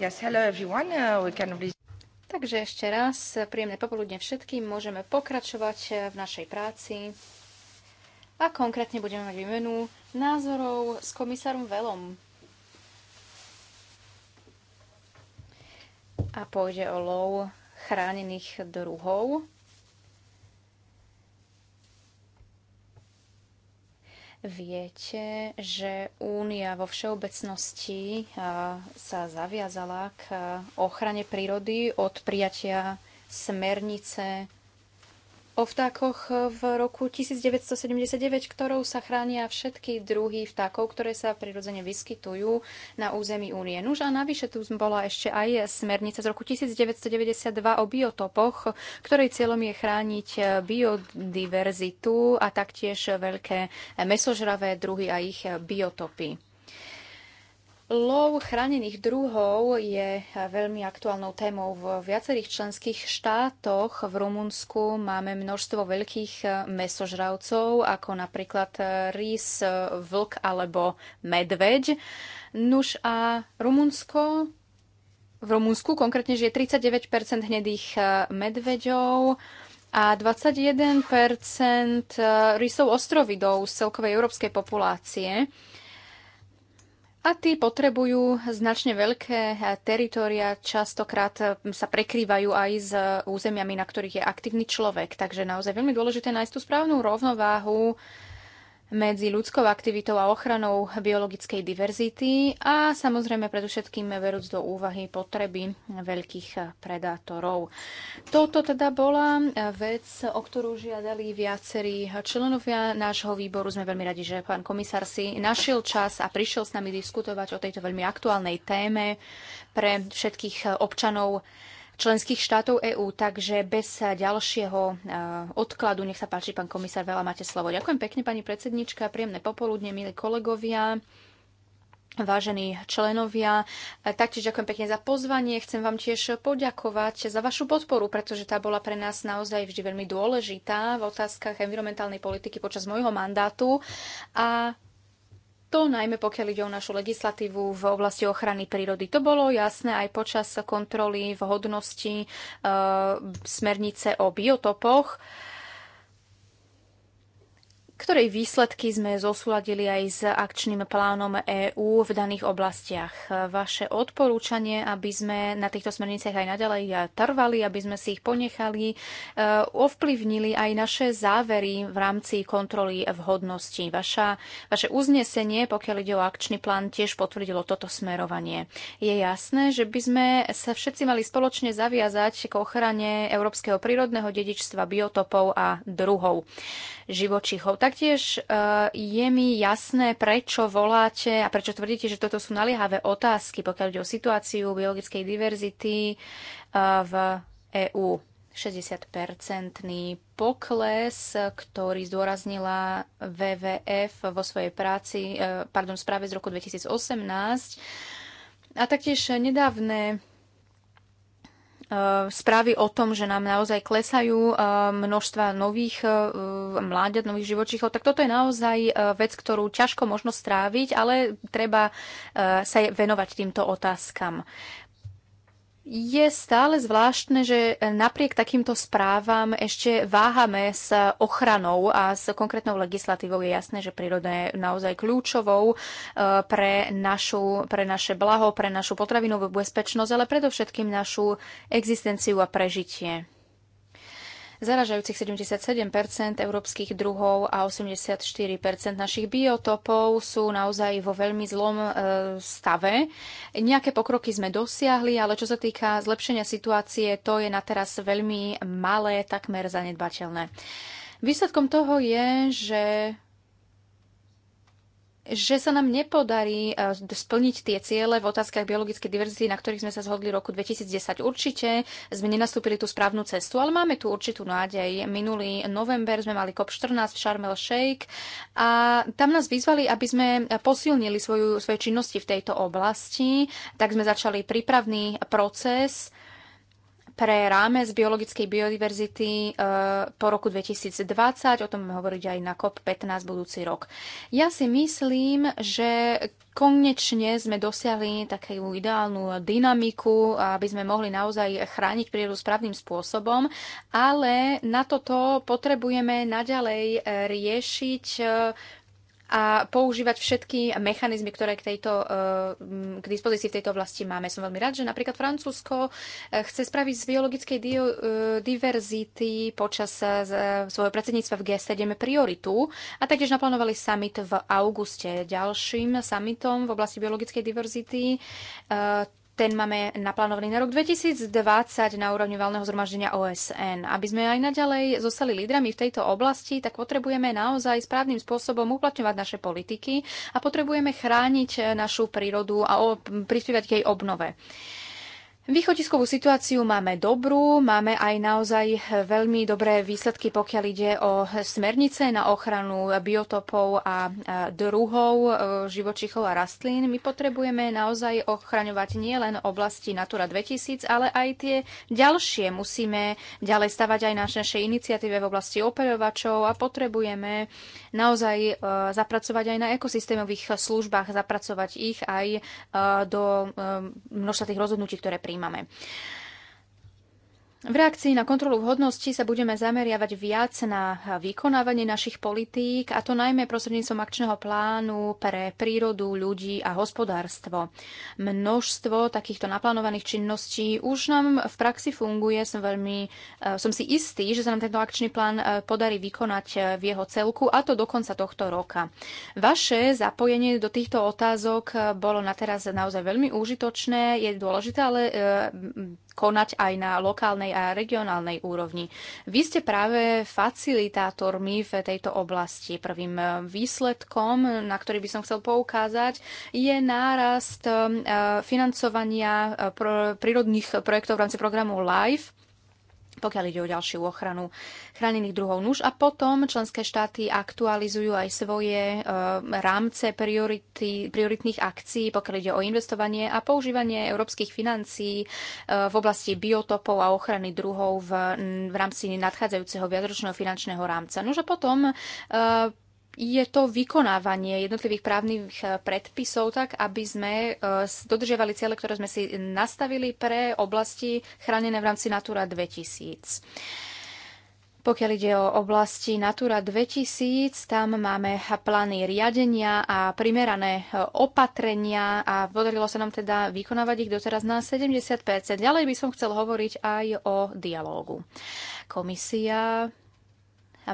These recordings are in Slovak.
Yes, hello everyone. Uh, we can... Takže ešte raz príjemné popoludne všetkým. Môžeme pokračovať uh, v našej práci. A konkrétne budeme mať výmenu názorov s komisárom Velom. A pôjde o lov chránených druhov. Viete, že Únia vo všeobecnosti sa zaviazala k ochrane prírody od prijatia smernice o vtákoch v roku 1979, ktorou sa chránia všetky druhy vtákov, ktoré sa prirodzene vyskytujú na území únie. Nuž a navyše tu bola ešte aj smernica z roku 1992 o biotopoch, ktorej cieľom je chrániť biodiverzitu a taktiež veľké mesožravé druhy a ich biotopy. Lov chránených druhov je eh, veľmi aktuálnou témou v viacerých členských štátoch. V Rumunsku máme množstvo veľkých eh, mesožravcov, ako napríklad eh, rys, vlk alebo medveď. Nuž a Rumunsko v Rumunsku konkrétne žije 39 hnedých medveďov a 21 rysov ostrovidov z celkovej európskej populácie. A tí potrebujú značne veľké teritória, častokrát sa prekrývajú aj s územiami, na ktorých je aktívny človek. Takže naozaj veľmi dôležité nájsť tú správnu rovnováhu medzi ľudskou aktivitou a ochranou biologickej diverzity a samozrejme predovšetkým verúc do úvahy potreby veľkých predátorov. Toto teda bola vec, o ktorú žiadali viacerí členovia nášho výboru. Sme veľmi radi, že pán komisár si našiel čas a prišiel s nami diskutovať o tejto veľmi aktuálnej téme pre všetkých občanov členských štátov EÚ. Takže bez ďalšieho e, odkladu, nech sa páči, pán komisár, veľa máte slovo. Ďakujem pekne, pani predsednička, príjemné popoludne, milí kolegovia vážení členovia. E, taktiež ďakujem pekne za pozvanie. Chcem vám tiež poďakovať za vašu podporu, pretože tá bola pre nás naozaj vždy veľmi dôležitá v otázkach environmentálnej politiky počas môjho mandátu. A to najmä pokiaľ ide o našu legislatívu v oblasti ochrany prírody. To bolo jasné aj počas kontroly vhodnosti e, eh, smernice o biotopoch. E, ktorej výsledky sme zosúladili aj s akčným plánom EÚ v daných oblastiach. Vaše odporúčanie, aby sme na týchto smerniciach aj naďalej trvali, aby sme si ich ponechali, e, ovplyvnili aj naše závery v rámci kontroly vhodnosti. Vaša, vaše uznesenie, pokiaľ ide o akčný plán, tiež potvrdilo toto smerovanie. Je jasné, že by sme sa všetci mali spoločne zaviazať k ochrane európskeho prírodného dedičstva, biotopov a druhov živočíchov. Tak Taktiež e, je mi jasné, prečo voláte a prečo tvrdíte, že toto sú naliehavé otázky, pokiaľ ide o situáciu biologickej diverzity e, v EÚ. 60-percentný pokles, ktorý zdôraznila WWF vo svojej práci, e, pardon, správe z roku 2018. A taktiež nedávne Eh, správy o tom, že nám naozaj klesajú eh, množstva nových eh, mláďat, nových živočíchov, tak toto je naozaj vec, ktorú ťažko možno stráviť, ale treba sa venovať týmto otázkam je stále zvláštne, že napriek takýmto správam ešte váhame s ochranou a s konkrétnou legislatívou. Je jasné, že príroda je naozaj kľúčovou eh, pre, našu, pre naše blaho, pre našu potravinovú bezpečnosť, ale predovšetkým našu existenciu a prežitie zaražajúcich 77 európskych druhov a 84 našich biotopov sú naozaj vo veľmi zlom e, stave. Nejaké pokroky sme dosiahli, ale čo sa týka zlepšenia situácie, to je na teraz veľmi malé, takmer zanedbateľné. Výsledkom toho je, že že sa nám nepodarí eh, splniť tie ciele v otázkach biologickej diverzity, na ktorých sme sa zhodli v roku 2010. Určite sme nenastúpili tú správnu cestu, ale máme tu určitú nádej. Minulý november sme mali COP14 v Sharm Sheikh a tam nás vyzvali, aby sme posilnili svoju, svoje činnosti v tejto oblasti, tak sme začali prípravný proces pre rámec biologickej biodiverzity e, po roku 2020. O tom hovoriť aj na COP15 budúci rok. Ja si myslím, že konečne sme dosiahli takú ideálnu dynamiku, aby sme mohli naozaj chrániť prírodu správnym spôsobom, ale na toto potrebujeme naďalej riešiť e, a používať všetky mechanizmy, ktoré k, tejto, e, k dispozícii v tejto oblasti máme. Som veľmi rád, že napríklad Francúzsko e, chce spraviť z biologickej dio- e, diverzity počas svojho predsedníctva v G7 prioritu a taktiež naplánovali summit v auguste. Ďalším summitom v oblasti biologickej diverzity ten máme naplánovaný na rok 2020 na úrovni valného zhromaždenia OSN. Aby sme aj naďalej zostali lídrami v tejto oblasti, tak potrebujeme naozaj správnym spôsobom uplatňovať naše politiky a potrebujeme chrániť našu prírodu a prispievať k jej obnove. Východiskovú situáciu máme dobrú, máme aj naozaj veľmi dobré výsledky, pokiaľ ide o smernice na ochranu biotopov a druhov e, živočichov a rastlín. My potrebujeme naozaj ochraňovať nielen oblasti Natura 2000, ale aj tie ďalšie. Musíme ďalej stavať aj naše, naše iniciatíve v oblasti operovačov a potrebujeme naozaj e, zapracovať aj na ekosystémových službách, zapracovať ich aj e, do množstva tých rozhodnutí, ktoré príjmame. V reakcii na kontrolu vhodnosti sa budeme zameriavať viac na vykonávanie našich politík, a to najmä prostredníctvom akčného plánu pre prírodu, ľudí a hospodárstvo. Množstvo takýchto naplánovaných činností už nám v praxi funguje. Som, veľmi, eh, som si istý, že sa nám tento akčný plán eh, podarí vykonať eh, v jeho celku, a to do konca tohto roka. Vaše zapojenie do týchto otázok bolo na teraz naozaj veľmi užitočné. Je dôležité ale konať aj na lokálnej a regionálnej úrovni. Vy ste práve facilitátormi v tejto oblasti. Prvým výsledkom, na ktorý by som chcel poukázať, je nárast eh, financovania eh, prírodných projektov v rámci programu LIFE pokiaľ ide o ďalšiu ochranu chránených druhov nuž. A potom členské štáty aktualizujú aj svoje e, rámce priority, prioritných akcií, pokiaľ ide o investovanie a používanie európskych financií e, v oblasti biotopov a ochrany druhov v, v rámci nadchádzajúceho viacročného finančného rámca. Nuž a potom e, je to vykonávanie jednotlivých právnych eh, predpisov tak, aby sme eh, dodržiavali ciele, ktoré sme si nastavili pre oblasti chránené v rámci Natura 2000. Pokiaľ ide o oblasti Natura 2000, tam máme plány riadenia a primerané eh, opatrenia a podarilo sa nám teda vykonávať ich doteraz na 70%. Ďalej by som chcel hovoriť aj o dialógu. Komisia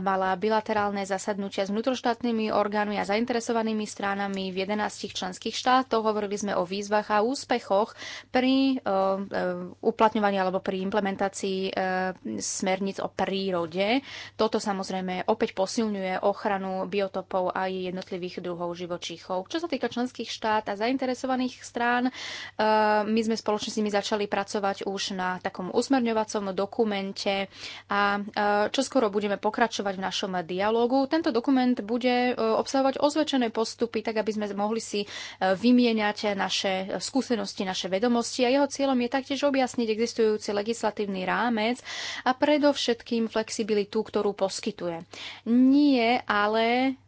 mala bilaterálne zasadnutia s vnútroštátnymi orgánmi a zainteresovanými stránami v 11 členských štátoch. Hovorili sme o výzvach a úspechoch pri e, e, uplatňovaní alebo pri implementácii e, smerníc o prírode. Toto samozrejme opäť posilňuje ochranu biotopov a jej jednotlivých druhov živočíchov. Čo sa týka členských štát a zainteresovaných strán, my sme spoločne s nimi začali pracovať už na takom usmerňovacom dokumente a čo skoro budeme pokračovať pokračovať v našom dialogu. Tento dokument bude e, obsahovať ozvečené postupy, tak aby sme mohli si e, vymieňať naše skúsenosti, naše vedomosti a jeho cieľom je taktiež objasniť existujúci legislatívny rámec a predovšetkým flexibilitu, ktorú poskytuje. Nie ale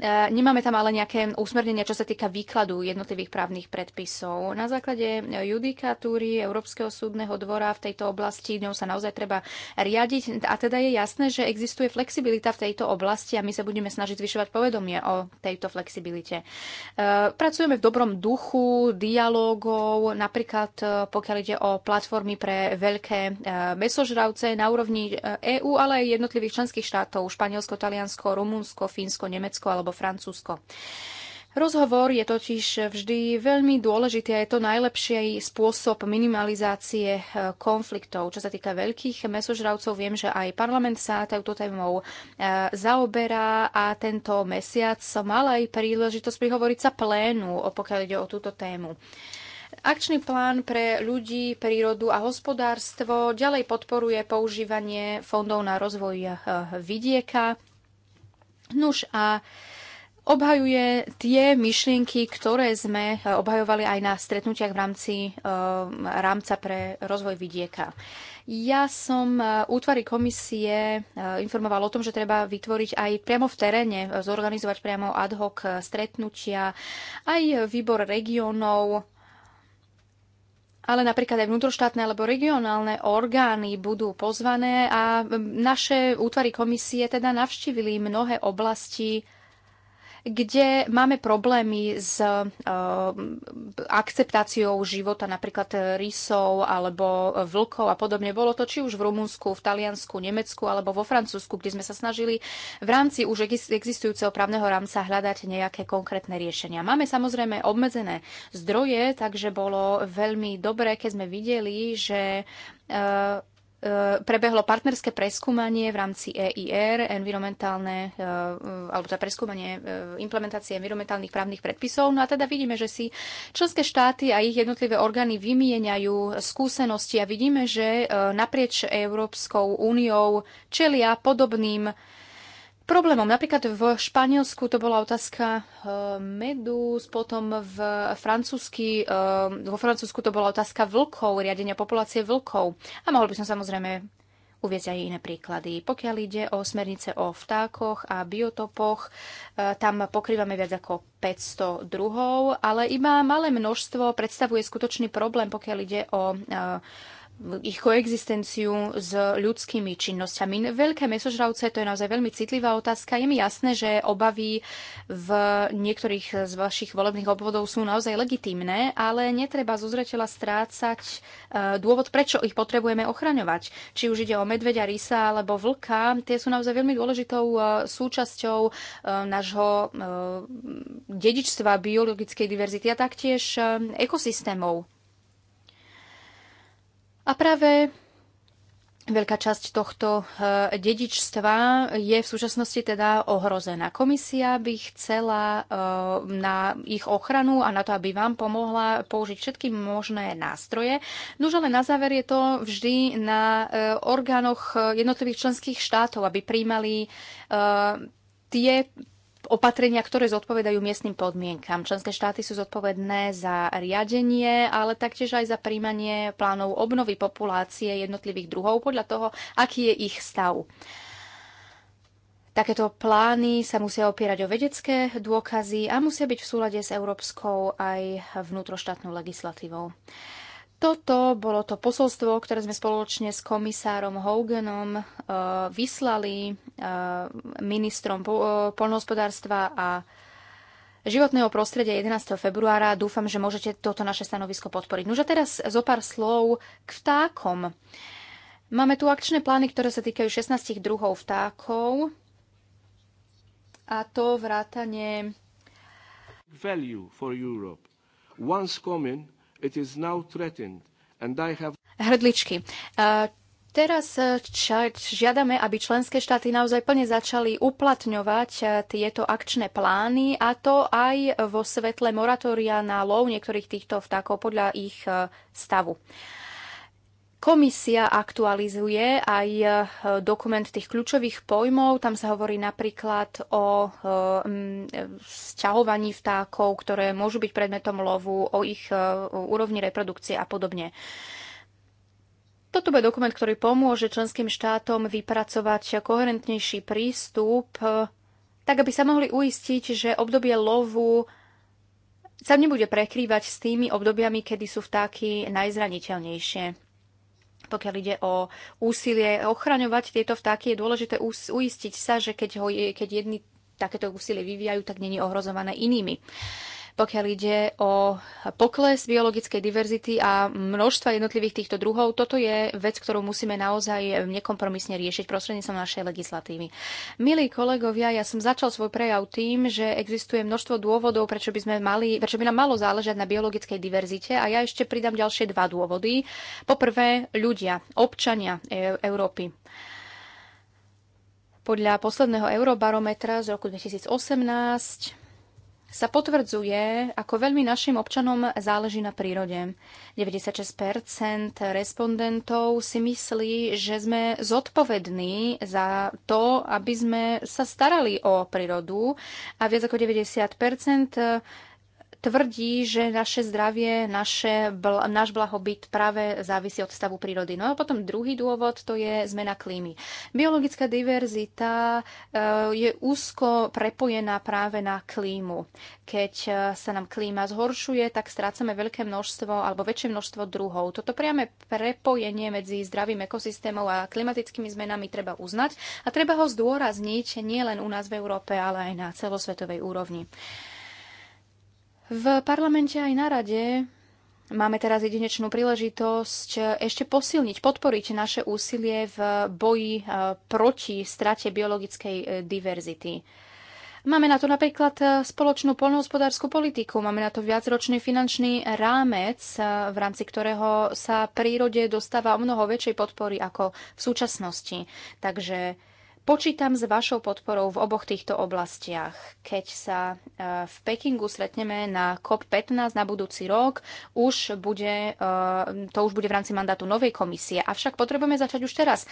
E, nemáme tam ale nejaké usmernenia, čo sa týka výkladu jednotlivých právnych predpisov. Na základe judikatúry Európskeho súdneho dvora v tejto oblasti ňou sa naozaj treba riadiť a teda je jasné, že existuje flexibilita v tejto oblasti a my sa budeme snažiť zvyšovať povedomie o tejto flexibilite. E, pracujeme v dobrom duchu, dialogov, napríklad e, pokiaľ ide o platformy pre veľké mesožravce na úrovni EÚ, ale aj jednotlivých členských štátov, Španielsko, Taliansko, Rumunsko, Fínsko, Nemecko alebo Francúzsko. Rozhovor je totiž vždy veľmi dôležitý a je to najlepší spôsob minimalizácie e, konfliktov. Čo sa týka veľkých mesožravcov, viem, že aj parlament sa touto témou e, zaoberá a tento mesiac mal aj príležitosť prihovoriť sa plénu, pokiaľ ide o túto tému. Akčný plán pre ľudí, prírodu a hospodárstvo ďalej podporuje používanie fondov na rozvoj e, vidieka. Nuž a obhajuje tie myšlienky, ktoré sme e, obhajovali aj na stretnutiach v rámci e, rámca pre rozvoj vidieka. Ja som e, útvary komisie informoval o tom, že treba vytvoriť aj priamo v teréne, zorganizovať priamo ad hoc stretnutia, aj výbor regionov, ale napríklad aj vnútroštátne alebo regionálne orgány budú pozvané a naše útvary komisie teda navštívili mnohé oblasti kde máme problémy s eh, akceptáciou života napríklad eh, rysov alebo eh, vlkov a podobne. Bolo to či už v Rumunsku, v Taliansku, Nemecku alebo vo Francúzsku, kde sme sa snažili v rámci už existujúceho právneho rámca hľadať nejaké konkrétne riešenia. Máme samozrejme obmedzené zdroje, takže bolo veľmi dobré, keď sme videli, že E, prebehlo partnerské preskúmanie v rámci EIR, environmentálne, e, alebo teda preskúmanie e, implementácie environmentálnych právnych predpisov. No a teda vidíme, že si členské štáty a ich jednotlivé orgány vymieňajú skúsenosti a vidíme, že naprieč Európskou úniou čelia podobným problémom. Napríklad v Španielsku to bola otázka e, medúz, potom v francúzsky, e, vo Francúzsku to bola otázka vlkov, riadenia populácie vlkov. A mohol by som samozrejme uvieť aj iné príklady. Pokiaľ ide o smernice o vtákoch a biotopoch, e, tam pokrývame viac ako 500 druhov, ale iba malé množstvo predstavuje skutočný problém, pokiaľ ide o ich koexistenciu s ľudskými činnosťami. Veľké mesožravce, to je naozaj veľmi citlivá otázka. Je mi jasné, že obavy v niektorých z vašich volebných obvodov sú naozaj legitímne, ale netreba zo zreteľa strácať e, dôvod, prečo ich potrebujeme ochraňovať. Či už ide o medveďa, rysa alebo vlka, tie sú naozaj veľmi dôležitou e, súčasťou e, nášho dedičstva biologickej diverzity a taktiež ekosystémov. A práve Veľká časť tohto e, dedičstva je v súčasnosti teda ohrozená. Komisia by chcela e, na ich ochranu a na to, aby vám pomohla použiť všetky možné nástroje. Nuž ale na záver je to vždy na e, orgánoch jednotlivých členských štátov, aby príjmali tie opatrenia, ktoré zodpovedajú miestnym podmienkam. Členské štáty sú zodpovedné za riadenie, ale taktiež aj za príjmanie plánov obnovy populácie jednotlivých druhov podľa toho, aký je ich stav. Takéto plány sa musia opierať o vedecké dôkazy a musia byť v súlade s európskou aj vnútroštátnou legislatívou. Toto bolo to posolstvo, ktoré sme spoločne s komisárom Hoganom e, vyslali e, ministrom e, poľnohospodárstva a životného prostredia 11. februára. Dúfam, že môžete toto naše stanovisko podporiť. Nože teraz zo pár slov k vtákom. Máme tu akčné plány, ktoré sa týkajú 16 druhov vtákov a to vrátanie value for Europe. Once coming, It is now threatened and I have... Hrdličky. Uh, Teraz e, žiadame, aby členské štáty naozaj plne začali uplatňovať e, tieto akčné plány a to aj vo svetle moratória na lov niektorých týchto vtákov podľa ich e, stavu. Komisia aktualizuje aj e, dokument tých kľúčových pojmov. Tam sa hovorí napríklad o e, sťahovaní vtákov, ktoré môžu byť predmetom lovu, o ich e, úrovni reprodukcie a podobne. Toto bude dokument, ktorý pomôže členským štátom vypracovať koherentnejší prístup, tak aby sa mohli uistiť, že obdobie lovu sa nebude prekrývať s tými obdobiami, kedy sú vtáky najzraniteľnejšie pokiaľ ide o úsilie ochraňovať tieto vtáky, je dôležité uistiť sa, že keď, ho, keď jedni takéto úsilie vyvíjajú, tak není ohrozované inými pokiaľ ide o pokles biologickej diverzity a množstva jednotlivých týchto druhov, toto je vec, ktorú musíme naozaj nekompromisne riešiť prostredníctvom našej legislatívy. Milí kolegovia, ja som začal svoj prejav tým, že existuje množstvo dôvodov, prečo by, sme mali, prečo by nám malo záležať na biologickej diverzite a ja ešte pridám ďalšie dva dôvody. Poprvé, ľudia, občania e Európy. Podľa posledného eurobarometra z roku 2018 sa potvrdzuje, ako veľmi našim občanom záleží na prírode. 96% respondentov si myslí, že sme zodpovední za to, aby sme sa starali o prírodu a viac ako 90% tvrdí, že naše zdravie, naše, bl- náš blahobyt práve závisí od stavu prírody. No a potom druhý dôvod to je zmena klímy. Biologická diverzita eh, je úzko prepojená práve na klímu. Keď eh, sa nám klíma zhoršuje, tak strácame veľké množstvo alebo väčšie množstvo druhov. Toto priame prepojenie medzi zdravým ekosystémom a klimatickými zmenami treba uznať a treba ho zdôrazniť nielen u nás v Európe, ale aj na celosvetovej úrovni. V parlamente aj na rade máme teraz jedinečnú príležitosť ešte posilniť, podporiť naše úsilie v boji e, proti strate biologickej e, diverzity. Máme na to napríklad e, spoločnú polnohospodárskú politiku, máme na to viacročný finančný rámec, v rámci ktorého sa prírode dostáva o mnoho väčšej podpory ako v súčasnosti. Takže Počítam s vašou podporou v oboch týchto oblastiach. Keď sa e, v Pekingu stretneme na COP15 na budúci rok, už bude, e, to už bude v rámci mandátu novej komisie. Avšak potrebujeme začať už teraz.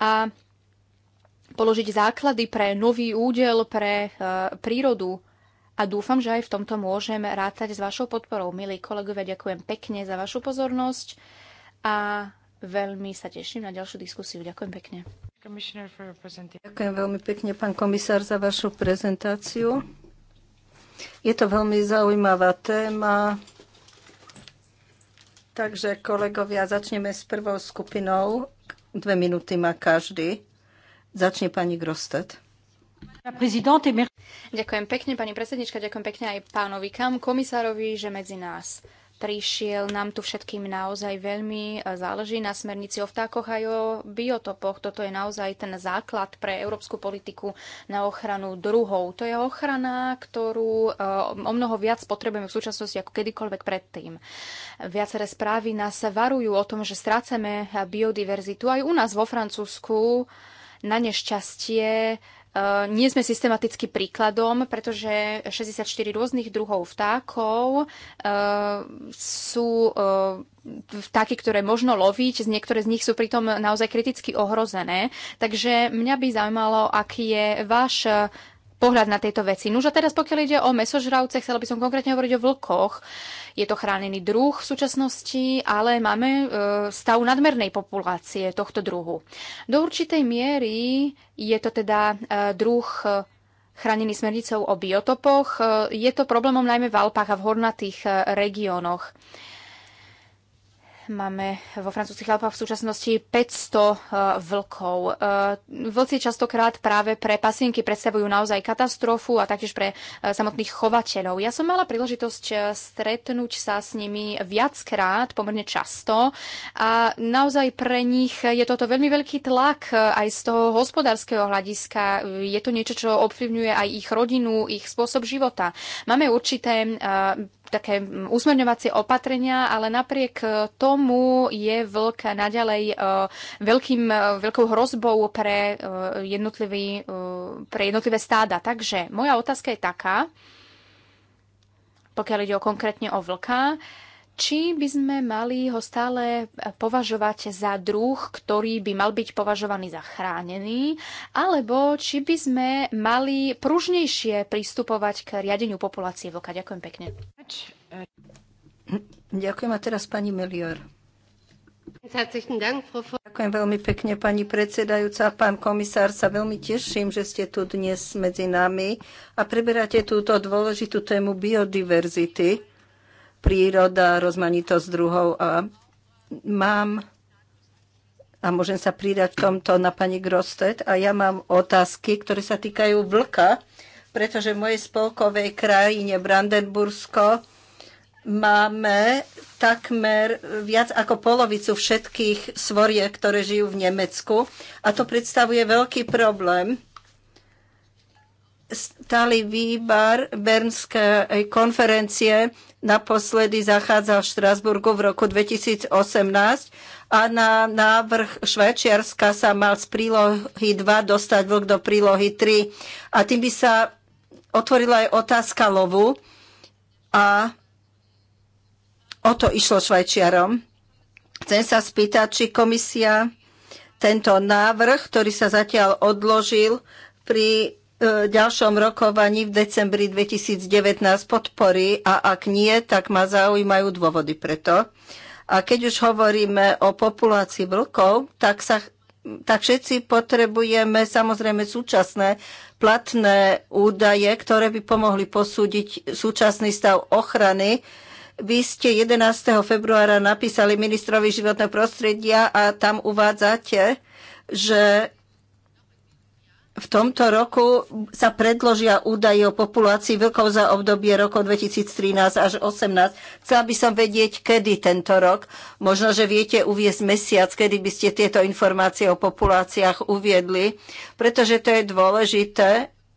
A položiť základy pre nový údel, pre e, prírodu. A dúfam, že aj v tomto môžem rátať s vašou podporou. Milí kolegovia, ďakujem pekne za vašu pozornosť a veľmi sa teším na ďalšiu diskusiu. Ďakujem pekne. Ďakujem veľmi pekne, pán komisár, za vašu prezentáciu. Je to veľmi zaujímavá téma. Takže, kolegovia, začneme s prvou skupinou. Dve minúty má každý. Začne pani Grostet. Ďakujem pekne, pani predsednička, ďakujem pekne aj pánovi Kam, komisárovi, že medzi nás prišiel. Nám tu všetkým naozaj veľmi eh, záleží na smernici o vtákoch aj o biotopoch. Toto je naozaj ten základ pre európsku politiku na ochranu druhov. To je ochrana, ktorú eh, o mnoho viac potrebujeme v súčasnosti ako kedykoľvek predtým. Viaceré správy nás varujú o tom, že strácame biodiverzitu aj u nás vo Francúzsku. Na nešťastie Eh, nie sme systematicky príkladom, pretože 64 rôznych druhov vtákov eh, sú eh, vtáky, ktoré možno loviť, niektoré z nich sú pritom naozaj kriticky ohrozené. Takže mňa by zaujímalo, aký je váš pohľad na tieto veci. Nuž a teraz pokiaľ ide o mesožravce, chcela by som konkrétne hovoriť o vlkoch. Je to chránený druh v súčasnosti, ale máme e, stav nadmernej populácie tohto druhu. Do určitej miery je to teda e, druh e, chránený smernicou o biotopoch. E, je to problémom najmä v Alpách a v hornatých e, regiónoch. Máme vo francúzských Alpách v súčasnosti 500 e, vlkov. E, vlci častokrát práve pre pasienky predstavujú naozaj katastrofu a taktiež pre e, samotných chovateľov. Ja som mala príležitosť stretnúť sa s nimi viackrát, pomerne často a naozaj pre nich je toto veľmi veľký tlak aj z toho hospodárskeho hľadiska. Je to niečo, čo ovplyvňuje aj ich rodinu, ich spôsob života. Máme určité také usmerňovacie opatrenia, ale napriek e, tomu je vlk naďalej e, veľkým, e, veľkou hrozbou pre, jednotlivý, pre jednotlivé stáda. Takže moja otázka je taká, pokiaľ ide o konkrétne o vlka, uh, či by sme mali ho stále považovať za druh, ktorý by mal byť považovaný za chránený, alebo či by sme mali pružnejšie pristupovať k riadeniu populácie vlka. Ďakujem pekne. Ďakujem a teraz pani Melior. Ďakujem veľmi pekne, pani predsedajúca. Pán komisár, sa veľmi teším, že ste tu dnes medzi nami a preberáte túto dôležitú tému biodiverzity príroda, rozmanitosť druhov. A mám a môžem sa pridať v tomto na pani Grostet. A ja mám otázky, ktoré sa týkajú vlka, pretože v mojej spolkovej krajine Brandenbursko máme takmer viac ako polovicu všetkých svorie, ktoré žijú v Nemecku. A to predstavuje veľký problém. Stály výbar Bernskej konferencie naposledy zachádzal v Štrasburgu v roku 2018 a na návrh Švajčiarska sa mal z prílohy 2 dostať vlk do prílohy 3 a tým by sa otvorila aj otázka lovu a o to išlo Švajčiarom. Chcem sa spýtať, či komisia tento návrh, ktorý sa zatiaľ odložil, pri E, ďalšom rokovaní v decembri 2019 podporí a ak nie, tak ma zaujímajú dôvody preto. A keď už hovoríme o populácii vlkov, tak, sa, tak všetci potrebujeme samozrejme súčasné platné údaje, ktoré by pomohli posúdiť súčasný stav ochrany. Vy ste 11. februára napísali ministrovi životného prostredia a tam uvádzate, že v tomto roku sa predložia údaje o populácii vlkov za obdobie rokov 2013 až 2018. Chcela by som vedieť, kedy tento rok. Možno, že viete uviezť mesiac, kedy by ste tieto informácie o populáciách uviedli, pretože to je dôležité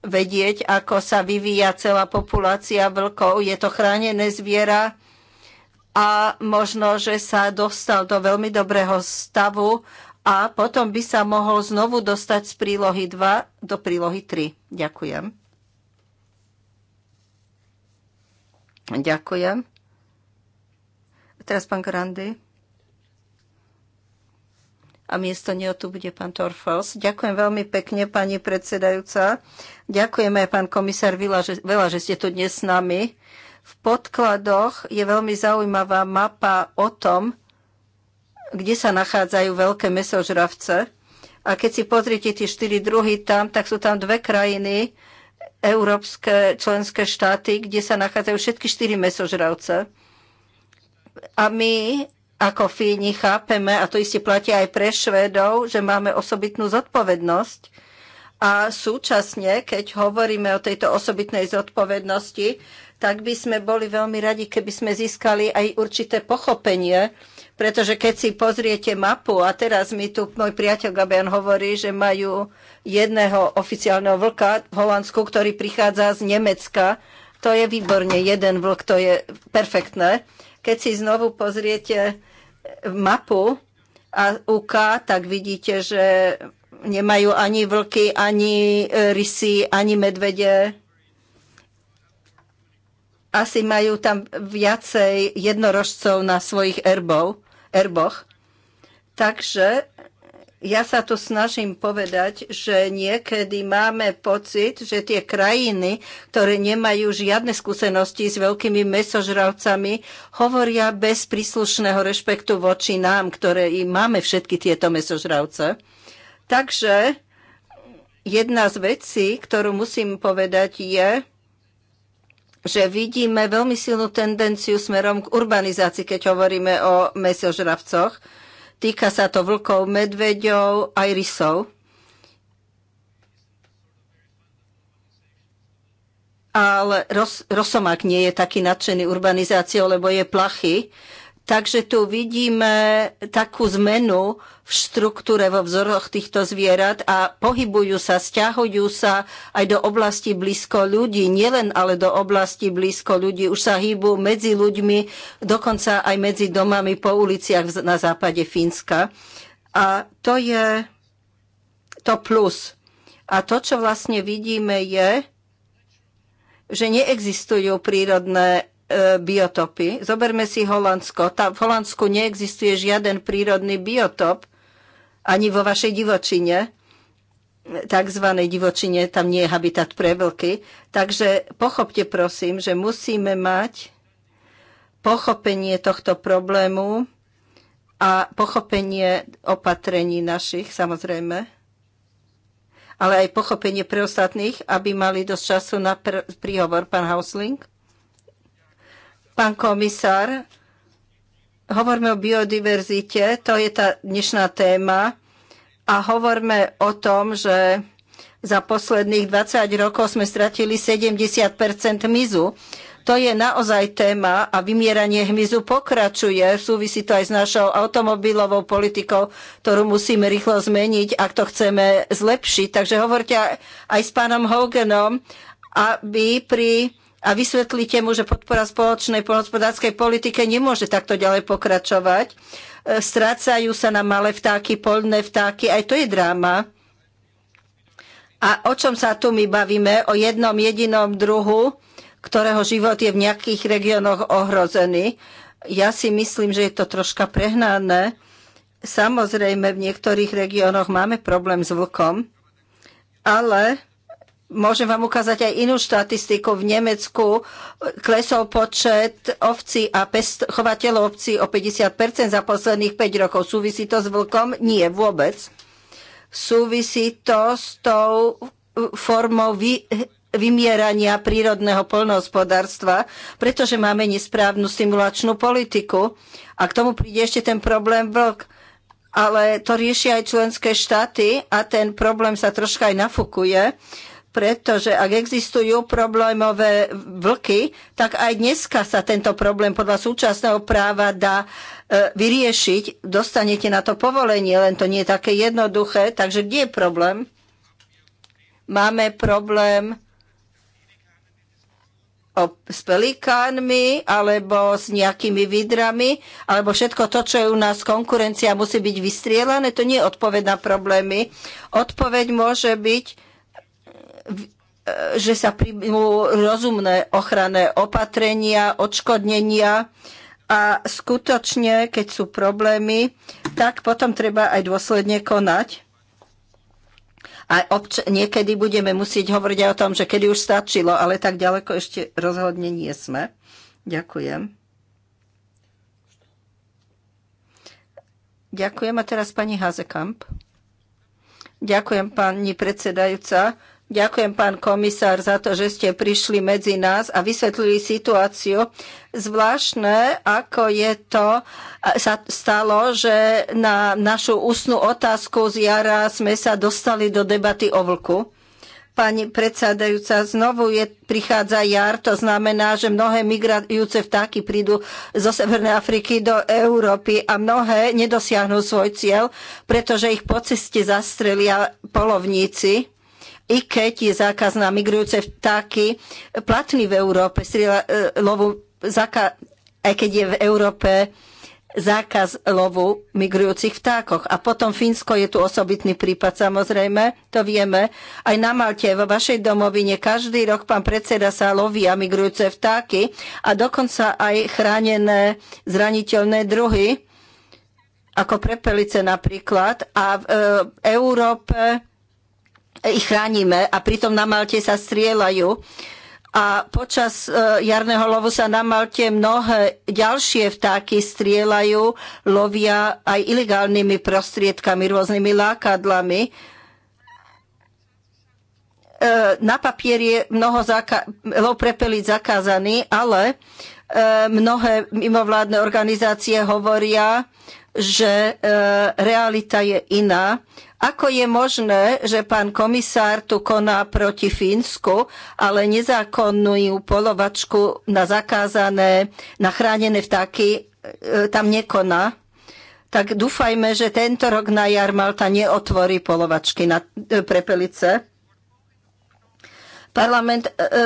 vedieť, ako sa vyvíja celá populácia vlkov. Je to chránené zviera a možno, že sa dostal do veľmi dobrého stavu a potom by sa mohol znovu dostať z prílohy 2 do prílohy 3. Ďakujem. Ďakujem. teraz pán Grandy. A miesto neho tu bude pán Torfos. Ďakujem veľmi pekne, pani predsedajúca. Ďakujem aj pán komisár Vila, že, že ste tu dnes s nami. V podkladoch je veľmi zaujímavá mapa o tom, kde sa nachádzajú veľké mesožravce. A keď si pozrite tie štyri druhy tam, tak sú tam dve krajiny, európske členské štáty, kde sa nachádzajú všetky štyri mesožravce. A my ako Fíni chápeme, a to isté platí aj pre Švedov, že máme osobitnú zodpovednosť. A súčasne, keď hovoríme o tejto osobitnej zodpovednosti, tak by sme boli veľmi radi, keby sme získali aj určité pochopenie pretože keď si pozriete mapu, a teraz mi tu môj priateľ Gabian hovorí, že majú jedného oficiálneho vlka v Holandsku, ktorý prichádza z Nemecka. To je výborne, jeden vlk, to je perfektné. Keď si znovu pozriete mapu a UK, tak vidíte, že nemajú ani vlky, ani e, rysy, ani medvede asi majú tam viacej jednorožcov na svojich erbov erboch. Takže ja sa tu snažím povedať, že niekedy máme pocit, že tie krajiny, ktoré nemajú žiadne skúsenosti s veľkými mesožravcami, hovoria bez príslušného rešpektu voči nám, ktoré i máme všetky tieto mesožravce. Takže jedna z vecí, ktorú musím povedať, je, že vidíme veľmi silnú tendenciu smerom k urbanizácii, keď hovoríme o mesožravcoch. Týka sa to vlkov, medveďov, aj rysov. Ale Ros, Rosomák nie je taký nadšený urbanizáciou, lebo je plachý. Takže tu vidíme takú zmenu v štruktúre, vo vzoroch týchto zvierat a pohybujú sa, stiahujú sa aj do oblasti blízko ľudí, nielen ale do oblasti blízko ľudí, už sa hýbu medzi ľuďmi, dokonca aj medzi domami po uliciach na západe Fínska. A to je to plus. A to, čo vlastne vidíme, je, že neexistujú prírodné biotopy. Zoberme si Holandsko. Tá, v Holandsku neexistuje žiaden prírodný biotop, ani vo vašej divočine, tzv. divočine, tam nie je habitat pre vlky. Takže pochopte prosím, že musíme mať pochopenie tohto problému a pochopenie opatrení našich, samozrejme, ale aj pochopenie pre ostatných, aby mali dosť času na príhovor, pán Hausling. Pán komisár, hovorme o biodiverzite, to je tá dnešná téma a hovorme o tom, že za posledných 20 rokov sme stratili 70 mizu. To je naozaj téma a vymieranie hmyzu pokračuje. Súvisí to aj s našou automobilovou politikou, ktorú musíme rýchlo zmeniť, ak to chceme zlepšiť. Takže hovorte aj s pánom Hoganom, aby pri a vysvetlíte mu, že podpora spoločnej poľnohospodárskej politike nemôže takto ďalej pokračovať. E, strácajú sa na malé vtáky, poľné vtáky, aj to je dráma. A o čom sa tu my bavíme? O jednom jedinom druhu, ktorého život je v nejakých regiónoch ohrozený. Ja si myslím, že je to troška prehnané. Samozrejme, v niektorých regiónoch máme problém s vlkom, ale Môžem vám ukázať aj inú štatistiku. V Nemecku eh, klesol počet ovcí a pest, chovateľov ovcí o 50% za posledných 5 rokov. Súvisí to s vlkom? Nie, vôbec. Súvisí to s tou eh, formou vy, vymierania prírodného poľnohospodárstva, pretože máme nesprávnu stimulačnú politiku. A k tomu príde ešte ten problém vlk. Ale to riešia aj členské štáty a ten problém sa troška aj nafukuje pretože ak existujú problémové vlky, tak aj dneska sa tento problém podľa súčasného práva dá e, vyriešiť. Dostanete na to povolenie, len to nie je také jednoduché. Takže kde je problém? Máme problém s pelikánmi alebo s nejakými vidrami, alebo všetko to, čo je u nás konkurencia, musí byť vystrielané. To nie je odpoveď na problémy. Odpoveď môže byť, E, že sa príjmú rozumné ochranné opatrenia, odškodnenia a skutočne, keď sú problémy, tak potom treba aj dôsledne konať. A obč- niekedy budeme musieť hovoriť aj o tom, že kedy už stačilo, ale tak ďaleko ešte rozhodne nie sme. Ďakujem. Ďakujem a teraz pani Hazekamp. Ďakujem pani predsedajúca. Ďakujem, pán komisár, za to, že ste prišli medzi nás a vysvetlili situáciu. Zvláštne, ako je to, sa stalo, že na našu ústnu otázku z jara sme sa dostali do debaty o vlku. Pani predsadajúca, znovu je, prichádza jar, to znamená, že mnohé migrajúce vtáky prídu zo Severnej Afriky do Európy a mnohé nedosiahnu svoj cieľ, pretože ich po ceste zastrelia polovníci i keď je zákaz na migrujúce vtáky platný v Európe, strieľa, e, lovu, zaka, aj keď je v Európe zákaz lovu migrujúcich vtákoch. A potom Fínsko je tu osobitný prípad, samozrejme, to vieme. Aj na Malte, vo vašej domovine, každý rok pán predseda sa lovia migrujúce vtáky a dokonca aj chránené zraniteľné druhy, ako prepelice napríklad. A v e, Európe ich chránime a pritom na Malte sa strieľajú. A počas e, jarného lovu sa na Malte mnohé ďalšie vtáky strieľajú, lovia aj ilegálnymi prostriedkami, rôznymi lákadlami. E, na papier je mnoho zaka- lov prepeliť zakázaný, ale e, mnohé mimovládne organizácie hovoria, že realita je iná ako je možné, že pán komisár tu koná proti Fínsku, ale nezákonnú polovačku na zakázané, na chránené vtáky e, tam nekoná? Tak dúfajme, že tento rok na jar Malta neotvorí polovačky na e, prepelice. Parlament e, e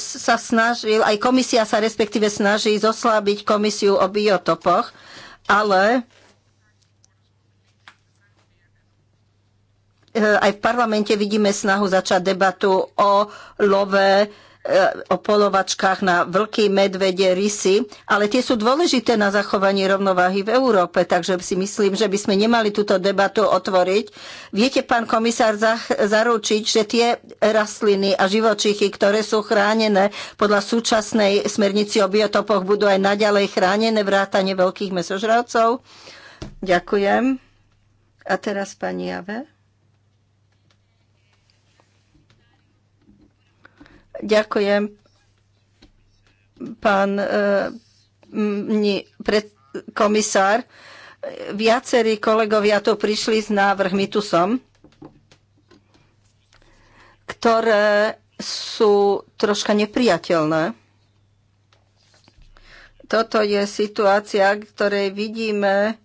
sa snažil, aj komisia sa respektíve snaží zoslábiť komisiu o biotopoch, ale E, aj v parlamente vidíme snahu začať debatu o love, e, o polovačkách na vlky, medvede, rysy, ale tie sú dôležité na zachovanie rovnováhy v Európe, takže si myslím, že by sme nemali túto debatu otvoriť. Viete, pán komisár, zaručiť, že tie rastliny a živočichy, ktoré sú chránené podľa súčasnej smernici o biotopoch, budú aj naďalej chránené vrátane veľkých mesožravcov? Ďakujem. A teraz pani Jave. Ďakujem, pán e, pred, komisár. Viacerí kolegovia tu prišli s návrhmi, tu som, ktoré sú troška nepriateľné. Toto je situácia, ktorej vidíme,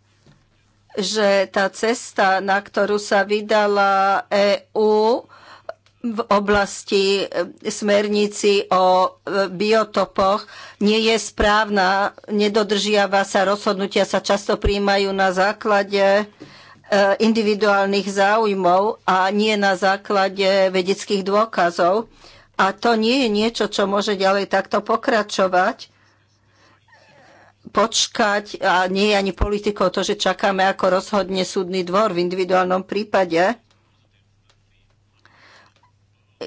že tá cesta, na ktorú sa vydala EÚ, v oblasti e, smernici o e, biotopoch nie je správna, nedodržiava sa, rozhodnutia sa často príjmajú na základe e, individuálnych záujmov a nie na základe vedeckých dôkazov. A to nie je niečo, čo môže ďalej takto pokračovať počkať a nie je ani politikou to, že čakáme, ako rozhodne súdny dvor v individuálnom prípade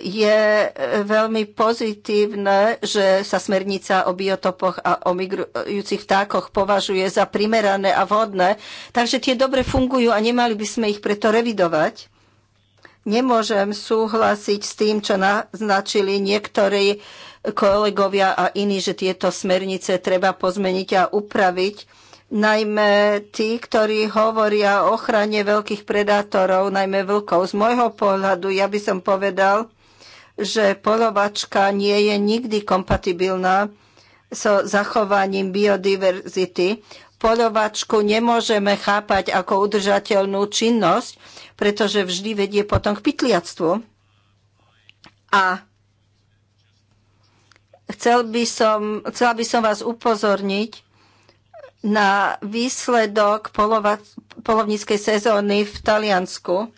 je e, veľmi pozitívne, že sa smernica o biotopoch a o migrujúcich vtákoch považuje za primerané a vhodné. Takže tie dobre fungujú a nemali by sme ich preto revidovať. Nemôžem súhlasiť s tým, čo naznačili niektorí kolegovia a iní, že tieto smernice treba pozmeniť a upraviť najmä tí, ktorí hovoria o ochrane veľkých predátorov, najmä vlkov. Z môjho pohľadu ja by som povedal, že polovačka nie je nikdy kompatibilná so zachovaním biodiverzity. Polovačku nemôžeme chápať ako udržateľnú činnosť, pretože vždy vedie potom k pytliactvu. A chcel by som, chcela by som vás upozorniť na výsledok polova, polovníckej sezóny v Taliansku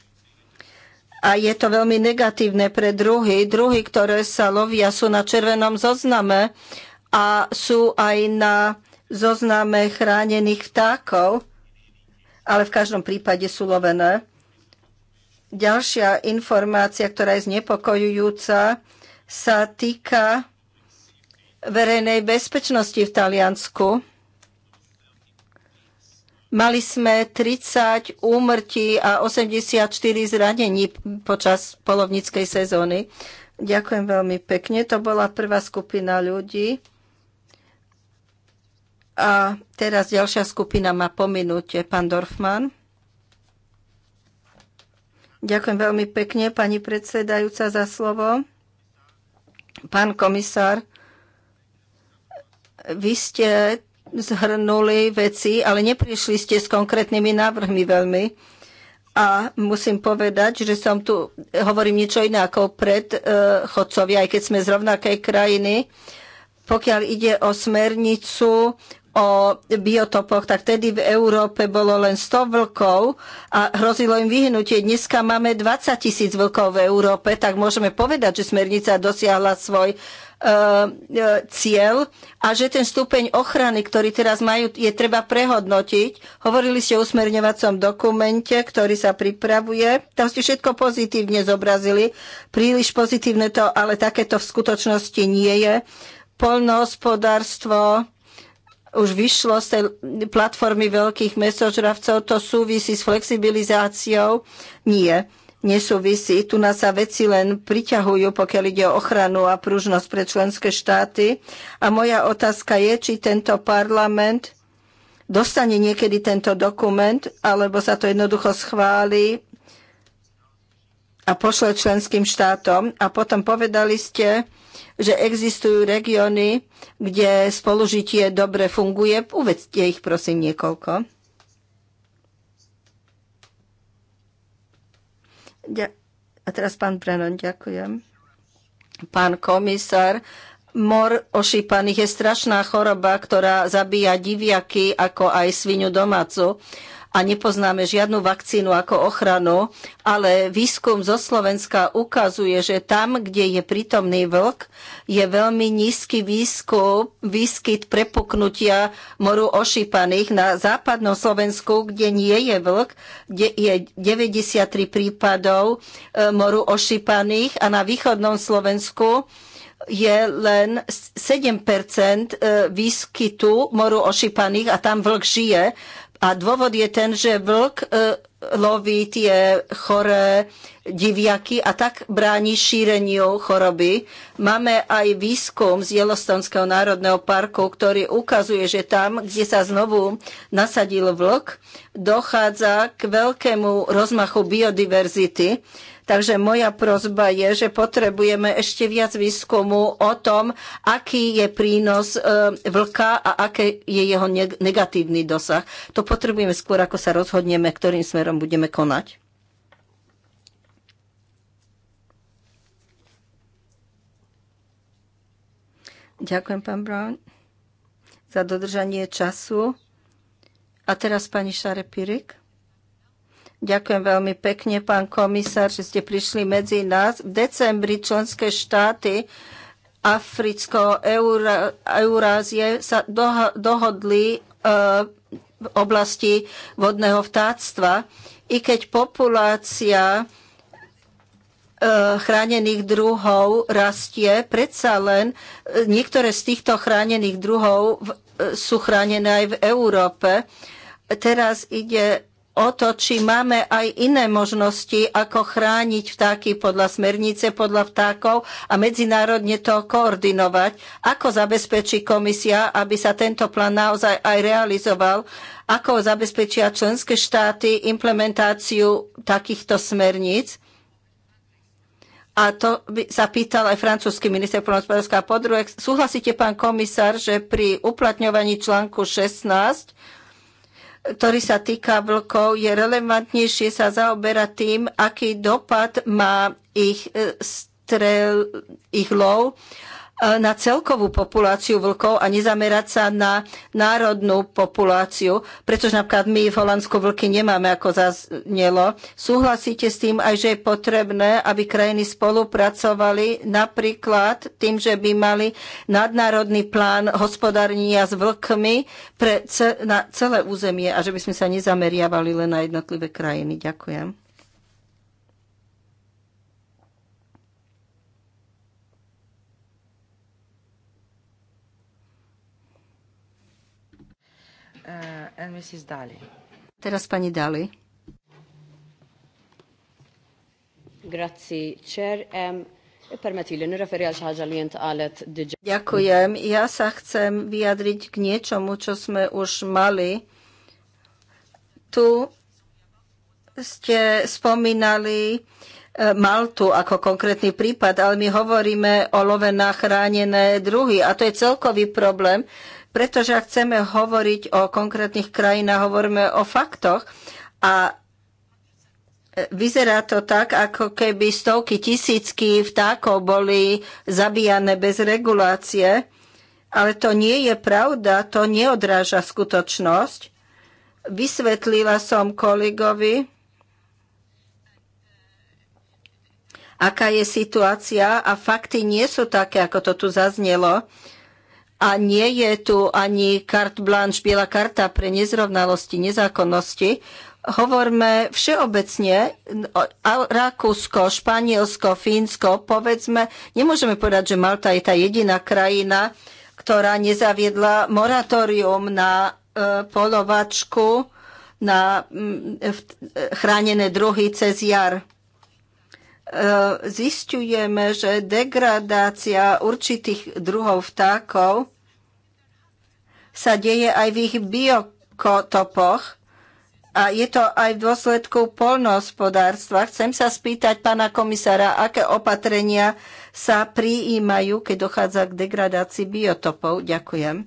a je to veľmi negatívne pre druhy. Druhy, ktoré sa lovia, sú na červenom zozname a sú aj na zozname chránených vtákov, ale v každom prípade sú lovené. Ďalšia informácia, ktorá je znepokojujúca, sa týka verejnej bezpečnosti v Taliansku Mali sme 30 úmrtí a 84 zranení počas polovníckej sezóny. Ďakujem veľmi pekne. To bola prvá skupina ľudí. A teraz ďalšia skupina má po minúte. Pán Dorfman. Ďakujem veľmi pekne, pani predsedajúca, za slovo. Pán komisár, vy ste zhrnuli veci, ale neprišli ste s konkrétnymi návrhmi veľmi. A musím povedať, že som tu, hovorím niečo iné ako pred e, chodcovia, aj keď sme z rovnakej krajiny. Pokiaľ ide o smernicu o biotopoch, tak vtedy v Európe bolo len 100 vlkov a hrozilo im vyhnutie. Dneska máme 20 tisíc vlkov v Európe, tak môžeme povedať, že smernica dosiahla svoj e, e, cieľ a že ten stupeň ochrany, ktorý teraz majú, je treba prehodnotiť. Hovorili ste o usmerňovacom dokumente, ktorý sa pripravuje. Tam ste všetko pozitívne zobrazili. Príliš pozitívne to, ale takéto v skutočnosti nie je. Polnohospodárstvo, už vyšlo z tej platformy veľkých mesožravcov, to súvisí s flexibilizáciou? Nie, nesúvisí. Tu nás sa veci len priťahujú, pokiaľ ide o ochranu a pružnosť pre členské štáty. A moja otázka je, či tento parlament dostane niekedy tento dokument, alebo sa to jednoducho schváli a pošle členským štátom. A potom povedali ste, že existujú regióny, kde spolužitie dobre funguje. Uvedzte ich prosím niekoľko. A teraz pán Brennan, ďakujem. Pán komisár, mor ošípaných je strašná choroba, ktorá zabíja diviaky ako aj svinu domácu a nepoznáme žiadnu vakcínu ako ochranu, ale výskum zo Slovenska ukazuje, že tam, kde je prítomný vlk, je veľmi nízky výskup, výskyt prepuknutia moru ošípaných. Na západnom Slovensku, kde nie je vlk, kde je 93 prípadov e, moru ošípaných a na východnom Slovensku je len 7 e, výskytu moru ošípaných a tam vlk žije. A dôvod je ten, že vlk e, loví tie choré diviaky a tak bráni šíreniu choroby. Máme aj výskum z Yellowstoneho národného parku, ktorý ukazuje, že tam, kde sa znovu nasadil vlk, dochádza k veľkému rozmachu biodiverzity. Takže moja prozba je, že potrebujeme ešte viac výskumu o tom, aký je prínos e, vlka a aký je jeho negatívny dosah. To potrebujeme skôr, ako sa rozhodneme, ktorým smerom budeme konať. Ďakujem, pán Brown, za dodržanie času. A teraz pani Šarepirik. Ďakujem veľmi pekne, pán komisár, že ste prišli medzi nás. V decembri členské štáty Africko-Eurázie sa dohodli e, v oblasti vodného vtáctva. I keď populácia e, chránených druhov rastie, predsa len e, niektoré z týchto chránených druhov sú chránené aj v Európe. Teraz ide o to, či máme aj iné možnosti, ako chrániť vtáky podľa smernice, podľa vtákov a medzinárodne to koordinovať. Ako zabezpečí komisia, aby sa tento plán naozaj aj realizoval? Ako zabezpečia členské štáty implementáciu takýchto smerníc? A to by sa pýtal aj francúzsky minister poľnohospodárstva. Po druhé, súhlasíte, pán komisár, že pri uplatňovaní článku 16 ktorý sa týka vlkov, je relevantnejšie sa zaoberať tým, aký dopad má ich e, strel, ich lov E, na celkovú populáciu vlkov a nezamerať sa na národnú populáciu, pretože napríklad my v Holandsku vlky nemáme, ako zaznelo. Súhlasíte s tým aj, že je potrebné, aby krajiny spolupracovali napríklad tým, že by mali nadnárodný plán hospodárenia s vlkmi pre ce- na celé územie a že by sme sa nezameriavali len na jednotlivé krajiny. Ďakujem. and Mrs. Dali. Teraz pani Daly. Grazie, Chair. Um, Ďakujem. Ja sa chcem vyjadriť k niečomu, čo sme už mali. Tu ste spomínali e, Maltu ako konkrétny prípad, ale my hovoríme o love na chránené druhy a to je celkový problém, pretože ak chceme hovoriť o konkrétnych krajinách, hovoríme o faktoch a vyzerá to tak, ako keby stovky tisícky vtákov boli zabíjane bez regulácie, ale to nie je pravda, to neodráža skutočnosť. Vysvetlila som kolegovi, aká je situácia a fakty nie sú také, ako to tu zaznelo a nie je tu ani kart blanche, biela karta pre nezrovnalosti, nezákonnosti. Hovorme všeobecne, Rakúsko, Španielsko, Fínsko, povedzme, nemôžeme povedať, že Malta je tá jediná krajina, ktorá nezaviedla moratórium na e, polovačku na m, mm, e, e, chránené druhy cez jar. E, zistujeme, že degradácia určitých druhov vtákov sa deje aj v ich biokotopoch a je to aj v dôsledku polnohospodárstva. Chcem sa spýtať pána komisára, aké opatrenia sa prijímajú, keď dochádza k degradácii biotopov. Ďakujem.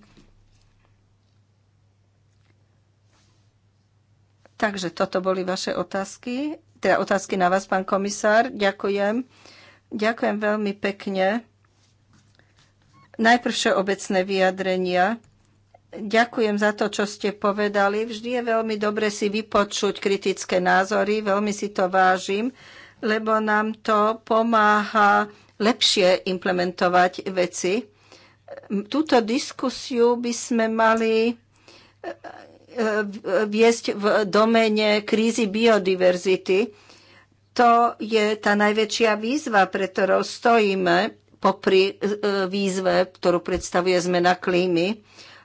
Takže toto boli vaše otázky teda otázky na vás, pán komisár. Ďakujem. Ďakujem veľmi pekne. Najprv obecné vyjadrenia. Ďakujem za to, čo ste povedali. Vždy je veľmi dobre si vypočuť kritické názory, veľmi si to vážim, lebo nám to pomáha lepšie implementovať veci. Túto diskusiu by sme mali viesť v domene krízy biodiverzity. To je tá najväčšia výzva, pre ktorou stojíme popri e, výzve, ktorú predstavuje zmena klímy.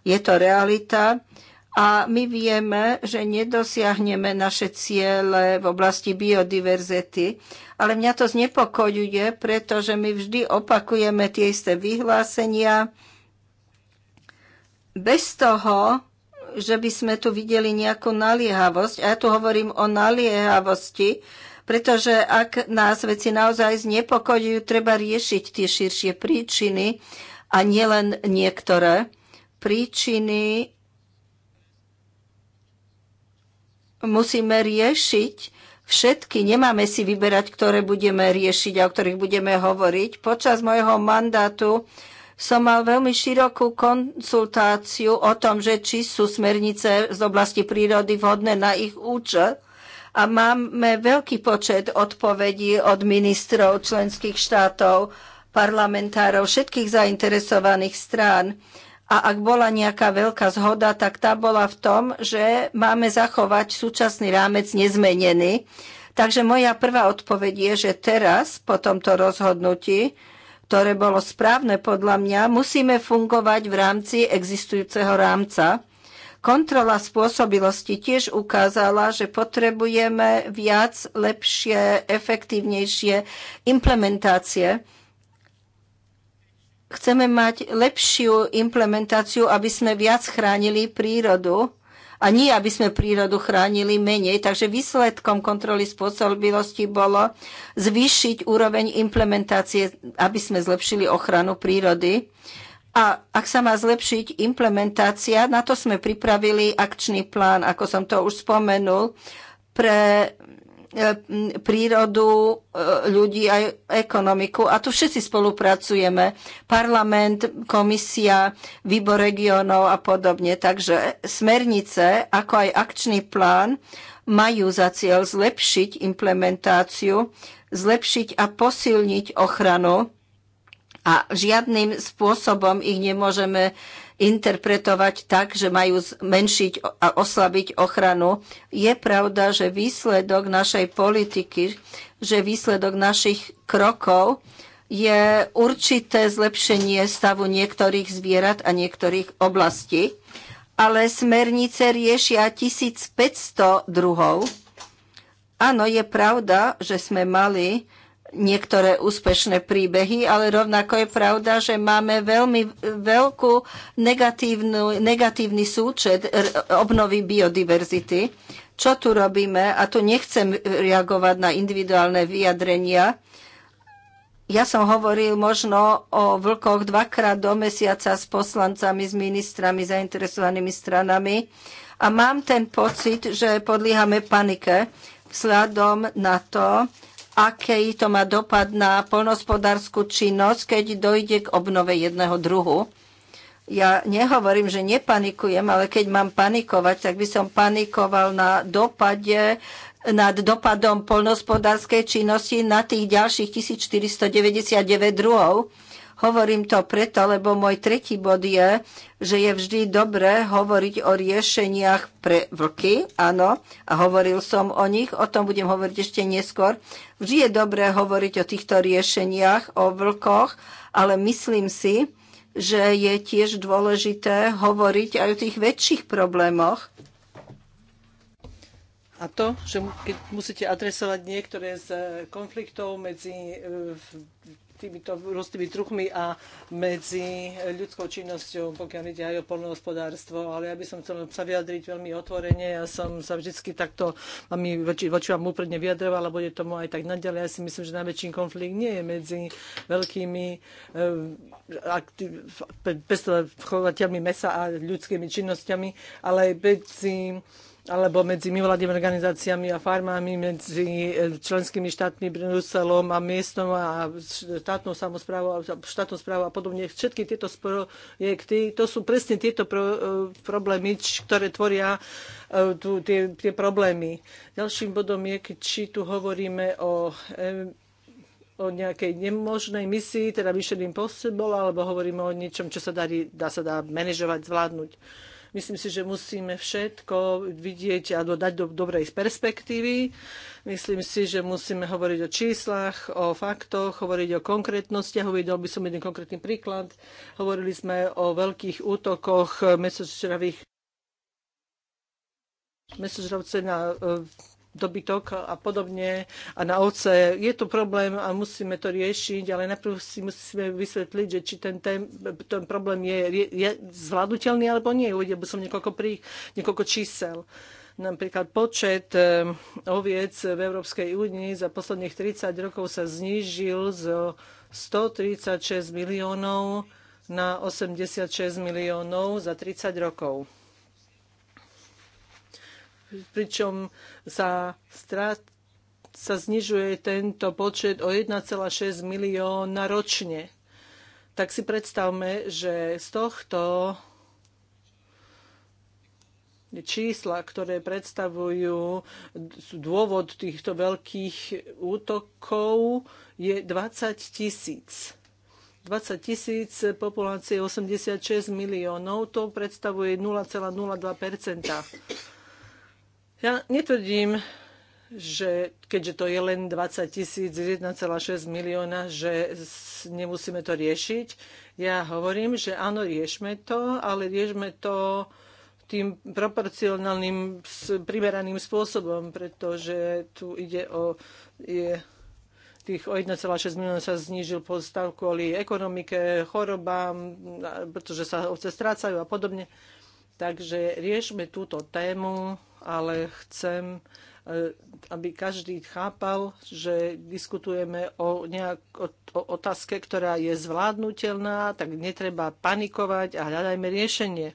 Je to realita a my vieme, že nedosiahneme naše ciele v oblasti biodiverzity, ale mňa to znepokojuje, pretože my vždy opakujeme tie isté vyhlásenia bez toho, že by sme tu videli nejakú naliehavosť. A ja tu hovorím o naliehavosti, pretože ak nás veci naozaj znepokojujú, treba riešiť tie širšie príčiny a nielen niektoré. Príčiny musíme riešiť všetky. Nemáme si vyberať, ktoré budeme riešiť a o ktorých budeme hovoriť. Počas môjho mandátu som mal veľmi širokú konsultáciu o tom, že či sú smernice z oblasti prírody vhodné na ich účel. A máme veľký počet odpovedí od ministrov členských štátov, parlamentárov, všetkých zainteresovaných strán. A ak bola nejaká veľká zhoda, tak tá bola v tom, že máme zachovať súčasný rámec nezmenený. Takže moja prvá odpoveď je, že teraz, po tomto rozhodnutí, ktoré bolo správne podľa mňa, musíme fungovať v rámci existujúceho rámca. Kontrola spôsobilosti tiež ukázala, že potrebujeme viac, lepšie, efektívnejšie implementácie. Chceme mať lepšiu implementáciu, aby sme viac chránili prírodu a nie, aby sme prírodu chránili menej. Takže výsledkom kontroly spôsobilosti bolo zvýšiť úroveň implementácie, aby sme zlepšili ochranu prírody. A ak sa má zlepšiť implementácia, na to sme pripravili akčný plán, ako som to už spomenul, pre E, prírodu, e, ľudí aj ekonomiku. A tu všetci spolupracujeme. Parlament, komisia, výbor regionov a podobne. Takže smernice, ako aj akčný plán, majú za cieľ zlepšiť implementáciu, zlepšiť a posilniť ochranu a žiadnym spôsobom ich nemôžeme interpretovať tak, že majú zmenšiť a oslabiť ochranu. Je pravda, že výsledok našej politiky, že výsledok našich krokov je určité zlepšenie stavu niektorých zvierat a niektorých oblastí, ale smernice riešia 1500 druhov. Áno, je pravda, že sme mali niektoré úspešné príbehy, ale rovnako je pravda, že máme veľmi veľkú negatívny súčet obnovy biodiverzity. Čo tu robíme, a tu nechcem reagovať na individuálne vyjadrenia, ja som hovoril možno o vlkoch dvakrát do mesiaca s poslancami, s ministrami, zainteresovanými stranami a mám ten pocit, že podliehame panike vzhľadom na to, aký to má dopad na polnospodárskú činnosť, keď dojde k obnove jedného druhu. Ja nehovorím, že nepanikujem, ale keď mám panikovať, tak by som panikoval na dopade nad dopadom polnospodárskej činnosti na tých ďalších 1499 druhov. Hovorím to preto, lebo môj tretí bod je, že je vždy dobré hovoriť o riešeniach pre vlky, áno, a hovoril som o nich, o tom budem hovoriť ešte neskôr. Vždy je dobré hovoriť o týchto riešeniach, o vlkoch, ale myslím si, že je tiež dôležité hovoriť aj o tých väčších problémoch. A to, že keď musíte adresovať niektoré z konfliktov medzi e, týmito rostlými truchmi a medzi ľudskou činnosťou, pokiaľ ide aj o polnohospodárstvo. Ale ja by som chcel sa vyjadriť veľmi otvorene. Ja som sa vždycky takto mami, voči, voči vám úpredne vyjadrovala, bude tomu aj tak naďalej. Ja si myslím, že najväčší konflikt nie je medzi veľkými chovateľmi eh, mesa a ľudskými činnosťami, ale medzi alebo medzi mimovládnymi organizáciami a farmami, medzi eh, členskými štátmi Bruselom a miestom a štátnou samozprávou, štátnou správou a podobne. Všetky tieto projekty, to sú presne tieto pro, eh, problémy, ktoré tvoria eh, tu, tie, tie problémy. Ďalším bodom je, či tu hovoríme o o nejakej nemožnej misii, teda Mission Impossible, alebo hovoríme o niečom, čo sa dá, dá sa dá manažovať, zvládnuť. Uh, Myslím si, že musíme všetko vidieť a dodať do dobrej perspektívy. Myslím si, že musíme hovoriť o číslach, o faktoch, hovoriť o konkrétnostiach. Uvedol by som jeden konkrétny príklad. Hovorili sme o veľkých útokoch mesožravých mesožravce na e, dobytok a podobne a na ovce. Je to problém a musíme to riešiť, ale najprv si musíme vysvetliť, že či ten, ten, ten problém je, je zvládnutelný alebo nie. Uvedel by som niekoľko, prí, niekoľko čísel napríklad počet eh, oviec v Európskej únii za posledných 30 rokov sa znížil zo 136 miliónov na 86 miliónov za 30 rokov pričom sa strat, sa znižuje tento počet o 1,6 milióna ročne. Tak si predstavme, že z tohto čísla, ktoré predstavujú dôvod týchto veľkých útokov, je 20 tisíc. 20 tisíc populácie 86 miliónov, to predstavuje 0,02 ja netvrdím, že keďže to je len 20 tisíc, 1,6 milióna, že nemusíme to riešiť. Ja hovorím, že áno, riešme to, ale riešme to tým proporcionálnym, primeraným spôsobom, pretože tu ide o je, tých o 1,6 milióna sa znížil postav kvôli ekonomike, chorobám, pretože sa ovce strácajú a podobne. Takže riešme túto tému ale chcem, eh, aby každý chápal, že diskutujeme o, nejak, o, o otázke, ktorá je zvládnutelná, tak netreba panikovať a hľadajme riešenie.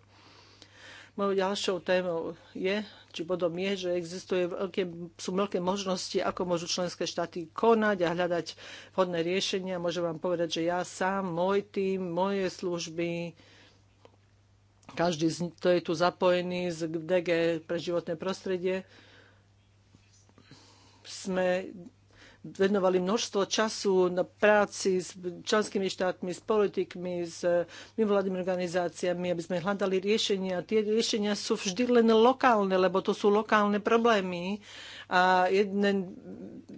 Mojou ďalšou témou je, či bodom je, že existuje veľké, sú veľké možnosti, ako môžu členské štáty konať a hľadať vhodné riešenia. Môžem vám povedať, že ja sám, môj tým, moje služby, každý, kto je tu zapojený z DG pre životné prostredie, sme venovali množstvo času na práci s členskými štátmi, s politikmi, s e, mimovládnymi organizáciami, aby sme hľadali riešenia. Tie riešenia sú vždy len lokálne, lebo to sú lokálne problémy a jeden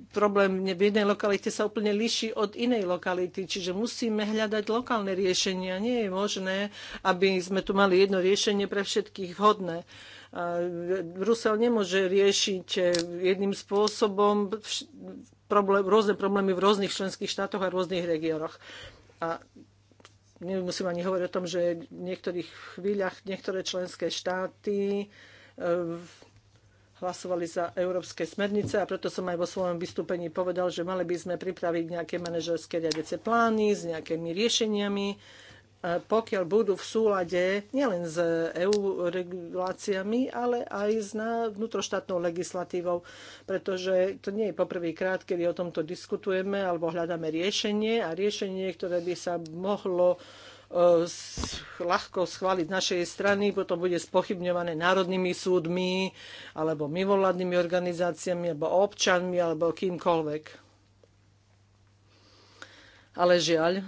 problém v jednej lokalite sa úplne líši od inej lokality, čiže musíme hľadať lokálne riešenia. Nie je možné, aby sme tu mali jedno riešenie pre všetkých vhodné. E, Brusel nemôže riešiť e, jedným spôsobom problém, rôzne problémy v rôznych členských štátoch a rôznych regiónoch. A nemusím ani hovoriť o tom, že v niektorých chvíľach niektoré členské štáty eh, hlasovali za európske smernice a preto som aj vo svojom vystúpení povedal, že mali by sme pripraviť nejaké manažerské riadece plány s nejakými riešeniami, pokiaľ budú v súlade nielen s EU reguláciami, ale aj s vnútroštátnou legislatívou, pretože to nie je poprvýkrát, kedy o tomto diskutujeme alebo hľadáme riešenie a riešenie, ktoré by sa mohlo e, ľahko schváliť našej strany, potom bude spochybňované národnými súdmi, alebo mimovládnymi organizáciami, alebo občanmi, alebo kýmkoľvek. Ale žiaľ,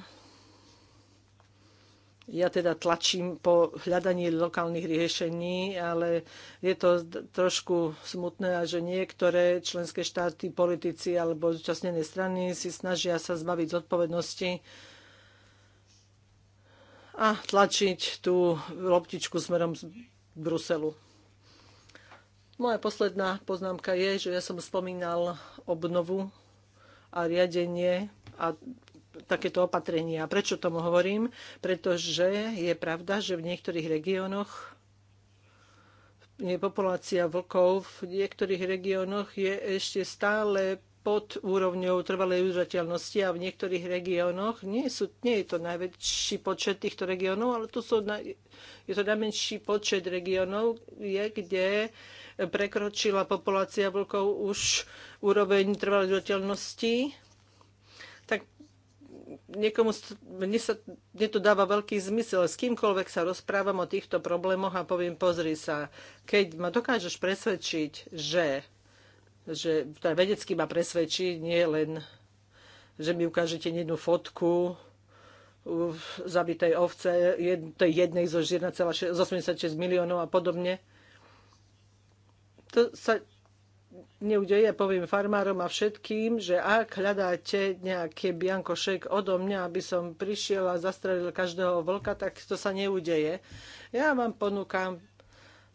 ja teda tlačím po hľadaní lokálnych riešení, ale je to trošku smutné, že niektoré členské štáty, politici alebo zúčastnené strany si snažia sa zbaviť zodpovednosti a tlačiť tú loptičku smerom z Bruselu. Moja posledná poznámka je, že ja som spomínal obnovu a riadenie a takéto opatrenia. Prečo tomu hovorím? Pretože je pravda, že v niektorých regiónoch je populácia vlkov v niektorých regiónoch je ešte stále pod úrovňou trvalej udržateľnosti a v niektorých regiónoch nie, sú, nie je to najväčší počet týchto regiónov, ale tu sú na, je to najmenší počet regiónov, kde prekročila populácia vlkov už úroveň trvalej udržateľnosti. Tak niekomu, mne, sa, mne to dáva veľký zmysel. S kýmkoľvek sa rozprávam o týchto problémoch a poviem, pozri sa, keď ma dokážeš presvedčiť, že, že teda vedecky ma presvedčí, nie len, že mi ukážete jednu fotku zabitej ovce, jed, tej jednej zo 1,86 miliónov a podobne. To sa neudeje, poviem farmárom a všetkým, že ak hľadáte nejaké biankošek odo mňa, aby som prišiel a zastrelil každého vlka, tak to sa neudeje. Ja vám ponúkam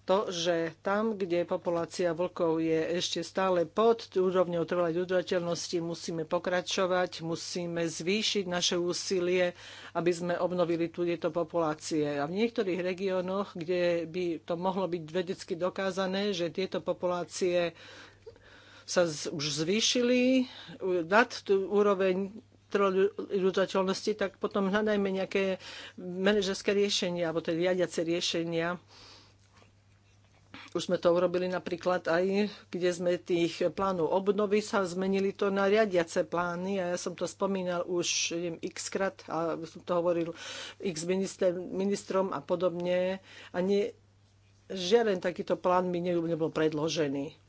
to, že tam, kde populácia vlkov je ešte stále pod úrovňou trvalej udržateľnosti, musíme pokračovať, musíme zvýšiť naše úsilie, aby sme obnovili tu tieto populácie. A v niektorých regiónoch, kde by to mohlo byť vedecky dokázané, že tieto populácie sa z, už zvýšili nad tú úroveň trojľudateľnosti, tak potom hľadajme nejaké manažerské riešenia alebo tie riadiace riešenia. Už sme to urobili napríklad aj, kde sme tých plánov obnovy sa zmenili to na riadiace plány a ja som to spomínal už neviem, x krát a som to hovoril x minister, ministrom a podobne. A nie, žiaden takýto plán mi nebol predložený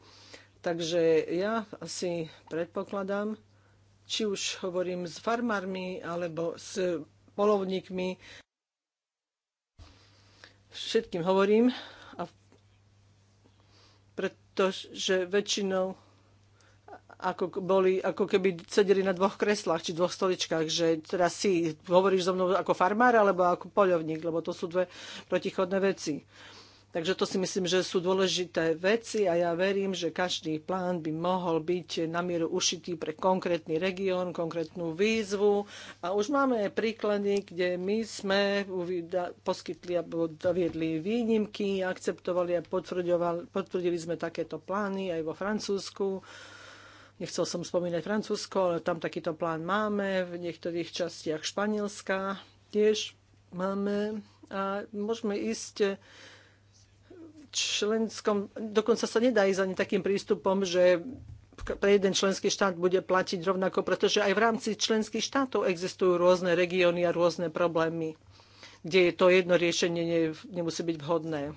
Takže ja asi predpokladám, či už hovorím s farmármi alebo s polovníkmi, všetkým hovorím, a pretože väčšinou ako, boli, ako keby sedeli na dvoch kreslách či dvoch stoličkách, že teraz si hovoríš so mnou ako farmár alebo ako poľovník, lebo to sú dve protichodné veci. Takže to si myslím, že sú dôležité veci a ja verím, že každý plán by mohol byť na mieru ušitý pre konkrétny región, konkrétnu výzvu. A už máme príklady, kde my sme poskytli a doviedli výnimky, akceptovali a potvrdili sme takéto plány aj vo Francúzsku. Nechcel som spomínať Francúzsko, ale tam takýto plán máme. V niektorých častiach Španielska tiež máme. A môžeme ísť členskom, dokonca sa nedá ísť ani takým prístupom, že pre jeden členský štát bude platiť rovnako, pretože aj v rámci členských štátov existujú rôzne regióny a rôzne problémy, kde to jedno riešenie nemusí byť vhodné.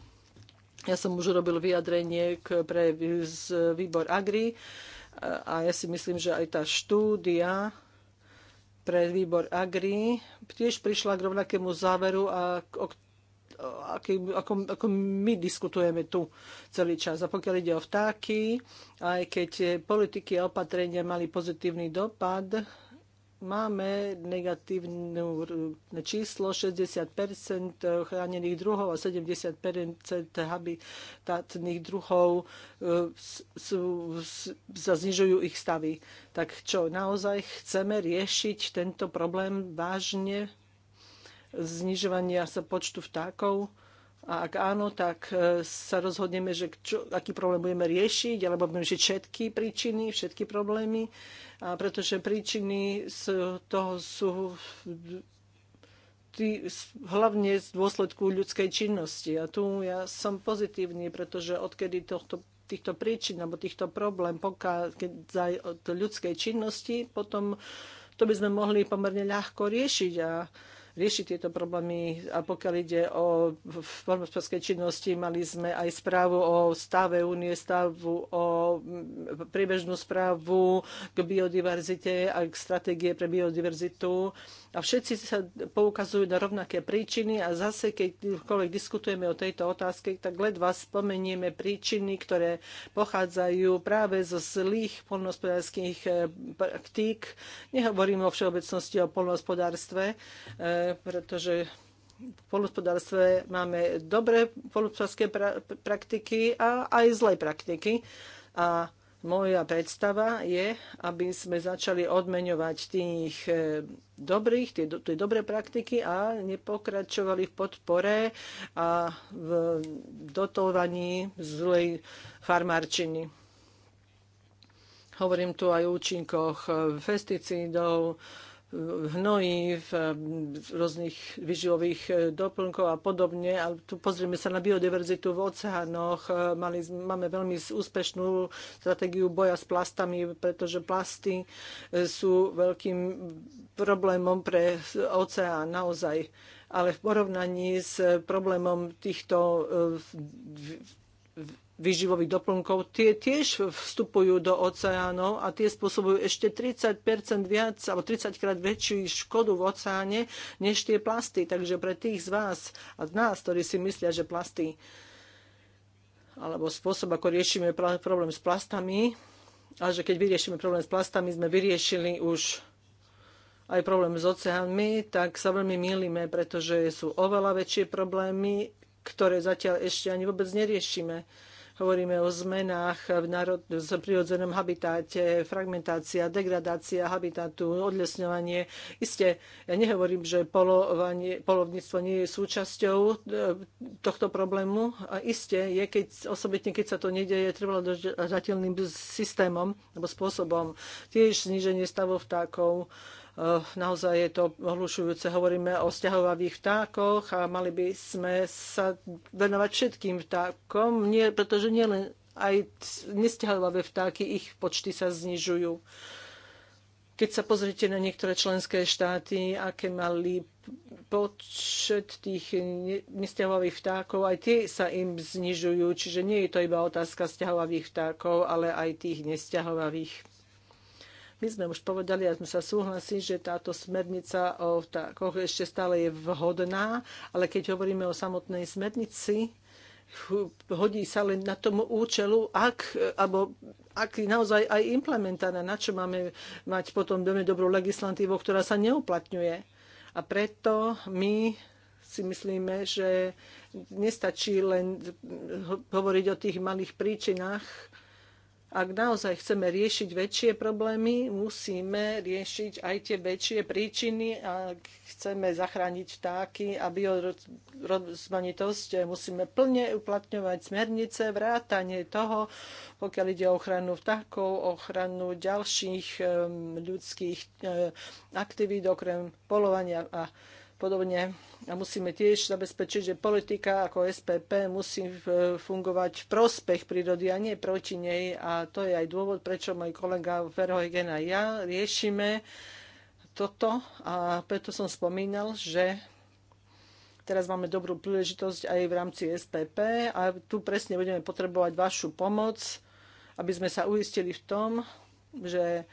Ja som už urobil vyjadrenie k, pre z výbor Agri a ja si myslím, že aj tá štúdia pre výbor Agri tiež prišla k rovnakému záveru, a, o aký, ako, ako my diskutujeme tu celý čas. A pokiaľ ide o vtáky, aj keď politiky a opatrenia mali pozitívny dopad, máme negatívne číslo 60 chránených druhov a 70 habitatných druhov e, sa znižujú ich stavy. Tak čo, naozaj chceme riešiť tento problém vážne? znižovania sa počtu vtákov? A ak áno, tak e, sa rozhodneme, že čo, aký problém budeme riešiť, alebo budeme riešiť všetky príčiny, všetky problémy, a pretože príčiny z toho sú tý, hlavne z dôsledku ľudskej činnosti. A tu ja som pozitívny, pretože odkedy tohto týchto príčin alebo týchto problém pochádza od ľudskej činnosti, potom to by sme mohli pomerne ľahko riešiť. A riešiť tieto problémy. A pokiaľ ide o formospodskej činnosti, mali sme aj správu o stave únie, stavu o priebežnú správu k biodiverzite a k stratégie pre biodiverzitu. A všetci sa poukazujú na rovnaké príčiny a zase, keď diskutujeme o tejto otázke, tak ledva spomenieme príčiny, ktoré pochádzajú práve zo zlých polnohospodárských praktík. Nehovorím o všeobecnosti o polnohospodárstve, pretože v polospodárstve máme dobré polnospodárske pra- praktiky a aj zlé praktiky. A moja predstava je, aby sme začali odmeňovať tých eh, dobrých, tie, tie dobré praktiky a nepokračovali v podpore a v dotovaní zlej farmárčiny. Hovorím tu aj o účinkoch eh, pesticídov, hnojív, rôznych vyživových e, doplnkov a podobne. A tu pozrieme sa na biodiverzitu v oceánoch. E, mali, máme veľmi úspešnú stratégiu boja s plastami, pretože plasty e, sú veľkým problémom pre oceán naozaj. Ale v porovnaní s problémom týchto výživových doplnkov, tie tiež vstupujú do oceánov a tie spôsobujú ešte 30 viac alebo 30 krát väčšiu škodu v oceáne než tie plasty. Takže pre tých z vás a z nás, ktorí si myslia, že plasty alebo spôsob, ako riešime problém s plastami, a že keď vyriešime problém s plastami, sme vyriešili už aj problém s oceánmi, tak sa veľmi mýlime, pretože sú oveľa väčšie problémy, ktoré zatiaľ ešte ani vôbec neriešime. Hovoríme o zmenách v národ, v prirodzenom habitáte, fragmentácia, degradácia habitátu, odlesňovanie. Isté, ja nehovorím, že polovanie, polovníctvo nie je súčasťou e, tohto problému. isté je, keď, osobitne keď sa to nedieje trvalo držateľným systémom alebo spôsobom. Tiež zníženie stavov vtákov, Eh, naozaj je to ohlušujúce. Hovoríme o stiahovavých vtákoch a mali by sme sa venovať všetkým vtákom, nie, pretože nielen aj nestiahovavé vtáky, ich počty sa znižujú. Keď sa pozrite na niektoré členské štáty, aké mali počet tých nestiahovavých vtákov, aj tie sa im znižujú. Čiže nie je to iba otázka stiahovavých vtákov, ale aj tých nestiahovavých. My sme už povedali a sme sa súhlasí, že táto smernica o koho ešte stále je vhodná, ale keď hovoríme o samotnej smernici, hodí sa len na tomu účelu, ak, alebo ak je naozaj aj implementána, na čo máme mať potom veľmi dobrú legislatívu, ktorá sa neuplatňuje. A preto my si myslíme, že nestačí len hovoriť o tých malých príčinách, ak naozaj chceme riešiť väčšie problémy, musíme riešiť aj tie väčšie príčiny a chceme zachrániť vtáky a biorozmanitosť, musíme plne uplatňovať smernice, vrátanie toho, pokiaľ ide o ochranu vtákov, ochranu ďalších ľudských eh, aktivít, okrem polovania a podobne. A musíme tiež zabezpečiť, že politika ako SPP musí e, fungovať v prospech prírody a nie proti nej. A to je aj dôvod, prečo môj kolega Verhoegen a ja riešime toto. A preto som spomínal, že teraz máme dobrú príležitosť aj v rámci SPP a tu presne budeme potrebovať vašu pomoc, aby sme sa uistili v tom, že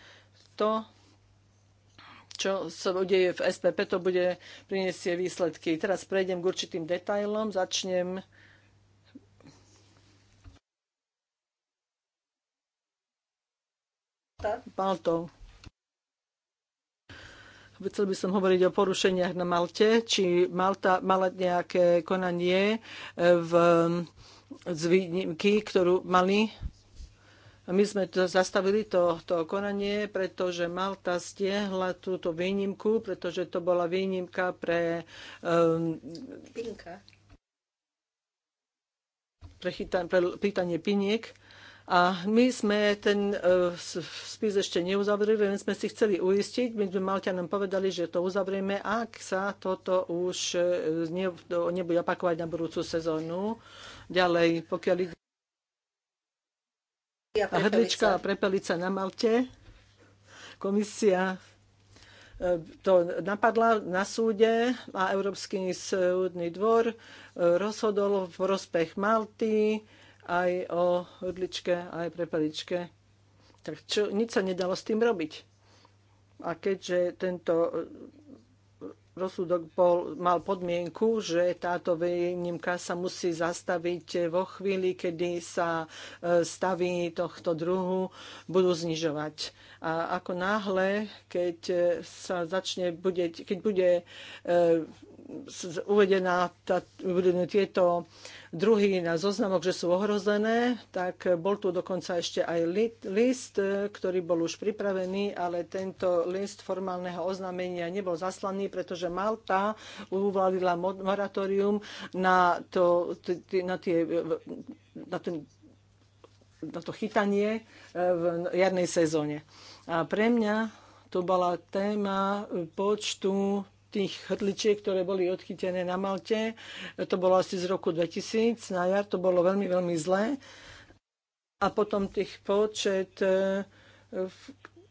to, čo sa udeje v SPP, to bude priniesie výsledky. Teraz prejdem k určitým detailom, začnem Maltou. Chcel by som hovoriť o porušeniach na Malte, či Malta mala nejaké konanie v z výnimky, ktorú mali my sme to zastavili to, to konanie, pretože Malta stiehla túto výnimku, pretože to bola výnimka pre... Um, ehm, Pinka. Pre, chytan, pre pýtanie piniek. A my sme ten uh, spis ešte neuzavreli, len sme si chceli uistiť. My sme Malťanom povedali, že to uzavrieme, ak sa toto už e, ne, nebude opakovať na budúcu sezónu. Ďalej, pokiaľ ide hrdlička a prepelica na Malte. Komisia e, to napadla na súde a Európsky súdny dvor e, rozhodol v prospech Malty aj o hrdličke, aj prepeličke. Tak čo, nič sa nedalo s tým robiť. A keďže tento rozsudok bol, mal podmienku, že táto výnimka sa musí zastaviť vo chvíli, kedy sa e, stavy tohto druhu budú znižovať. A ako náhle, keď sa začne, bude, keď bude e, uvedená tá, uvedené tieto druhý na zoznamoch, že sú ohrozené, tak bol tu dokonca ešte aj list, e, ktorý bol už pripravený, ale tento list formálneho oznámenia nebol zaslaný, pretože Malta uvalila moratórium na, to, na, tie, na, ten, na to chytanie e, v jarnej sezóne. A pre mňa to bola téma počtu tých hrdličiek, ktoré boli odchytené na Malte. To bolo asi z roku 2000 na jar, to bolo veľmi, veľmi zlé. A potom tých počet e, v,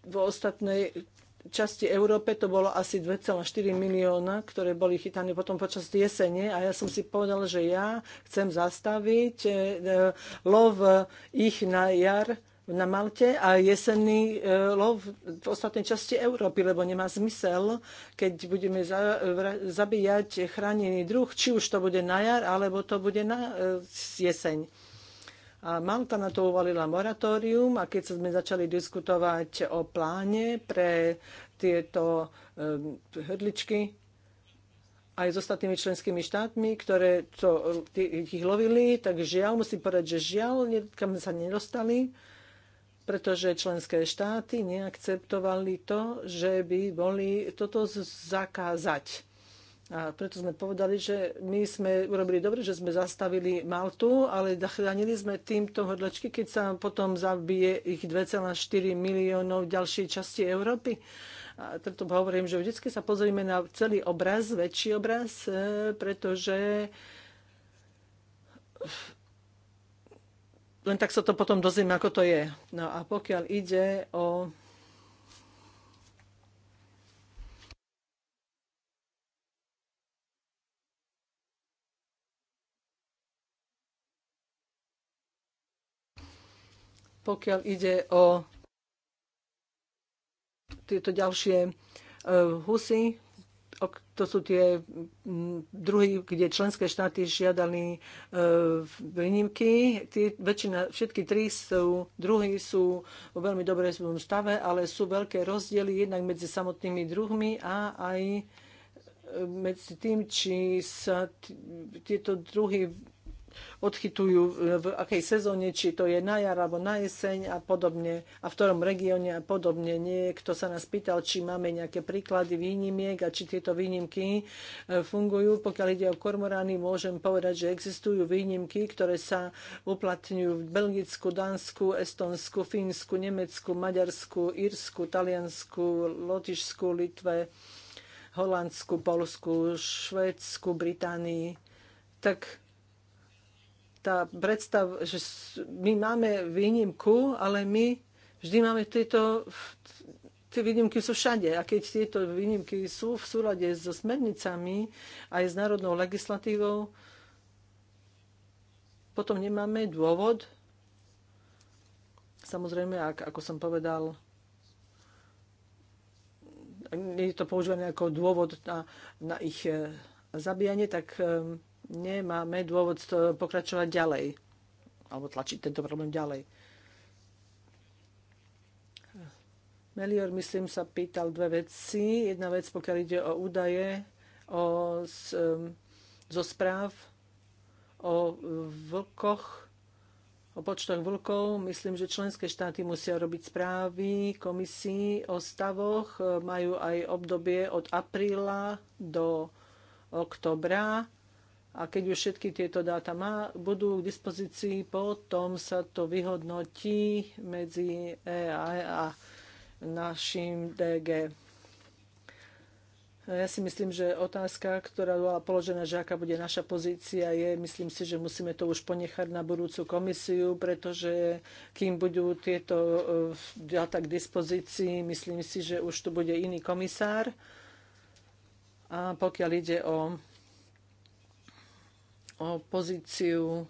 v ostatnej časti Európe to bolo asi 2,4 milióna, ktoré boli chytané potom počas jesene a ja som si povedal, že ja chcem zastaviť e, e, lov ich na jar na Malte a jesenný e, lov v ostatnej časti Európy, lebo nemá zmysel, keď budeme za, zabíjať chránený druh, či už to bude na jar, alebo to bude na e, jeseň. A Malta na to uvalila moratórium a keď sme začali diskutovať o pláne pre tieto e, hrdličky, aj s ostatnými členskými štátmi, ktoré to, ich lovili, tak žiaľ, musím povedať, že žiaľ, kam sa nedostali pretože členské štáty neakceptovali to, že by boli toto zakázať. A preto sme povedali, že my sme urobili dobre, že sme zastavili Maltu, ale zachránili sme týmto hodlačky, keď sa potom zabije ich 2,4 miliónov v ďalšej časti Európy. A preto hovorím, že vždy sa pozrieme na celý obraz, väčší obraz, e, pretože len tak sa to potom dozviem, ako to je. No a pokiaľ ide o pokiaľ ide o tieto ďalšie eh, husy, to sú tie mm, druhy, kde členské štáty žiadali e, výnimky. Tí, väčšina, všetky tri sú, druhy sú vo veľmi dobrej svojom stave, ale sú veľké rozdiely jednak medzi samotnými druhmi a aj e, medzi tým, či sa tieto druhy odchytujú v akej sezóne, či to je na jar alebo na jeseň a podobne, a v ktorom regióne a podobne. Niekto sa nás pýtal, či máme nejaké príklady výnimiek a či tieto výnimky e, fungujú. Pokiaľ ide o kormorány, môžem povedať, že existujú výnimky, ktoré sa uplatňujú v Belgicku, Dánsku, Estonsku, Fínsku, Nemecku, Maďarsku, Írsku, Taliansku, Lotyšsku, Litve, Holandsku, Polsku, Švédsku, Británii. Tak tá predstav, že my máme výnimku, ale my vždy máme tieto, tie výnimky sú všade. A keď tieto výnimky sú v súlade so smernicami aj s národnou legislatívou, potom nemáme dôvod. Samozrejme, ak, ako som povedal, nie je to používané ako dôvod na, na ich eh, zabíjanie, tak um, nemáme dôvod pokračovať ďalej alebo tlačiť tento problém ďalej. Melior, myslím, sa pýtal dve veci. Jedna vec, pokiaľ ide o údaje o, z, zo správ o vlkoch, o počtoch vlkov. Myslím, že členské štáty musia robiť správy komisii o stavoch. Majú aj obdobie od apríla do oktobra a keď už všetky tieto dáta má, budú k dispozícii, potom sa to vyhodnotí medzi EA a našim DG. Ja si myslím, že otázka, ktorá bola položená, že aká bude naša pozícia, je, myslím si, že musíme to už ponechať na budúcu komisiu, pretože kým budú tieto eh, dáta k dispozícii, myslím si, že už tu bude iný komisár. A pokiaľ ide o o pozíciu,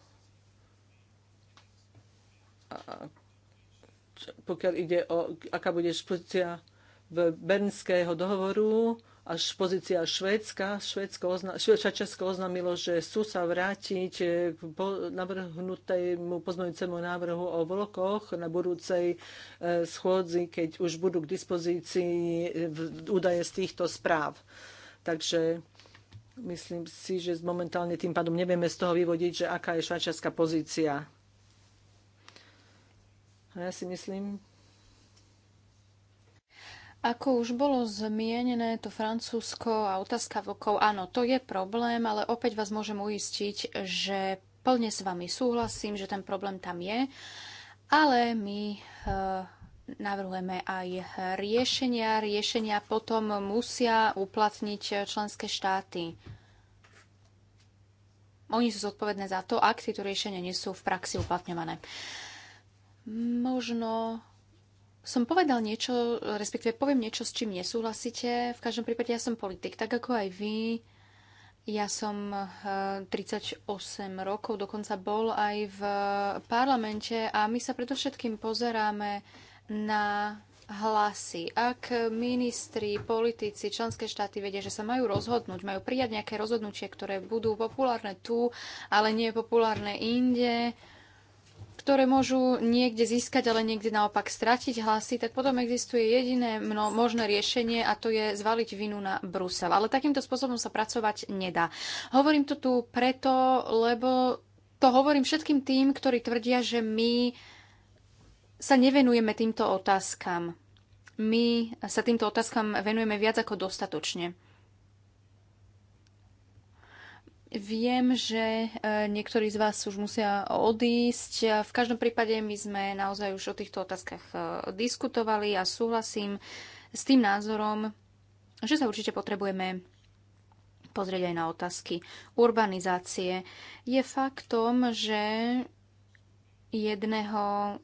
pokiaľ ide o, aká bude pozícia v Bernského dohovoru, až pozícia Švédska. Švédsko ozna, Švédska Česko oznámilo, že sú sa vrátiť k po, navrhnutému pozmeňujúcemu návrhu o blokoch na budúcej e, schôdzi, keď už budú k dispozícii e, v, údaje z týchto správ. Takže Myslím si, že momentálne tým pádom nevieme z toho vyvodiť, že aká je švajčiarská pozícia. A ja si myslím, ako už bolo zmienené, to Francúzsko a otázka vlkov, áno, to je problém, ale opäť vás môžem uistiť, že plne s vami súhlasím, že ten problém tam je, ale my e, navrhujeme aj riešenia. Riešenia potom musia uplatniť členské štáty. Oni sú zodpovedné za to, ak tieto riešenia nie sú v praxi uplatňované. Možno som povedal niečo, respektíve poviem niečo, s čím nesúhlasíte. V každom prípade ja som politik, tak ako aj vy. Ja som 38 eh, rokov, dokonca bol aj v eh, parlamente a my sa predovšetkým pozeráme na hlasy. Ak ministri, politici, členské štáty vedia, že sa majú rozhodnúť, majú prijať nejaké rozhodnutie, ktoré budú populárne tu, ale nie populárne inde, ktoré môžu niekde získať, ale niekde naopak stratiť hlasy, tak potom existuje jediné mno, možné riešenie a to je zvaliť vinu na Brusel. Ale takýmto spôsobom sa pracovať nedá. Hovorím to tu preto, lebo to hovorím všetkým tým, ktorí tvrdia, že my sa nevenujeme týmto otázkam. My sa týmto otázkam venujeme viac ako dostatočne. Viem, že e, niektorí z vás už musia odísť. V každom prípade my sme naozaj už o týchto otázkach e, diskutovali a súhlasím s tým názorom, že sa určite potrebujeme pozrieť aj na otázky urbanizácie. Je faktom, že jedného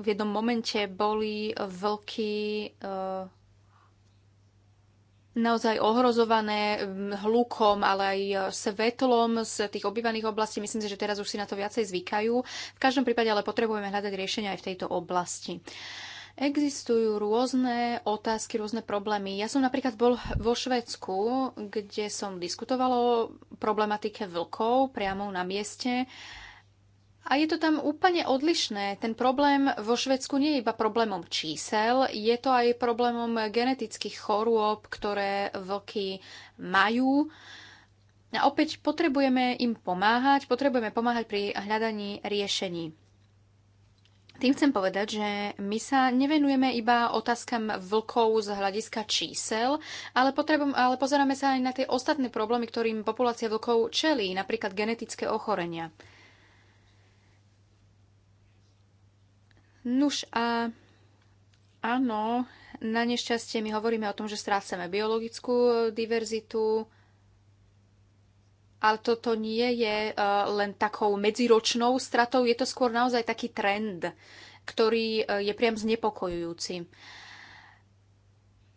v jednom momente boli vlky eh, naozaj ohrozované mm, hlukom, ale aj eh, svetlom z tých obývaných oblastí. Myslím si, že teraz už si na to viacej zvykajú. V každom prípade ale potrebujeme hľadať riešenia aj v tejto oblasti. Existujú rôzne otázky, rôzne problémy. Ja som napríklad bol vo Švedsku, kde som diskutovala o problematike vlkov priamo na mieste a je to tam úplne odlišné. Ten problém vo Švedsku nie je iba problémom čísel, je to aj problémom genetických chorôb, ktoré vlky majú. A opäť potrebujeme im pomáhať, potrebujeme pomáhať pri hľadaní riešení. Tým chcem povedať, že my sa nevenujeme iba otázkam vlkov z hľadiska čísel, ale, ale pozeráme sa aj na tie ostatné problémy, ktorým populácia vlkov čelí, napríklad genetické ochorenia. Nuž a áno, na nešťastie my hovoríme o tom, že strácame biologickú e, diverzitu, ale toto nie je e, len takou medziročnou stratou, je to skôr naozaj taký trend, ktorý e, je priam znepokojujúci.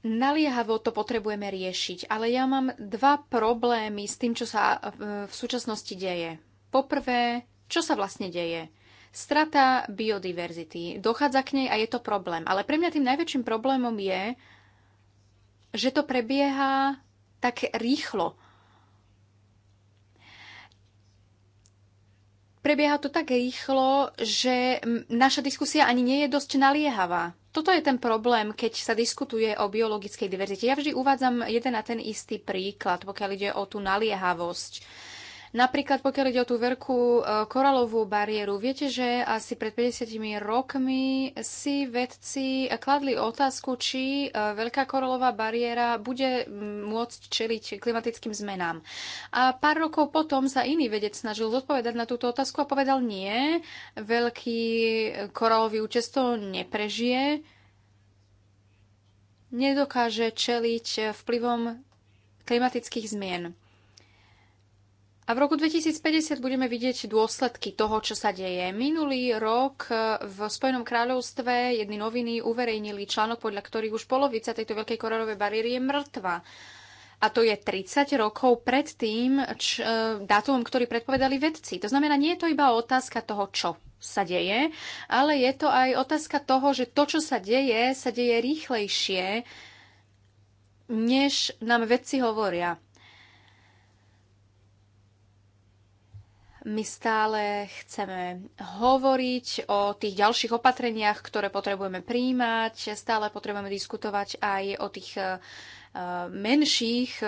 Naliehavo to potrebujeme riešiť, ale ja mám dva problémy s tým, čo sa v súčasnosti deje. Poprvé, čo sa vlastne deje? strata biodiverzity. Dochádza k nej a je to problém. Ale pre mňa tým najväčším problémom je, že to prebieha tak rýchlo. Prebieha to tak rýchlo, že naša diskusia ani nie je dosť naliehavá. Toto je ten problém, keď sa diskutuje o biologickej diverzite. Ja vždy uvádzam jeden a ten istý príklad, pokiaľ ide o tú naliehavosť Napríklad pokiaľ ide o tú veľkú e, koralovú bariéru, viete, že asi pred 50 rokmi si vedci e, kladli otázku, či e, veľká koralová bariéra bude môcť čeliť klimatickým zmenám. A pár rokov potom sa iný vedec snažil zodpovedať na túto otázku a povedal nie, veľký koralový účesto to neprežije, nedokáže čeliť vplyvom klimatických zmien. A v roku 2050 budeme vidieť dôsledky toho, čo sa deje. Minulý rok v Spojenom kráľovstve jedny noviny uverejnili článok, podľa ktorých už polovica tejto veľkej koralovej bariéry je mŕtva. A to je 30 rokov pred tým č, e, dátumom, ktorý predpovedali vedci. To znamená, nie je to iba otázka toho, čo sa deje, ale je to aj otázka toho, že to, čo sa deje, sa deje rýchlejšie, než nám vedci hovoria. My stále chceme hovoriť o tých ďalších opatreniach, ktoré potrebujeme príjmať. Stále potrebujeme diskutovať aj o tých e, menších e,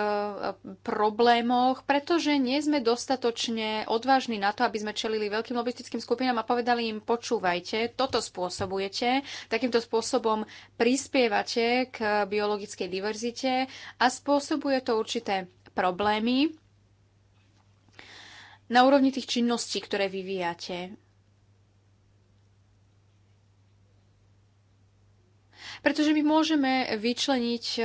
problémoch, pretože nie sme dostatočne odvážni na to, aby sme čelili veľkým lobistickým skupinám a povedali im, počúvajte, toto spôsobujete, takýmto spôsobom prispievate k biologickej diverzite a spôsobuje to určité problémy, na úrovni tých činností, ktoré vyvíjate. Pretože my môžeme vyčleniť e,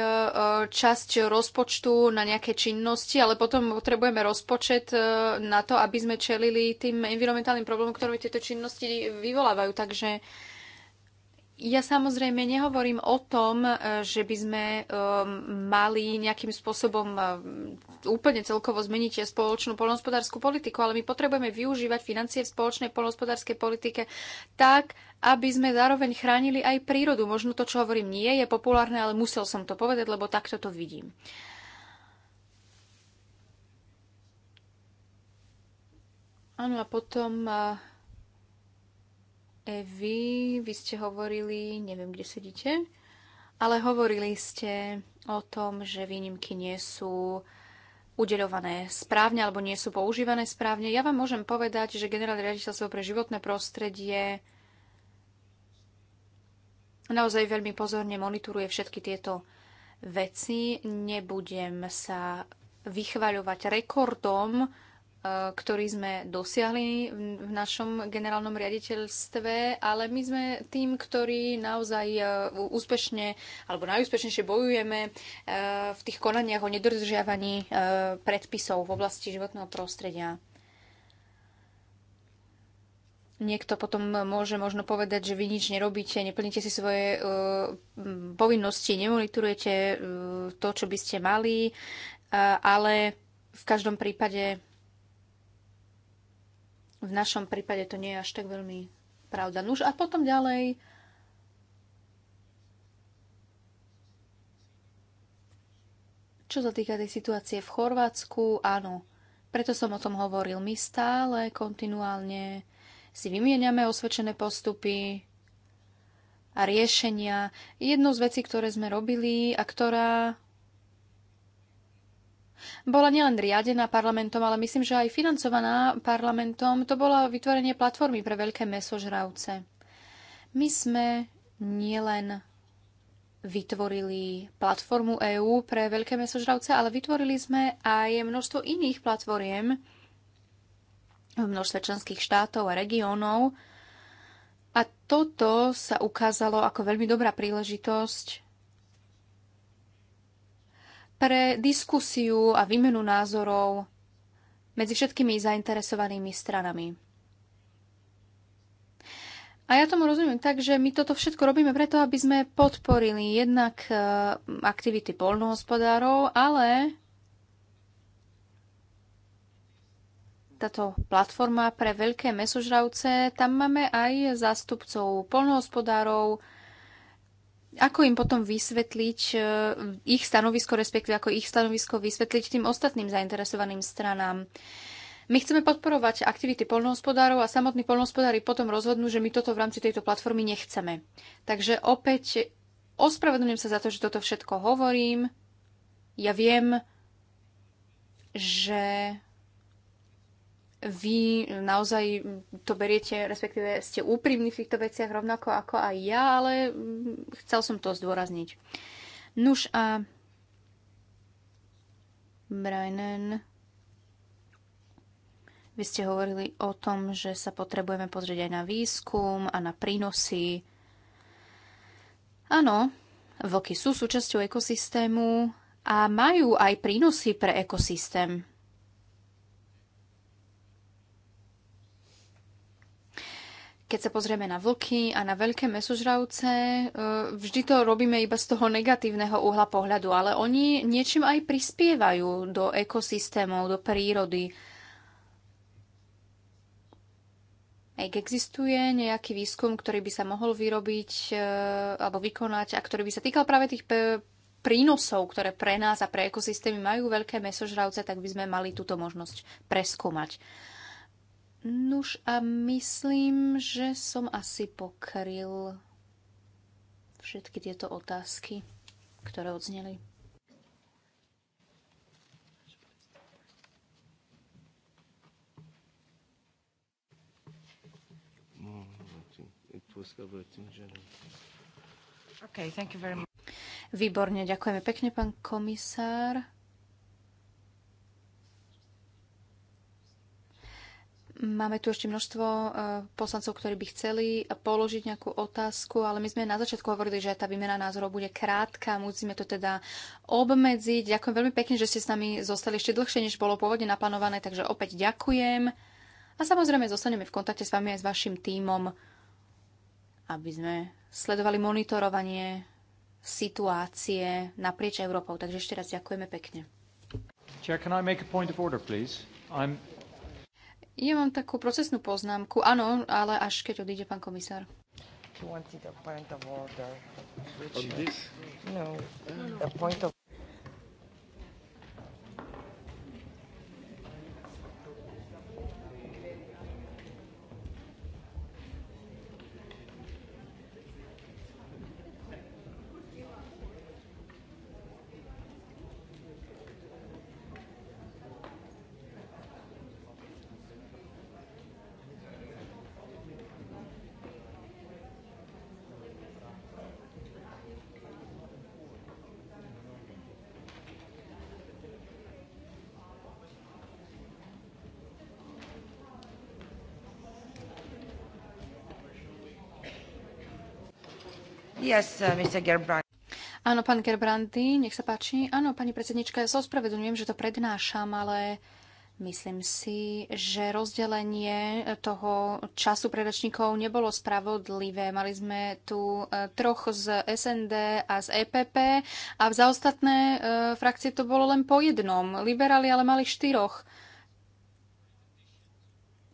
časť rozpočtu na nejaké činnosti, ale potom potrebujeme rozpočet e, na to, aby sme čelili tým environmentálnym problémom, ktoré tieto činnosti vyvolávajú. Takže ja samozrejme nehovorím o tom, e, že by sme e, mali nejakým spôsobom e, úplne celkovo zmeniť spoločnú polnohospodárskú politiku, ale my potrebujeme využívať financie v spoločnej polnohospodárskej politike tak, aby sme zároveň chránili aj prírodu. Možno to, čo hovorím, nie je populárne, ale musel som to povedať, lebo takto to vidím. Áno, a potom Evi, vy ste hovorili, neviem, kde sedíte, ale hovorili ste o tom, že výnimky nie sú udeľované správne alebo nie sú používané správne. Ja vám môžem povedať, že generálne riaditeľstvo pre životné prostredie naozaj veľmi pozorne monitoruje všetky tieto veci. Nebudem sa vychvaľovať rekordom, Eh, ktorý sme dosiahli v našom generálnom riaditeľstve, ale my sme tým, ktorý naozaj eh, úspešne alebo najúspešnejšie bojujeme eh, v tých konaniach o nedodržiavaní predpisov v oblasti životného prostredia. Niekto potom môže možno povedať, že vy nič nerobíte, neplníte si svoje uh, povinnosti, nemonitorujete uh, to, čo by ste mali, uh, ale v každom prípade v našom prípade to nie je až tak veľmi pravda. Nuž a potom ďalej Čo sa týka tej situácie v Chorvátsku, áno, preto som o tom hovoril. My stále kontinuálne si vymieňame osvedčené postupy a riešenia. Jednou z vecí, ktoré sme robili a ktorá bola nielen riadená parlamentom, ale myslím, že aj financovaná parlamentom. To bolo vytvorenie platformy pre veľké mesožravce. My sme nielen vytvorili platformu EÚ pre veľké mesožravce, ale vytvorili sme aj množstvo iných platformiem v množstve členských štátov a regiónov. A toto sa ukázalo ako veľmi dobrá príležitosť pre diskusiu a výmenu názorov medzi všetkými zainteresovanými stranami. A ja tomu rozumiem tak, že my toto všetko robíme preto, aby sme podporili jednak e, aktivity polnohospodárov, ale táto platforma pre veľké mesožravce, tam máme aj zástupcov polnohospodárov, ako im potom vysvetliť e, ich stanovisko, respektíve ako ich stanovisko vysvetliť tým ostatným zainteresovaným stranám. My chceme podporovať aktivity polnohospodárov a samotní polnohospodári potom rozhodnú, že my toto v rámci tejto platformy nechceme. Takže opäť ospravedlňujem sa za to, že toto všetko hovorím. Ja viem, že vy naozaj to beriete, respektíve ste úprimní v týchto veciach rovnako ako aj ja, ale mm, chcel som to zdôrazniť. Nuž a Brainen, vy ste hovorili o tom, že sa potrebujeme pozrieť aj na výskum a na prínosy. Áno, vlky sú súčasťou ekosystému a majú aj prínosy pre ekosystém. keď sa pozrieme na vlky a na veľké mesožravce, e, vždy to robíme iba z toho negatívneho uhla pohľadu, ale oni niečím aj prispievajú do ekosystémov, do prírody. Ak existuje nejaký výskum, ktorý by sa mohol vyrobiť e, alebo vykonať a ktorý by sa týkal práve tých e, prínosov, ktoré pre nás a pre ekosystémy majú veľké mesožravce, tak by sme mali túto možnosť preskúmať. Nuž a myslím, že som asi pokryl všetky tieto otázky, ktoré odzneli. Okay, Výborne, ďakujeme pekne, pán komisár. Máme tu ešte množstvo e, poslancov, ktorí by chceli položiť nejakú otázku, ale my sme na začiatku hovorili, že tá výmena názorov bude krátka, musíme to teda obmedziť. Ďakujem veľmi pekne, že ste s nami zostali ešte dlhšie, než bolo pôvodne naplánované, takže opäť ďakujem. A samozrejme zostaneme v kontakte s vami aj s vašim tímom, aby sme sledovali monitorovanie situácie naprieč Európou. Takže ešte raz ďakujeme pekne. Chair, can I make a point of order, please? I'm ja mám takú procesnú poznámku, áno, ale až keď odíde pán komisár. Wanted a point of order. Which, On this? No, a point of Yes, uh, Mr. Áno, pán Gerbrandy, nech sa páči. Áno, pani predsednička, ja sa ospravedlňujem, že to prednášam, ale myslím si, že rozdelenie toho času predačníkov nebolo spravodlivé. Mali sme tu e, troch z SND a z EPP a za ostatné e, frakcie to bolo len po jednom. Liberáli ale mali štyroch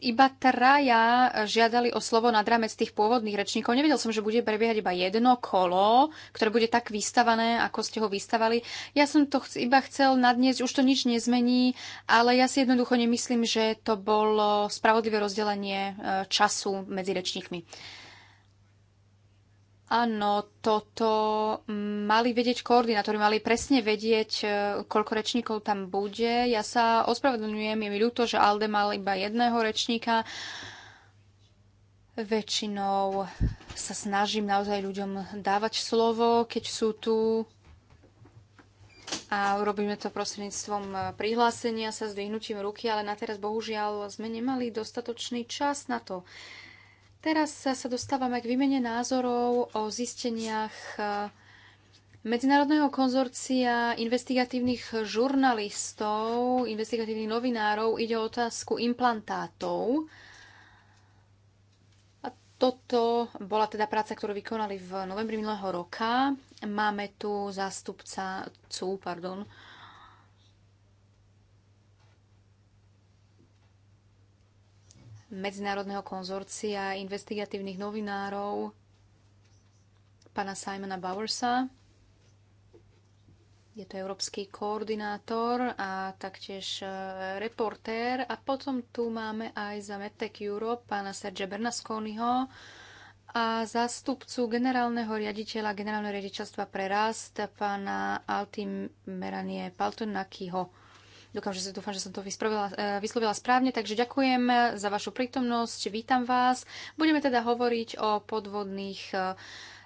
iba traja žiadali o slovo nad rámec tých pôvodných rečníkov. Nevedel som, že bude prebiehať iba jedno kolo, ktoré bude tak vystavané, ako ste ho vystavali. Ja som to iba chcel nadniesť, už to nič nezmení, ale ja si jednoducho nemyslím, že to bolo spravodlivé rozdelenie e, času medzi rečníkmi. Áno, toto mali vedieť koordinátori, mali presne vedieť, e, koľko rečníkov tam bude. Ja sa ospravedlňujem, je mi ľúto, že Alde mal iba jedného rečníka. Väčšinou sa snažím naozaj ľuďom dávať slovo, keď sú tu a urobíme to prostredníctvom e, prihlásenia sa zdvihnutím ruky, ale na teraz bohužiaľ sme nemali dostatočný čas na to. Teraz sa dostávame k výmene názorov o zisteniach e, Medzinárodného konzorcia investigatívnych žurnalistov, investigatívnych novinárov ide o otázku implantátov. A toto bola teda práca, ktorú vykonali v novembri minulého roka. Máme tu zástupca CU, pardon, Medzinárodného konzorcia investigatívnych novinárov pána Simona Bowersa. Je to európsky koordinátor a taktiež e, reportér. A potom tu máme aj za MedTech Europe pána Serge Bernasconiho a zástupcu generálneho riaditeľa generálneho riaditeľstva pre rast pána Altim Meranie Paltonakiho. Dúfam, že dúfam, že som to vyslovila e, správne, takže ďakujem e, za vašu prítomnosť, vítam vás. Budeme teda hovoriť o podvodných e,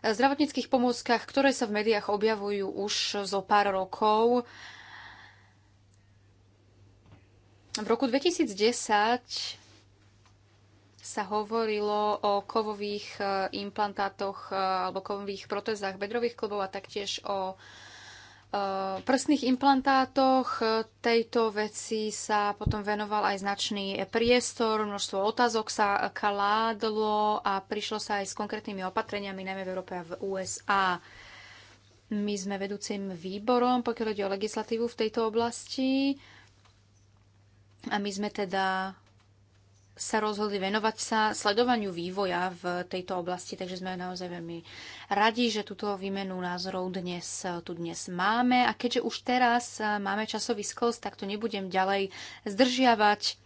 zdravotníckých pomôckach, ktoré sa v médiách objavujú už zo pár rokov. V roku 2010 sa hovorilo o kovových implantátoch alebo kovových protezách bedrových klbov a taktiež o Eh, prsných implantátoch. Eh, tejto veci sa potom venoval aj značný priestor, množstvo otázok sa kaládlo a prišlo sa aj s konkrétnymi opatreniami, najmä v Európe a v USA. My sme vedúcim výborom, pokiaľ ide o legislatívu v tejto oblasti. A my sme teda sa rozhodli venovať sa sledovaniu vývoja v tejto oblasti, takže sme naozaj veľmi radi, že túto výmenu názorov dnes tu dnes máme. A keďže už teraz e, máme časový sklz, tak to nebudem ďalej zdržiavať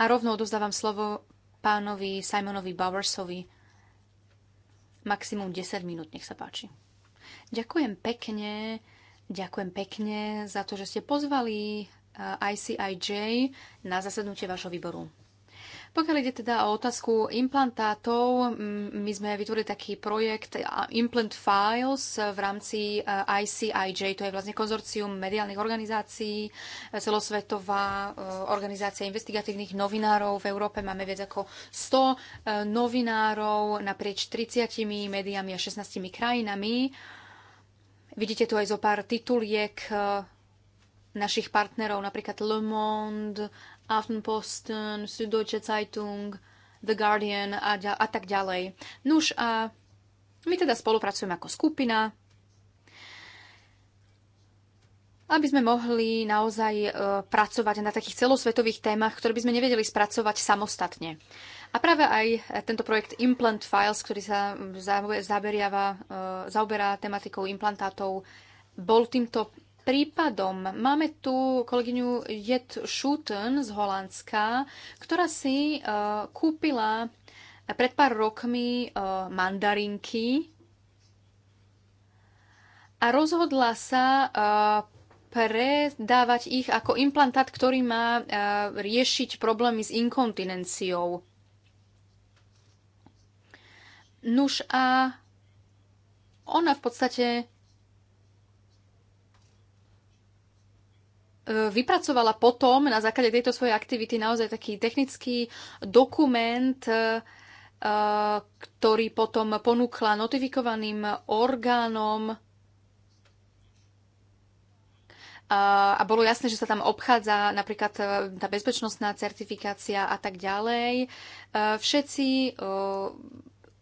a rovno odozdávam slovo pánovi Simonovi Bowersovi. Maximum 10 minút, nech sa páči. Ďakujem pekne, ďakujem pekne za to, že ste pozvali e, ICIJ na zasadnutie vášho výboru. Pokiaľ ide teda o otázku implantátov, my sme vytvorili taký projekt Implant Files v rámci e, ICIJ, to je vlastne konzorcium mediálnych organizácií, e, celosvetová e, organizácia investigatívnych novinárov. V Európe máme viac ako 100 novinárov naprieč 30 médiami a 16 krajinami. Vidíte tu aj zo pár tituliek našich partnerov, napríklad Le Monde Aftenpost, Süddeutsche Zeitung, The Guardian a, a tak ďalej. Nuž a my teda spolupracujeme ako skupina, aby sme mohli naozaj e, pracovať na takých celosvetových témach, ktoré by sme nevedeli spracovať samostatne. A práve aj tento projekt Implant Files, ktorý sa e, zaoberá tematikou implantátov, bol týmto prípadom. Máme tu kolegyňu Jet Schuten z Holandska, ktorá si uh, kúpila pred pár rokmi uh, mandarinky a rozhodla sa uh, predávať ich ako implantát, ktorý má riešiť problémy s inkontinenciou. Nuž a ona v podstate E, vypracovala potom na základe tejto svojej aktivity naozaj taký technický dokument, e, e, ktorý potom ponúkla notifikovaným orgánom a bolo jasné, že sa tam obchádza napríklad tá bezpečnostná certifikácia a tak ďalej. Všetci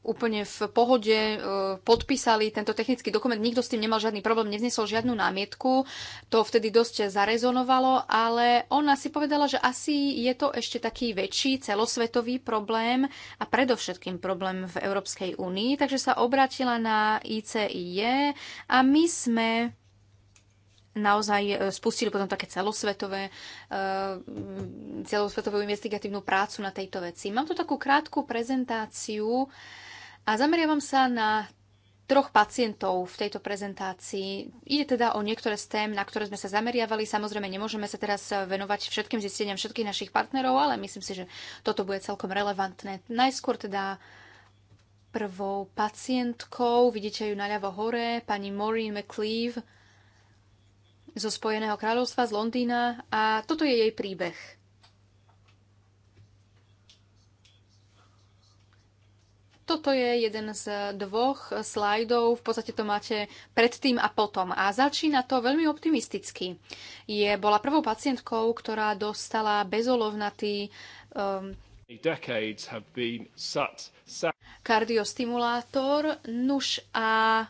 úplne v pohode e, podpísali tento technický dokument. Nikto s tým nemal žiadny problém, neznesol žiadnu námietku. To vtedy dosť zarezonovalo, ale ona si povedala, že asi je to ešte taký väčší celosvetový problém a predovšetkým problém v Európskej únii. Takže sa obrátila na ICIE a my sme naozaj e, spustili potom také celosvetové, e, celosvetovú investigatívnu prácu na tejto veci. Mám tu takú krátku prezentáciu a zameriavam sa na troch pacientov v tejto prezentácii. Ide teda o niektoré z tém, na ktoré sme sa zameriavali. Samozrejme, nemôžeme sa teraz venovať všetkým zisteniam všetkých našich partnerov, ale myslím si, že toto bude celkom relevantné. Najskôr teda prvou pacientkou, vidíte ju naľavo hore, pani Maureen McLeave zo Spojeného kráľovstva z Londýna a toto je jej príbeh. Toto je jeden z dvoch slajdov, v podstate to máte predtým a potom. A začína to veľmi optimisticky. Je, bola prvou pacientkou, ktorá dostala bezolovnatý um, kardiostimulátor, nuž a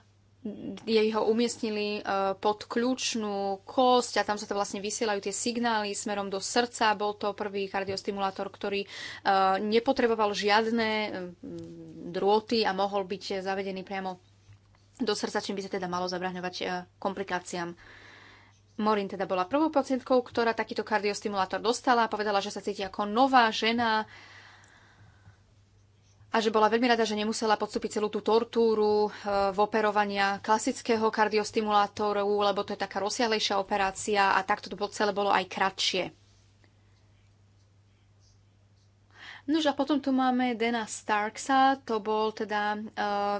jej ho umiestnili e, pod kľúčnú kosť a tam sa to vlastne vysielajú tie signály smerom do srdca. Bol to prvý kardiostimulátor, ktorý e, nepotreboval žiadne mm, drôty a mohol byť zavedený priamo do srdca, čím by sa teda malo zabraňovať e, komplikáciám. Morin teda bola prvou pacientkou, ktorá takýto kardiostimulátor dostala a povedala, že sa cíti ako nová žena, a že bola veľmi rada, že nemusela podstúpiť celú tú tortúru eh, v operovania klasického kardiostimulátoru, lebo to je taká rozsiahlejšia operácia a takto to celé bolo aj kratšie. Nož a potom tu máme Dana Starksa, to bol teda eh,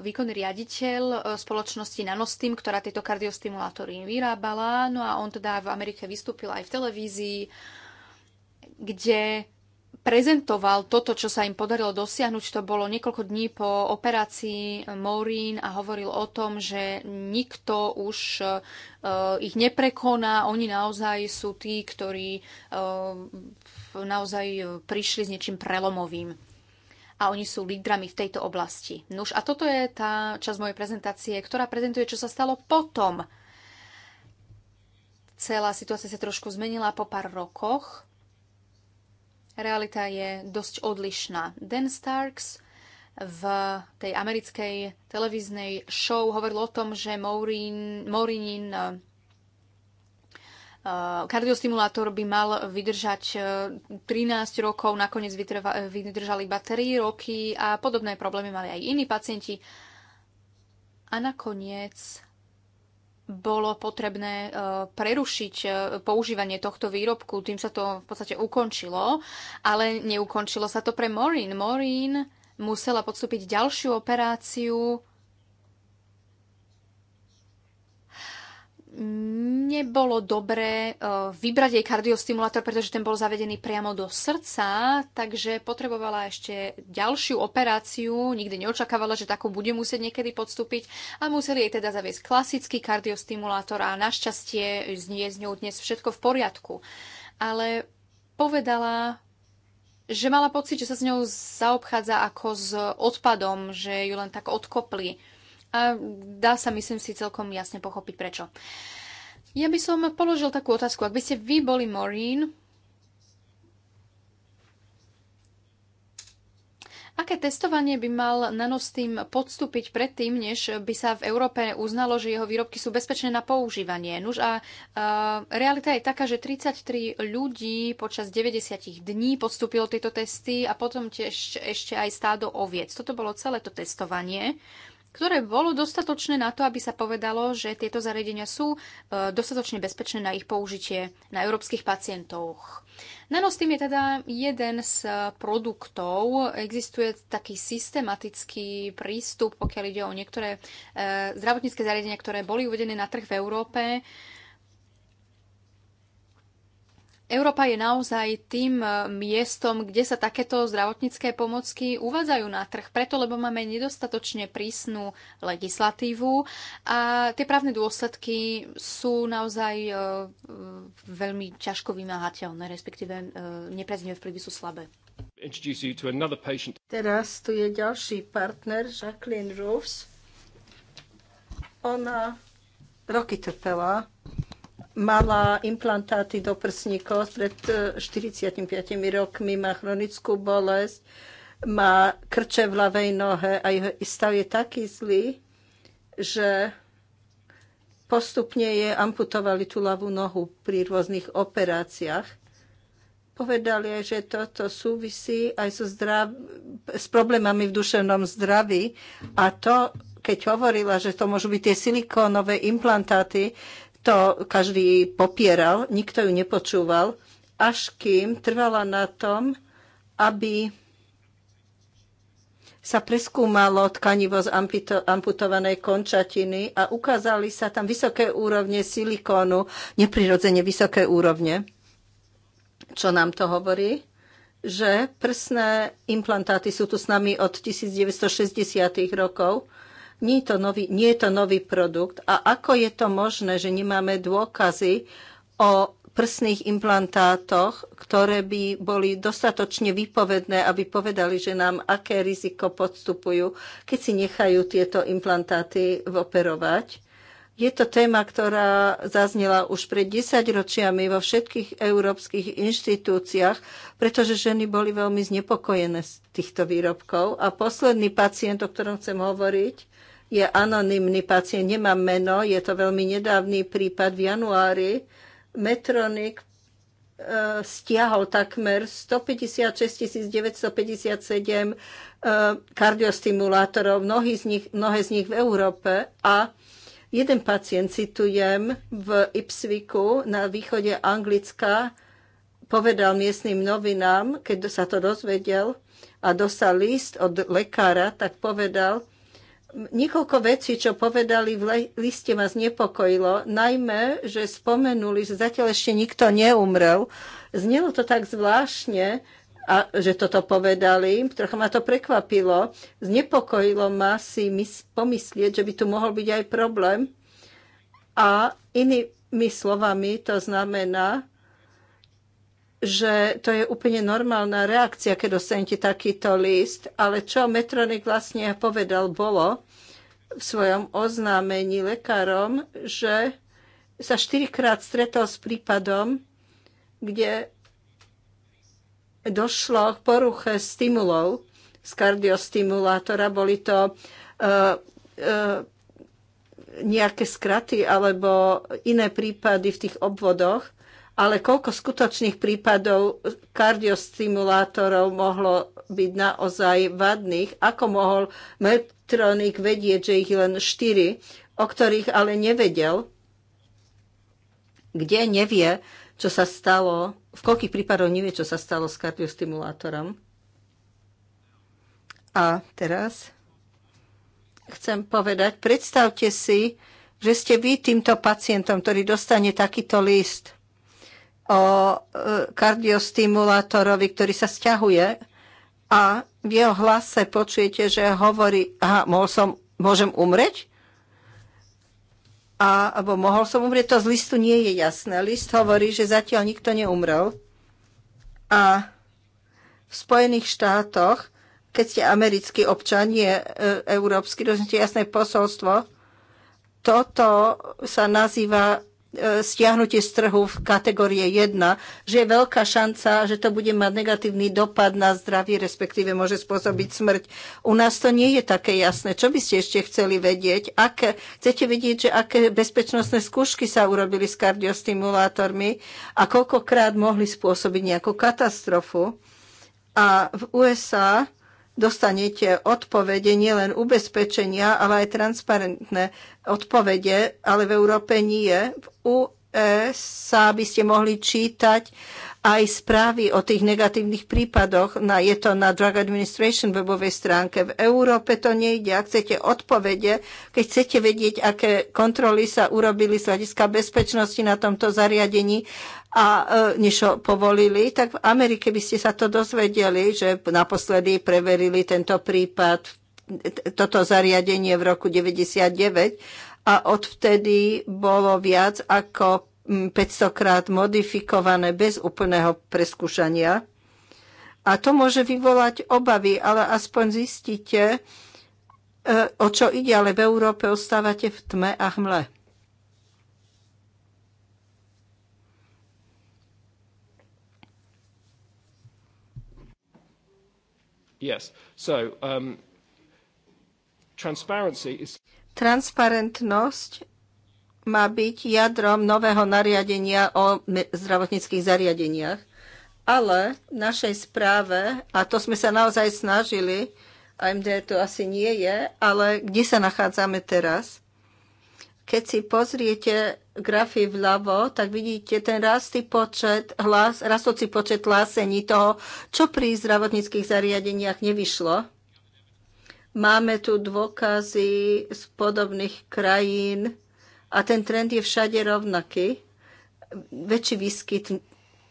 výkonný riaditeľ eh, spoločnosti Nanostim, ktorá tieto kardiostimulátory vyrábala. No a on teda v Amerike vystúpil aj v televízii, kde prezentoval toto, čo sa im podarilo dosiahnuť. To bolo niekoľko dní po operácii Maureen a hovoril o tom, že nikto už e, ich neprekoná. Oni naozaj sú tí, ktorí e, naozaj prišli s niečím prelomovým. A oni sú lídrami v tejto oblasti. Nuž, a toto je tá časť mojej prezentácie, ktorá prezentuje, čo sa stalo potom. Celá situácia sa trošku zmenila po pár rokoch realita je dosť odlišná. Dan Starks v tej americkej televíznej show hovoril o tom, že Maureen, Maureenin eh, eh, kardiostimulátor by mal vydržať 13 eh, rokov, nakoniec vydržali iba 3 roky a podobné problémy mali aj iní pacienti. A nakoniec bolo potrebné e, prerušiť e, používanie tohto výrobku, tým sa to v podstate ukončilo, ale neukončilo sa to pre Maureen. Maureen musela podstúpiť ďalšiu operáciu nebolo dobré e, vybrať jej kardiostimulátor, pretože ten bol zavedený priamo do srdca, takže potrebovala ešte ďalšiu operáciu, nikdy neočakávala, že takú bude musieť niekedy podstúpiť a museli jej teda zaviesť klasický kardiostimulátor a našťastie je z ňou dnes všetko v poriadku. Ale povedala že mala pocit, že sa s ňou zaobchádza ako s odpadom, že ju len tak odkopli. A dá sa, myslím si, celkom jasne pochopiť prečo. Ja by som položil takú otázku. Ak by ste vy boli Maureen, Aké testovanie by mal nanostým podstúpiť predtým, než by sa v Európe uznalo, že jeho výrobky sú bezpečné na používanie? Nuž a uh, realita je taká, že 33 ľudí počas 90 dní podstúpilo tieto testy a potom tiež ešte aj stádo oviec. Toto bolo celé to testovanie ktoré bolo dostatočné na to, aby sa povedalo, že tieto zariadenia sú e, dostatočne bezpečné na ich použitie na európskych pacientoch. Nanostým je teda jeden z produktov. Existuje taký systematický prístup, pokiaľ ide o niektoré e, zdravotnícke zariadenia, ktoré boli uvedené na trh v Európe Európa je naozaj tým e, miestom, kde sa takéto zdravotnícke pomocky uvádzajú na trh, preto lebo máme nedostatočne prísnu legislatívu a tie právne dôsledky sú naozaj e, veľmi ťažko vymáhateľné, respektíve e, nepreznivé vplyvy sú slabé. Teraz tu je ďalší partner, Jacqueline Roofs. Ona roky trpela mala implantáty do prsníkov pred 45 e, rokmi, má chronickú bolesť, má krče v ľavej nohe a jeho stav je taký zlý, že postupne je amputovali tú ľavú nohu pri rôznych operáciách. Povedali aj, že toto súvisí aj so zdrav- s problémami v duševnom zdraví a to, keď hovorila, že to môžu byť tie silikónové implantáty, to každý popieral, nikto ju nepočúval, až kým trvala na tom, aby sa preskúmalo tkanivo z amputovanej končatiny a ukázali sa tam vysoké úrovne silikónu, neprirodzene vysoké úrovne. Čo nám to hovorí? Že prsné implantáty sú tu s nami od 1960. rokov nie je, to nový, nie je to nový produkt. A ako je to možné, že nemáme dôkazy o prsných implantátoch, ktoré by boli dostatočne vypovedné, aby povedali, že nám aké riziko podstupujú, keď si nechajú tieto implantáty operovať? Je to téma, ktorá zaznela už pred 10 ročiami vo všetkých európskych inštitúciách, pretože ženy boli veľmi znepokojené z týchto výrobkov. A posledný pacient, o ktorom chcem hovoriť, je anonymný pacient, nemá meno, je to veľmi nedávny prípad v januári. Metronik e, stiahol takmer 156 957 e, kardiostimulátorov, mnohí z nich, mnohé z nich v Európe a jeden pacient, citujem, v Ipswiku na východe Anglicka povedal miestnym novinám, keď sa to dozvedel a dostal list od lekára, tak povedal, Niekoľko vecí, čo povedali v liste, ma znepokojilo, najmä, že spomenuli, že zatiaľ ešte nikto neumrel. Znelo to tak zvláštne, a že toto povedali. Trocha ma to prekvapilo. Znepokojilo ma si pomyslieť, že by tu mohol byť aj problém. A inými slovami to znamená, že to je úplne normálna reakcia, keď dostanete takýto list, ale čo Metronik vlastne povedal bolo v svojom oznámení lekárom, že sa štyrikrát stretol s prípadom, kde došlo k poruche stimulov z kardiostimulátora. Boli to uh, uh, nejaké skraty alebo iné prípady v tých obvodoch ale koľko skutočných prípadov kardiostimulátorov mohlo byť naozaj vadných, ako mohol Medtronic vedieť, že ich len 4, o ktorých ale nevedel, kde nevie, čo sa stalo, v koľkých prípadoch nevie, čo sa stalo s kardiostimulátorom. A teraz chcem povedať, predstavte si, že ste vy týmto pacientom, ktorý dostane takýto list – o e, kardiostimulátorovi, ktorý sa stiahuje a v jeho hlase počujete, že hovorí, aha, mohol som, môžem umrieť? A, alebo mohol som umrieť, to z listu nie je jasné. List hovorí, že zatiaľ nikto neumrel. A v Spojených štátoch, keď ste americký občan, nie e, európsky, dostanete jasné posolstvo, toto sa nazýva E, stiahnutie z trhu v kategórie 1, že je veľká šanca, že to bude mať negatívny dopad na zdravie, respektíve môže spôsobiť smrť. U nás to nie je také jasné. Čo by ste ešte chceli vedieť? Ak, chcete vidieť, že aké bezpečnostné skúšky sa urobili s kardiostimulátormi a koľkokrát mohli spôsobiť nejakú katastrofu? A v USA dostanete odpovede, nielen ubezpečenia, ale aj transparentné odpovede, ale v Európe nie. V USA e by ste mohli čítať aj správy o tých negatívnych prípadoch. Na, je to na Drug Administration webovej stránke. V Európe to nejde. Ak chcete odpovede, keď chcete vedieť, aké kontroly sa urobili z hľadiska bezpečnosti na tomto zariadení, a než niečo povolili, tak v Amerike by ste sa to dozvedeli, že naposledy preverili tento prípad, toto zariadenie v roku 99 a odvtedy bolo viac ako 500 krát modifikované bez úplného preskúšania. A to môže vyvolať obavy, ale aspoň zistíte, e, o čo ide, ale v Európe ostávate v tme a hmle. Yes. So, um, transparency is... Transparentnosť má byť jadrom nového nariadenia o zdravotníckých zariadeniach. Ale v našej správe, a to sme sa naozaj snažili, AMD to asi nie je, ale kde sa nachádzame teraz? Keď si pozriete grafy vľavo, tak vidíte ten rastý počet, hlas, rastúci počet hlásení toho, čo pri zdravotníckých zariadeniach nevyšlo. Máme tu dôkazy z podobných krajín a ten trend je všade rovnaký. Väčší výskyt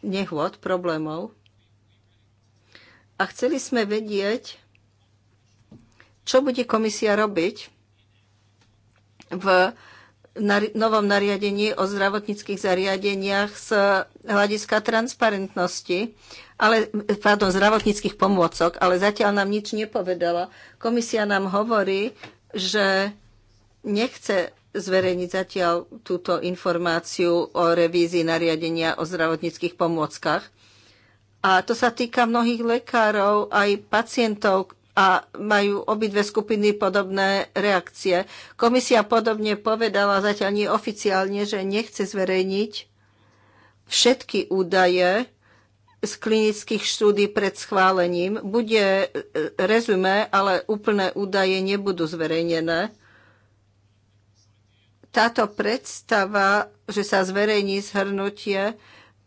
nehôd, problémov. A chceli sme vedieť, čo bude komisia robiť v novom nariadení o zdravotníckých zariadeniach z hľadiska transparentnosti, ale, pardon, zdravotníckých pomôcok, ale zatiaľ nám nič nepovedala. Komisia nám hovorí, že nechce zverejniť zatiaľ túto informáciu o revízii nariadenia o zdravotníckých pomôckach. A to sa týka mnohých lekárov, aj pacientov, a majú obidve skupiny podobné reakcie. Komisia podobne povedala zatiaľ nie oficiálne, že nechce zverejniť všetky údaje z klinických štúdí pred schválením. Bude e, rezume, ale úplné údaje nebudú zverejnené táto predstava, že sa zverejní zhrnutie,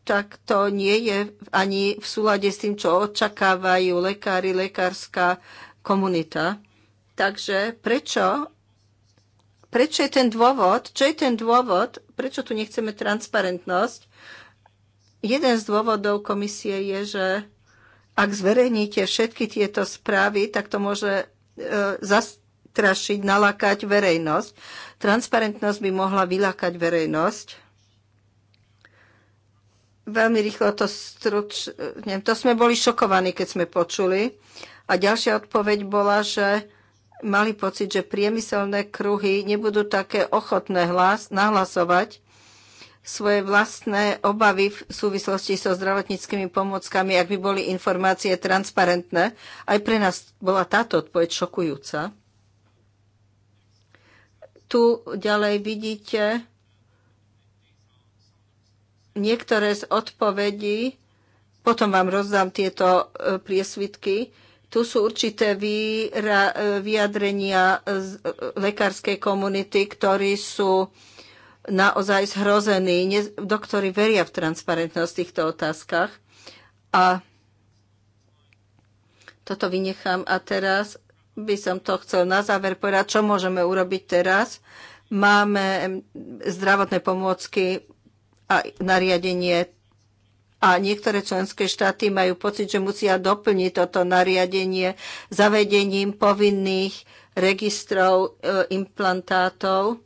tak to nie je ani v súlade s tým, čo očakávajú lekári, lekárska komunita. Takže prečo? Prečo je ten dôvod? Čo je ten dôvod? Prečo tu nechceme transparentnosť? Jeden z dôvodov komisie je, že ak zverejníte všetky tieto správy, tak to môže e, zastrašiť, nalakať verejnosť. Transparentnosť by mohla vylákať verejnosť Veľmi rýchlo to stručne. To sme boli šokovaní, keď sme počuli. A ďalšia odpoveď bola, že mali pocit, že priemyselné kruhy nebudú také ochotné hlas, nahlasovať svoje vlastné obavy v súvislosti so zdravotníckými pomockami, ak by boli informácie transparentné. Aj pre nás bola táto odpoveď šokujúca. Tu ďalej vidíte Niektoré z odpovedí, potom vám rozdám tieto e, priesvitky, tu sú určité e, vyjadrenia z e, lekárskej komunity, ktorí sú naozaj zhrození, doktori veria v transparentnosť v týchto otázkach. A toto vynechám. A teraz by som to chcel na záver povedať, čo môžeme urobiť teraz. Máme zdravotné pomôcky a nariadenie a niektoré členské štáty majú pocit, že musia doplniť toto nariadenie zavedením povinných registrov e, implantátov.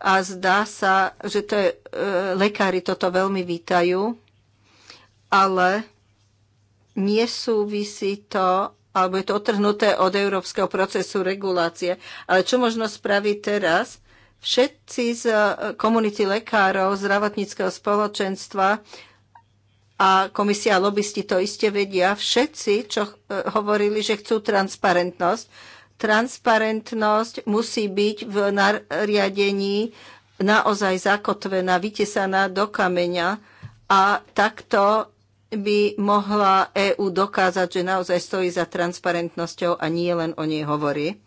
A zdá sa, že to je, e, lekári toto veľmi vítajú, ale nesúvisí to, alebo je to otrhnuté od európskeho procesu regulácie. Ale čo možno spraviť teraz? Všetci z eh, komunity lekárov, zdravotníckého spoločenstva a komisia lobbysti to iste vedia, všetci, čo eh, hovorili, že chcú transparentnosť. Transparentnosť musí byť v nariadení naozaj zakotvená, vytesaná do kameňa a takto by mohla EÚ dokázať, že naozaj stojí za transparentnosťou a nie len o nej hovorí.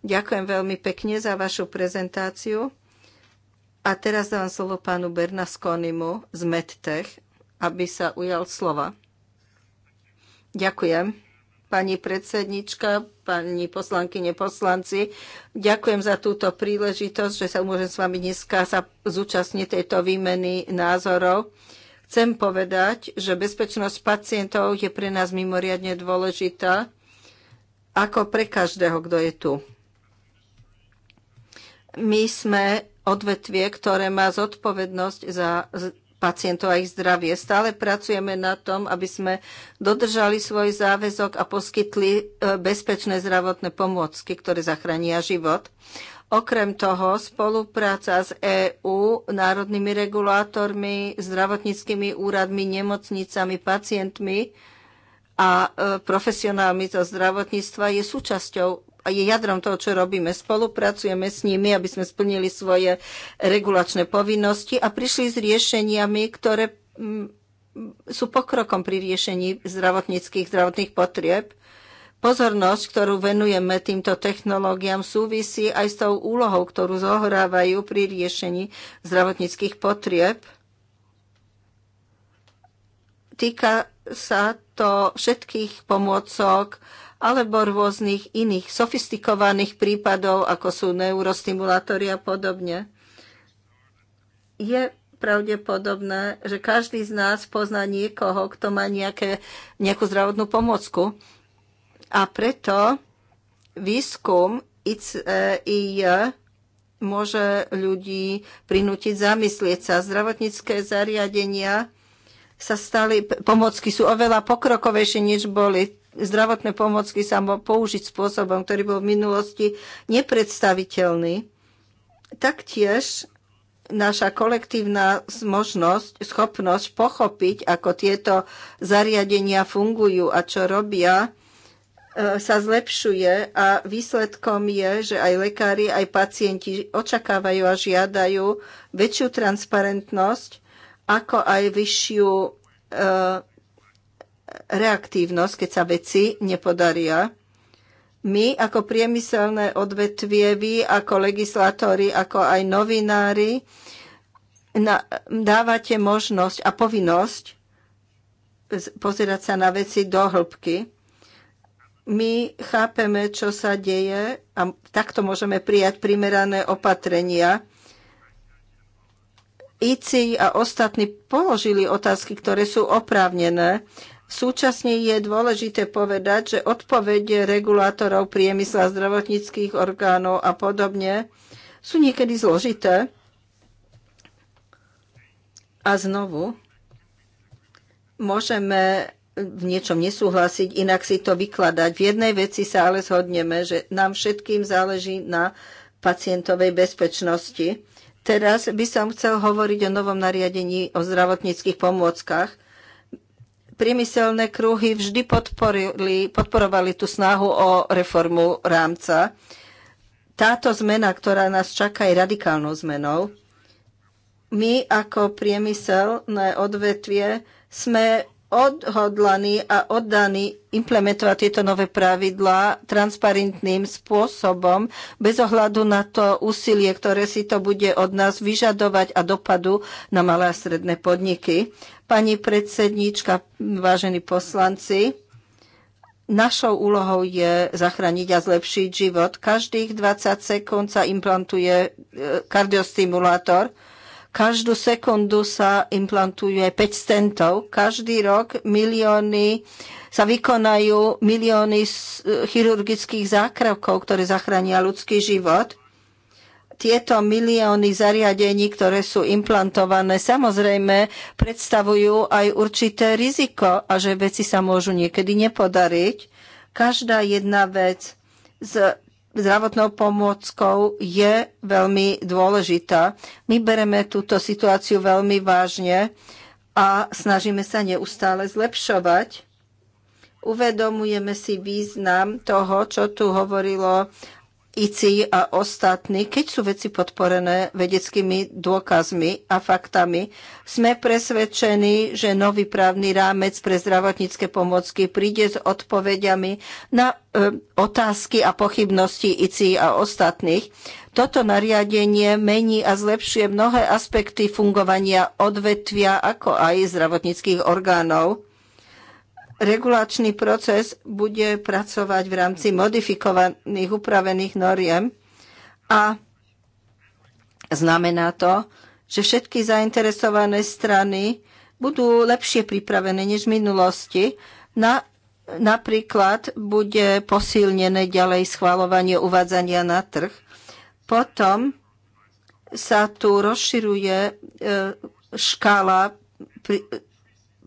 Ďakujem veľmi pekne za vašu prezentáciu. A teraz dám slovo pánu Bernasconimu z MedTech, aby sa ujal slova. Ďakujem. Pani predsednička, pani poslankyne, poslanci, ďakujem za túto príležitosť, že sa môžem s vami dneska sa zúčastniť tejto výmeny názorov. Chcem povedať, že bezpečnosť pacientov je pre nás mimoriadne dôležitá, ako pre každého, kto je tu. My sme odvetvie, ktoré má zodpovednosť za pacientov a ich zdravie. Stále pracujeme na tom, aby sme dodržali svoj záväzok a poskytli e, bezpečné zdravotné pomôcky, ktoré zachránia život. Okrem toho spolupráca s EÚ, národnými regulátormi, zdravotníckými úradmi, nemocnicami, pacientmi a e, profesionálmi zo zdravotníctva je súčasťou je jadrom toho, čo robíme. Spolupracujeme s nimi, aby sme splnili svoje regulačné povinnosti a prišli s riešeniami, ktoré mm, sú pokrokom pri riešení zdravotníckých zdravotných potrieb. Pozornosť, ktorú venujeme týmto technológiám, súvisí aj s tou úlohou, ktorú zohrávajú pri riešení zdravotníckých potrieb. Týka sa to všetkých pomôcok, alebo rôznych iných sofistikovaných prípadov, ako sú neurostimulátory a podobne. Je pravdepodobné, že každý z nás pozná niekoho, kto má nejaké, nejakú zdravotnú pomocku. A preto výskum ICIJ e môže ľudí prinútiť zamyslieť sa. Zdravotnícke zariadenia sa stali, pomocky sú oveľa pokrokovejšie, než boli zdravotné pomocky sa mohol použiť spôsobom, ktorý bol v minulosti nepredstaviteľný. Taktiež naša kolektívna možnosť, schopnosť pochopiť, ako tieto zariadenia fungujú a čo robia, e, sa zlepšuje a výsledkom je, že aj lekári, aj pacienti očakávajú a žiadajú väčšiu transparentnosť, ako aj vyššiu e, reaktívnosť, keď sa veci nepodaria. My ako priemyselné odvetvie, vy ako legislatóri, ako aj novinári na, dávate možnosť a povinnosť pozerať sa na veci do hĺbky. My chápeme, čo sa deje a takto môžeme prijať primerané opatrenia. ICI a ostatní položili otázky, ktoré sú oprávnené Súčasne je dôležité povedať, že odpovede regulátorov priemysla, zdravotníckých orgánov a podobne sú niekedy zložité. A znovu, môžeme v niečom nesúhlasiť, inak si to vykladať. V jednej veci sa ale zhodneme, že nám všetkým záleží na pacientovej bezpečnosti. Teraz by som chcel hovoriť o novom nariadení o zdravotníckých pomôckach priemyselné kruhy vždy podporili, podporovali tú snahu o reformu rámca. Táto zmena, ktorá nás čaká, je radikálnou zmenou. My ako priemyselné odvetvie sme odhodlaní a oddaní implementovať tieto nové pravidlá transparentným spôsobom, bez ohľadu na to úsilie, ktoré si to bude od nás vyžadovať a dopadu na malé a stredné podniky. Pani predsedníčka, vážení poslanci, našou úlohou je zachrániť a zlepšiť život. Každých 20 sekúnd sa implantuje e, kardiostimulátor. Každú sekundu sa implantuje 5 centov. Každý rok milióny sa vykonajú milióny e, chirurgických zákrokov, ktoré zachránia ľudský život tieto milióny zariadení, ktoré sú implantované, samozrejme predstavujú aj určité riziko a že veci sa môžu niekedy nepodariť. Každá jedna vec s zdravotnou pomôckou je veľmi dôležitá. My bereme túto situáciu veľmi vážne a snažíme sa neustále zlepšovať uvedomujeme si význam toho, čo tu hovorilo ICI a ostatní, keď sú veci podporené vedeckými dôkazmi a faktami, sme presvedčení, že nový právny rámec pre zdravotnícke pomocky príde s odpovediami na e, otázky a pochybnosti ICI a ostatných. Toto nariadenie mení a zlepšuje mnohé aspekty fungovania odvetvia ako aj zdravotníckých orgánov regulačný proces bude pracovať v rámci modifikovaných, upravených noriem a znamená to, že všetky zainteresované strany budú lepšie pripravené než v minulosti. Na, napríklad bude posilnené ďalej schvalovanie uvádzania na trh. Potom sa tu rozširuje e, škála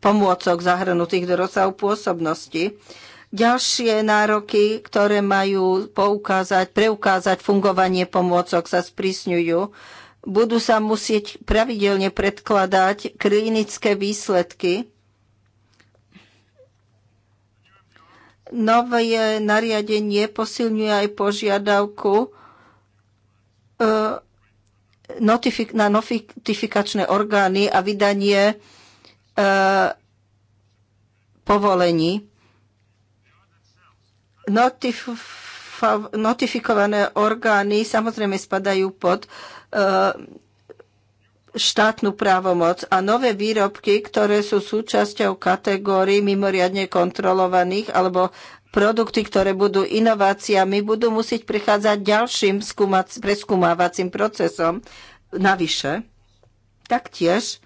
pomôcok zahrnutých do rozsahu pôsobnosti. Ďalšie nároky, ktoré majú poukázať, preukázať fungovanie pomôcok, sa sprísňujú. Budú sa musieť pravidelne predkladať klinické výsledky. Nové nariadenie posilňuje aj požiadavku e, na notifikačné orgány a vydanie E, povolení. Notif- notifikované orgány samozrejme spadajú pod e, štátnu právomoc a nové výrobky, ktoré sú súčasťou kategórií mimoriadne kontrolovaných alebo produkty, ktoré budú inováciami, budú musieť prechádzať ďalším skúmac, preskúmávacím procesom navyše. Taktiež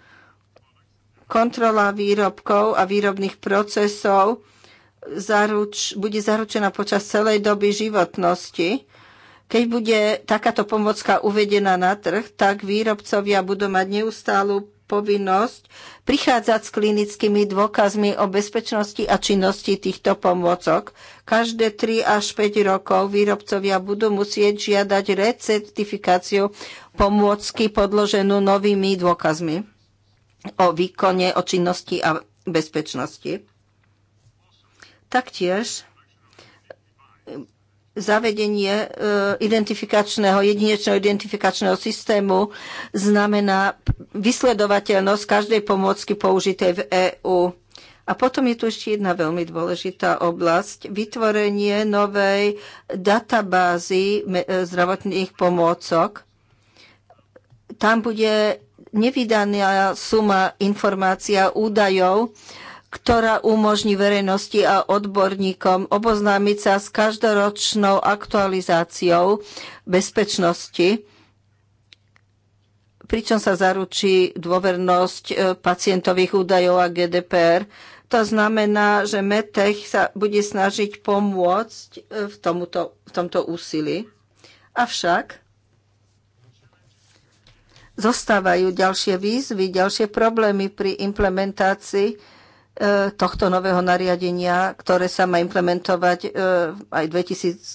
Kontrola výrobkov a výrobných procesov zaruč, bude zaručená počas celej doby životnosti. Keď bude takáto pomocka uvedená na trh, tak výrobcovia budú mať neustálu povinnosť prichádzať s klinickými dôkazmi o bezpečnosti a činnosti týchto pomôcok. Každé 3 až 5 rokov výrobcovia budú musieť žiadať recertifikáciu pomôcky podloženú novými dôkazmi o výkone, o činnosti a bezpečnosti. Taktiež e, zavedenie e, identifikačného, jedinečného identifikačného systému znamená vysledovateľnosť každej pomôcky použitej v EÚ. A potom je tu ešte jedna veľmi dôležitá oblasť, vytvorenie novej databázy e, zdravotných pomôcok. Tam bude nevydaná suma informácia údajov, ktorá umožní verejnosti a odborníkom oboznámiť sa s každoročnou aktualizáciou bezpečnosti, pričom sa zaručí dôvernosť e, pacientových údajov a GDPR. To znamená, že METECH sa bude snažiť pomôcť e, v, tomuto, v tomto úsilí. Avšak zostávajú ďalšie výzvy, ďalšie problémy pri implementácii e, tohto nového nariadenia, ktoré sa má implementovať e, aj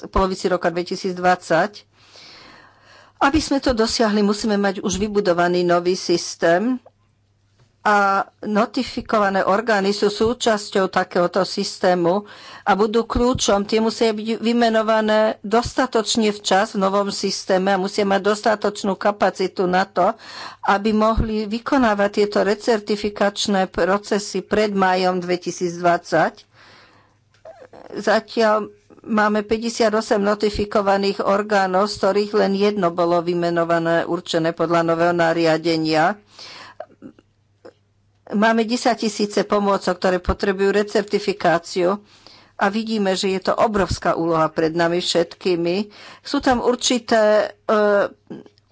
2000, polovici roka 2020. Aby sme to dosiahli, musíme mať už vybudovaný nový systém a notifikované orgány sú súčasťou takéhoto systému a budú kľúčom. Tie musia byť vymenované dostatočne včas v novom systéme a musia mať dostatočnú kapacitu na to, aby mohli vykonávať tieto recertifikačné procesy pred majom 2020. Zatiaľ máme 58 notifikovaných orgánov, z ktorých len jedno bolo vymenované, určené podľa nového nariadenia. Máme 10 tisíce pomôcok, ktoré potrebujú recertifikáciu a vidíme, že je to obrovská úloha pred nami všetkými. Sú tam určité e,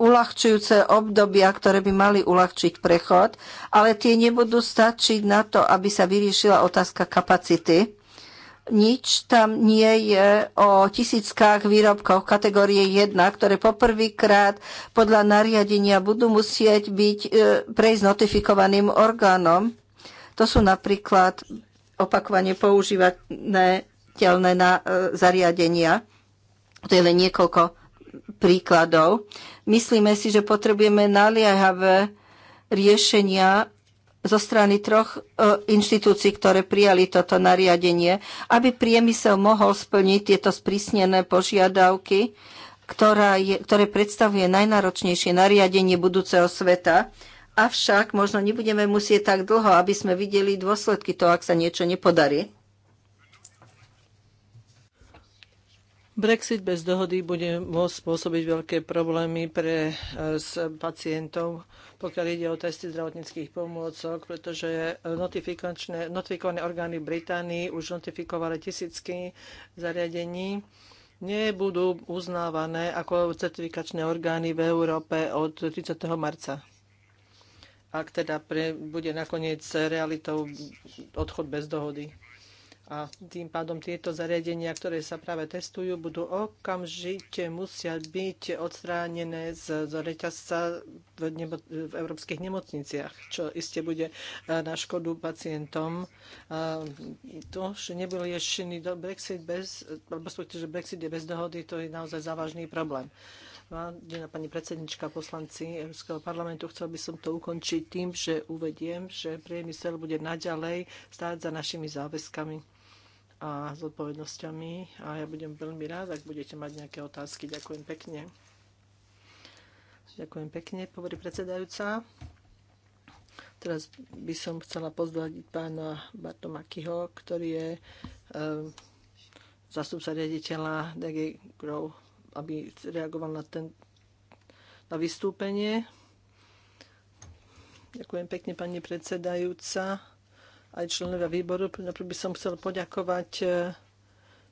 uľahčujúce obdobia, ktoré by mali uľahčiť prechod, ale tie nebudú stačiť na to, aby sa vyriešila otázka kapacity nič tam nie je o tisíckách výrobkov kategórie 1, ktoré poprvýkrát podľa nariadenia budú musieť byť e, prejsť notifikovaným orgánom. To sú napríklad opakovane používateľné na, e, zariadenia. To je len niekoľko príkladov. Myslíme si, že potrebujeme naliehavé riešenia zo strany troch e, inštitúcií, ktoré prijali toto nariadenie, aby priemysel mohol splniť tieto sprísnené požiadavky, ktorá je, ktoré predstavuje najnáročnejšie nariadenie budúceho sveta. Avšak možno nebudeme musieť tak dlho, aby sme videli dôsledky toho, ak sa niečo nepodarí. Brexit bez dohody bude môcť spôsobiť veľké problémy pre e, s pacientov pokiaľ ide o testy zdravotníckých pomôcok, pretože notifikované orgány Británii už notifikovali tisícky zariadení nebudú uznávané ako certifikačné orgány v Európe od 30. marca. Ak teda pre, bude nakoniec realitou odchod bez dohody a tým pádom tieto zariadenia, ktoré sa práve testujú, budú okamžite musia byť odstránené z, z reťazca v, nebo, v európskych nemocniciach, čo iste bude e, na škodu pacientom. A e, to, že nebol riešený Brexit bez, alebo spôjte, že Brexit je bez dohody, to je naozaj závažný problém. Vážená pani predsednička, poslanci Európskeho parlamentu, chcel by som to ukončiť tým, že uvediem, že priemysel bude naďalej stáť za našimi záväzkami a zodpovednosťami a ja budem veľmi rád, ak budete mať nejaké otázky. Ďakujem pekne. Ďakujem pekne, hovorí predsedajúca. Teraz by som chcela pozdraviť pána Bartomakyho, ktorý je ehm, zastupca riaditeľa DG Grow, aby reagoval na, ten, na vystúpenie. Ďakujem pekne, pani predsedajúca aj členovia výboru. Najprv by som chcel poďakovať e, e,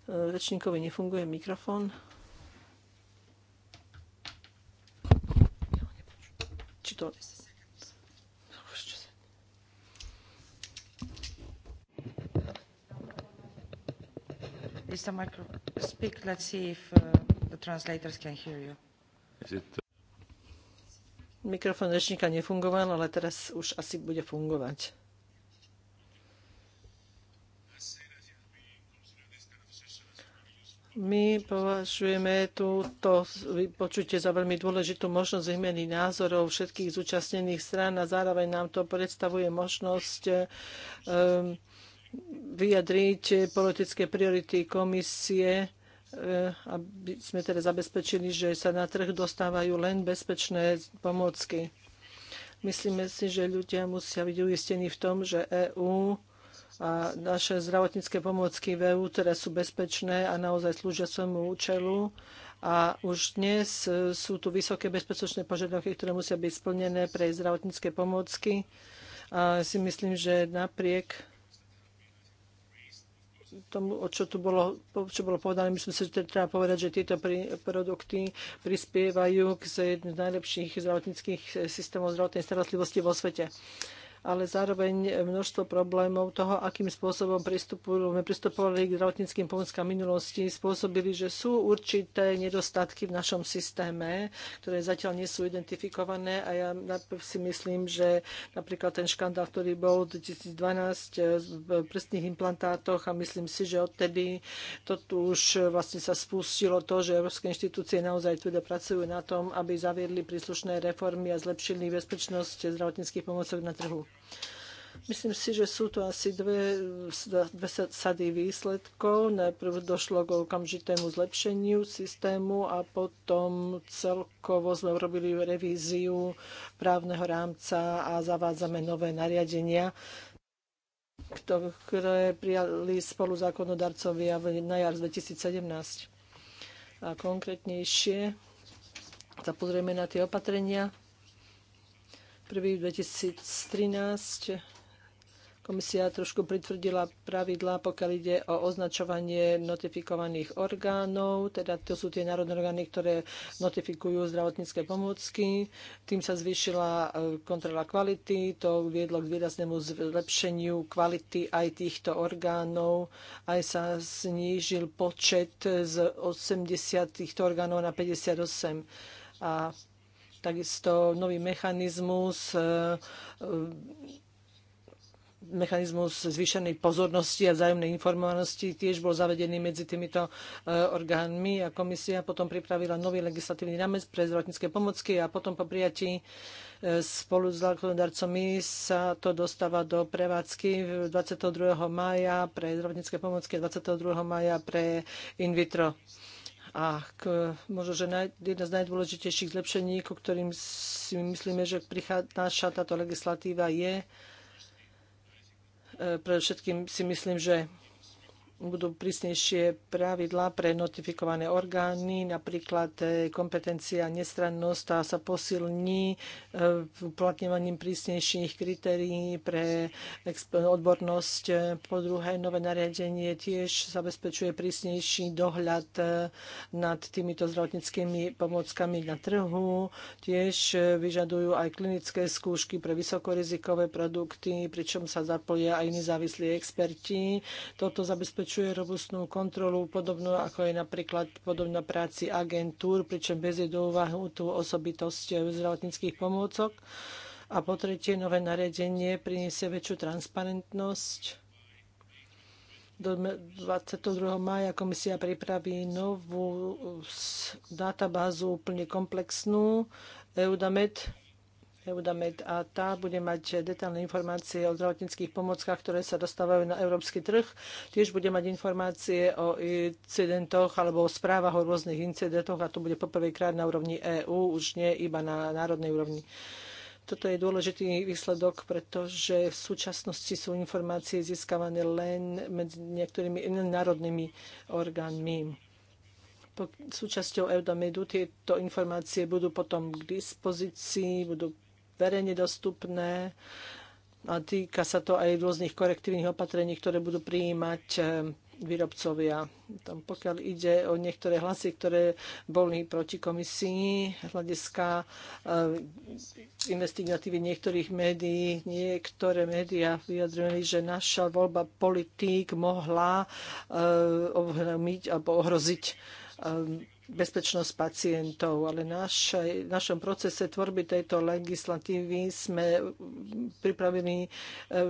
rečníkovi, nefunguje mikrofón. Či to... Is the micro... Speak, let's see if uh, the translators can hear you. Is it... Mikrofón rečníka nefungoval, ale teraz už asi bude fungovať. My považujeme túto vypočutie za veľmi dôležitú možnosť zmeny názorov všetkých zúčastnených strán a zároveň nám to predstavuje možnosť um, vyjadriť politické priority komisie eh, aby sme teda zabezpečili, že sa na trh dostávajú len bezpečné pomôcky. Myslíme si, že ľudia musia byť uistení v tom, že EÚ a naše zdravotnícke pomôcky v EU, ktoré sú bezpečné a naozaj slúžia svojmu účelu. A už dnes e, sú tu vysoké bezpečnostné požiadavky, ktoré musia byť splnené pre zdravotnícke pomôcky. A si myslím, že napriek tomu, o čo tu bolo, čo bolo povedané, myslím si, že treba povedať, že tieto pri, produkty prispievajú k jednej z najlepších zdravotníckých systémov zdravotnej starostlivosti vo svete ale zároveň množstvo problémov toho, akým spôsobom pristupovali k zdravotníckým pomôckam minulosti, spôsobili, že sú určité nedostatky v našom systéme, ktoré zatiaľ nie sú identifikované a ja si myslím, že napríklad ten škandál, ktorý bol v 2012 eh, v prstných implantátoch a myslím si, že odtedy to tu už vlastne sa spustilo to, že európske inštitúcie naozaj teda pracujú na tom, aby zaviedli príslušné reformy a zlepšili bezpečnosť zdravotníckých pomocok na trhu. Myslím si, že sú to asi dve, dve sady výsledkov. Najprv došlo k okamžitému zlepšeniu systému a potom celkovo sme urobili revíziu právneho rámca a zavádzame nové nariadenia ktoré prijali spolu zákonodarcovia na jar 2017. A konkrétnejšie sa pozrieme na tie opatrenia, prvý 2013 komisia trošku pritvrdila pravidlá, pokiaľ ide o označovanie notifikovaných orgánov, teda to sú tie národné orgány, ktoré notifikujú zdravotnícke pomôcky. Tým sa zvýšila e, kontrola kvality, to viedlo k výraznému zlepšeniu kvality aj týchto orgánov, aj sa znížil počet z 80 týchto orgánov na 58. A takisto nový mechanizmus e, e, mechanizmus zvýšenej pozornosti a vzájomnej informovanosti tiež bol zavedený medzi týmito e, orgánmi a komisia potom pripravila nový legislatívny rámec pre zdravotnícke pomocky a potom po prijatí spolu s zákonodarcami sa to dostáva do prevádzky 22. maja pre zdravotnícke pomocky a 22. maja pre in vitro a k, možno, že naj, jedna z najdôležitejších zlepšení, ku ktorým si myslíme, že prichádza táto legislatíva je, e, pre všetkým si myslím, že budú prísnejšie pravidlá pre notifikované orgány, napríklad e, kompetencia nestrannosť, tá sa posilní e, uplatňovaním prísnejších kritérií pre odbornosť. E, po druhé, nové nariadenie tiež zabezpečuje prísnejší dohľad nad týmito zdravotníckými pomockami na trhu. Tiež vyžadujú aj klinické skúšky pre vysokorizikové produkty, pričom sa zapoja aj nezávislí experti. Toto zabezpečuje zabezpečuje robustnú kontrolu, podobnú ako je napríklad podobná práci agentúr, pričom bezie do úvahu tú osobitosť zdravotníckých pomôcok. A po tretie, nové nariadenie priniesie väčšiu transparentnosť. Do 22. mája komisia pripraví novú databázu úplne komplexnú EUDAMED, Eudamed a tá bude mať detálne informácie o zdravotníckých pomockách, ktoré sa dostávajú na európsky trh. Tiež bude mať informácie o incidentoch alebo o správach o rôznych incidentoch a to bude poprvýkrát na úrovni EÚ, už nie iba na národnej úrovni. Toto je dôležitý výsledok, pretože v súčasnosti sú informácie získavané len medzi niektorými národnými orgánmi. Po, súčasťou Eudamedu tieto informácie budú potom k dispozícii, budú verejne dostupné a týka sa to aj rôznych korektívnych opatrení, ktoré budú prijímať eh, výrobcovia. Tam pokiaľ ide o niektoré hlasy, ktoré boli proti komisii, hľadiska eh, investigatívy niektorých médií, niektoré médiá vyjadrili, že naša voľba politík mohla uh, eh, ohromiť alebo ohroziť bezpečnosť pacientov, ale našej, v našom procese tvorby tejto legislatívy sme pripravili e,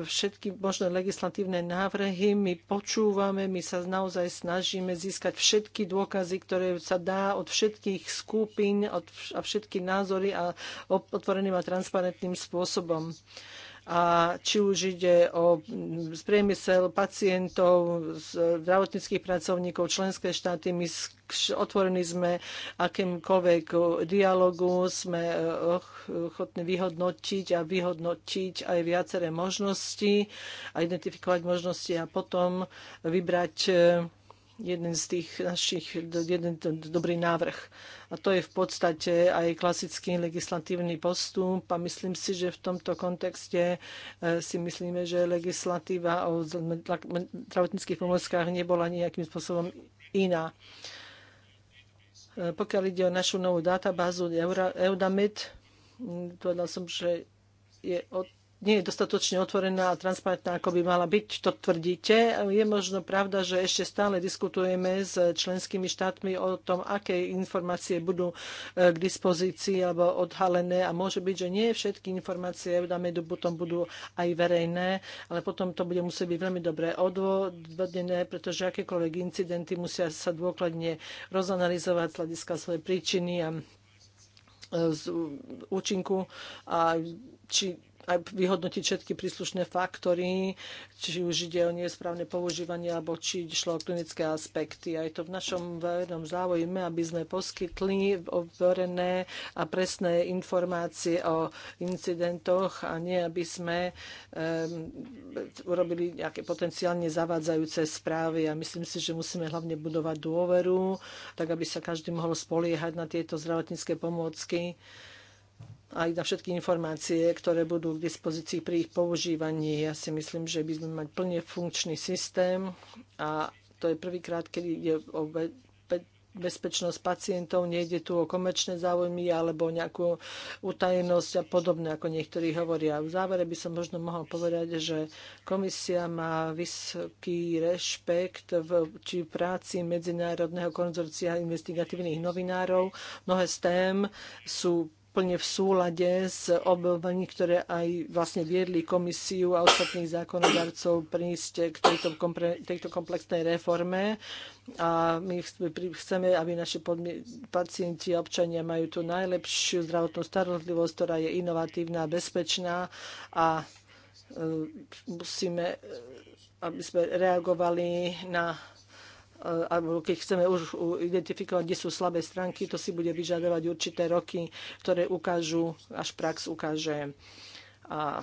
všetky možné legislatívne návrhy. My počúvame, my sa naozaj snažíme získať všetky dôkazy, ktoré sa dá od všetkých skupín a všetky názory a otvoreným a transparentným spôsobom a či už ide o priemysel pacientov, zdravotníckých pracovníkov, členské štáty, my otvorení sme akýmkoľvek dialogu, sme e, ochotní vyhodnotiť a vyhodnotiť aj viaceré možnosti a identifikovať možnosti a potom vybrať e, jeden z tých našich, jeden dobrý návrh. A to je v podstate aj klasický legislatívny postup a myslím si, že v tomto kontexte e, si myslíme, že legislatíva o zdravotníckých pomôckach nebola nejakým spôsobom iná. E, pokiaľ ide o našu novú databázu Eudamed, povedal som, že je od nie je dostatočne otvorená a transparentná, ako by mala byť, to tvrdíte. Je možno pravda, že ešte stále diskutujeme s členskými štátmi o tom, aké informácie budú e, k dispozícii alebo odhalené a môže byť, že nie všetky informácie dáme do potom budú aj verejné, ale potom to bude musieť byť veľmi dobre odvodnené, pretože akékoľvek incidenty musia sa dôkladne rozanalizovať z hľadiska svojej príčiny a e, z účinku a či aj vyhodnotiť všetky príslušné faktory, či už ide o nesprávne používanie, alebo či išlo o klinické aspekty. A je to v našom verejnom záujme, aby sme poskytli overené a presné informácie o incidentoch a nie, aby sme um, urobili nejaké potenciálne zavádzajúce správy. A myslím si, že musíme hlavne budovať dôveru, tak aby sa každý mohol spoliehať na tieto zdravotnícke pomôcky aj na všetky informácie, ktoré budú k dispozícii pri ich používaní. Ja si myslím, že by sme mať plne funkčný systém a to je prvýkrát, kedy je o bezpečnosť pacientov, nejde tu o komerčné záujmy alebo nejakú utajenosť a podobné, ako niektorí hovoria. V závere by som možno mohol povedať, že komisia má vysoký rešpekt v či práci Medzinárodného konzorcia investigatívnych novinárov. Mnohé z tém sú úplne v súlade s obľúbami, ktoré aj vlastne viedli komisiu a ostatných zákonodarcov prísť k tejto, tejto komplexnej reforme. A my chceme, aby naši pacienti a občania majú tú najlepšiu zdravotnú starostlivosť, ktorá je inovatívna, bezpečná a e, musíme, e, aby sme reagovali na alebo keď chceme už identifikovať, kde sú slabé stránky, to si bude vyžadovať určité roky, ktoré ukážu, až prax ukáže. A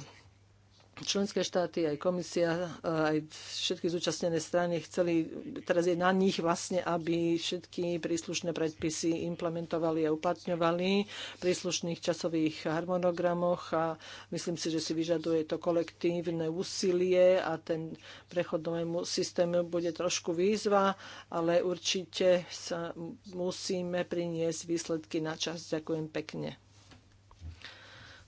členské štáty, aj komisia, e, aj všetky zúčastnené strany chceli, teraz je na nich vlastne, aby všetky príslušné predpisy implementovali a uplatňovali v príslušných časových harmonogramoch a myslím si, že si vyžaduje to kolektívne úsilie a ten prechod novému systému bude trošku výzva, ale určite sa musíme priniesť výsledky na čas. Ďakujem pekne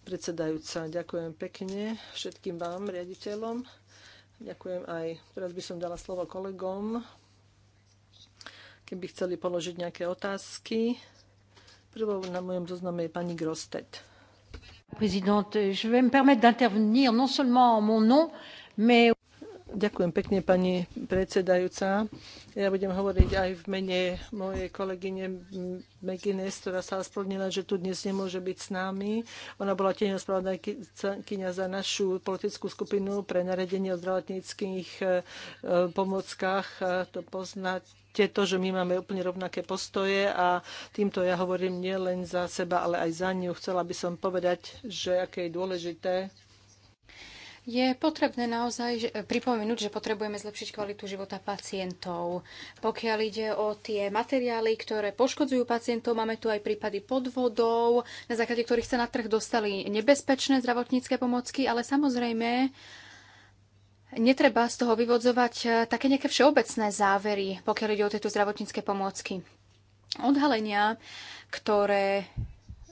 predsedajúca. Ďakujem pekne všetkým vám, riaditeľom. Ďakujem aj, teraz by som dala slovo kolegom, keby chceli položiť nejaké otázky. Prvou na mojom zozname je pani Grostet. Présidente, je vais me permettre d'intervenir non seulement en mon nom, mais Ďakujem pekne, pani predsedajúca. Ja budem hovoriť aj v mene mojej kolegyne McGuinness, ktorá sa splnila, že tu dnes nemôže byť s nami. Ona bola tieňou spravodajkyňa za našu politickú skupinu pre naredenie o zdravotníckých e, pomockách. To poznáte to, že my máme úplne rovnaké postoje a týmto ja hovorím nielen za seba, ale aj za ňu. Chcela by som povedať, že aké je dôležité je potrebné naozaj pripomenúť, že potrebujeme zlepšiť kvalitu života pacientov. Pokiaľ ide o tie materiály, ktoré poškodzujú pacientov, máme tu aj prípady podvodov, na základe ktorých sa na trh dostali nebezpečné zdravotnícke pomocky, ale samozrejme netreba z toho vyvodzovať eh, také nejaké všeobecné závery, pokiaľ ide o tieto zdravotnícke pomôcky. Odhalenia, ktoré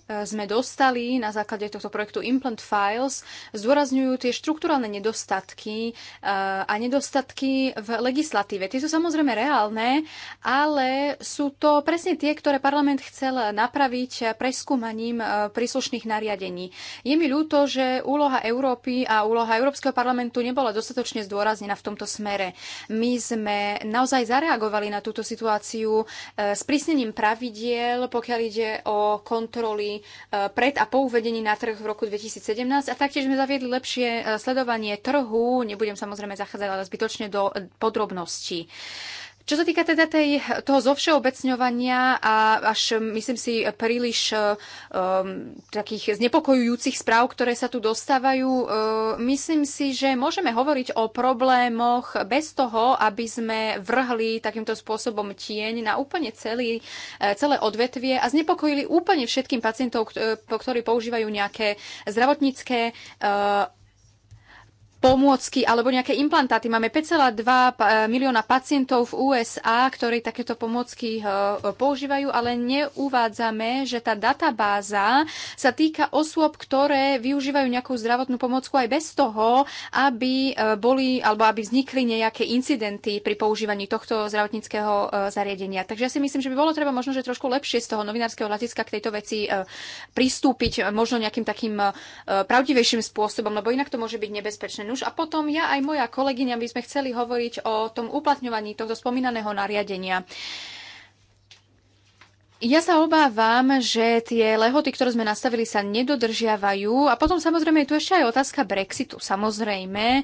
sme dostali na základe tohto projektu Implant Files, zdôrazňujú tie štruktúralne nedostatky eh, a nedostatky v legislatíve. Tie sú samozrejme reálne, ale sú to presne tie, ktoré parlament chcel napraviť preskúmaním eh, príslušných nariadení. Je mi ľúto, že úloha Európy a úloha Európskeho parlamentu nebola dostatočne zdôraznená v tomto smere. My sme naozaj zareagovali na túto situáciu eh, s prísnením pravidiel, pokiaľ ide o kontroly Eh, pred a po uvedení na trh v roku 2017 a taktiež sme zaviedli lepšie eh, sledovanie trhu. Nebudem samozrejme zachádzať ale zbytočne do eh, podrobností. Čo sa týka teda tej, toho zovšeobecňovania a až, myslím si, príliš um, takých znepokojujúcich správ, ktoré sa tu dostávajú, um, myslím si, že môžeme hovoriť o problémoch bez toho, aby sme vrhli takýmto spôsobom tieň na úplne celý, eh, celé odvetvie a znepokojili úplne všetkým pacientov, ktorí používajú nejaké zdravotnícke uh, pomôcky alebo nejaké implantáty. Máme 5,2 milióna pacientov v USA, ktorí takéto pomôcky eh, používajú, ale neuvádzame, že tá databáza sa týka osôb, ktoré využívajú nejakú zdravotnú pomôcku aj bez toho, aby eh, boli alebo aby vznikli nejaké incidenty pri používaní tohto zdravotníckého eh, zariadenia. Takže ja si myslím, že by bolo treba možno, že trošku lepšie z toho novinárskeho hľadiska k tejto veci pristúpiť možno nejakým takým pravdivejším spôsobom, lebo inak to môže byť nebezpečné Nuž a potom ja aj moja kolegyňa by sme chceli hovoriť o tom uplatňovaní tohto spomínaného nariadenia. Ja sa obávam, že tie lehoty, ktoré sme nastavili, sa nedodržiavajú. A potom samozrejme je tu ešte aj otázka Brexitu. Samozrejme, e,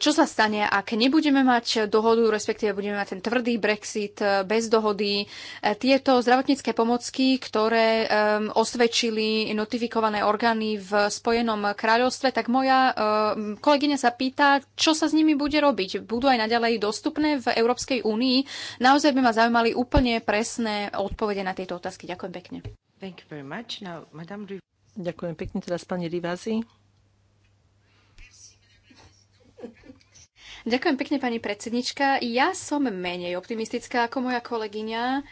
čo sa stane, ak nebudeme mať dohodu, respektíve budeme mať ten tvrdý Brexit e, bez dohody. E, tieto zdravotnícke pomocky, ktoré osvedčili notifikované orgány v Spojenom kráľovstve, tak moja kolegyňa sa pýta, čo sa s nimi bude robiť. Budú aj naďalej dostupné v Európskej únii. Naozaj by ma zaujímali úplne presné odpovede na tieto otázky. Ďakujem pekne. Thank you very much. Now, Madame... Ďakujem pekne teraz pani Rivazi. Ďakujem pekne, pani predsednička. Ja som menej optimistická ako moja kolegyňa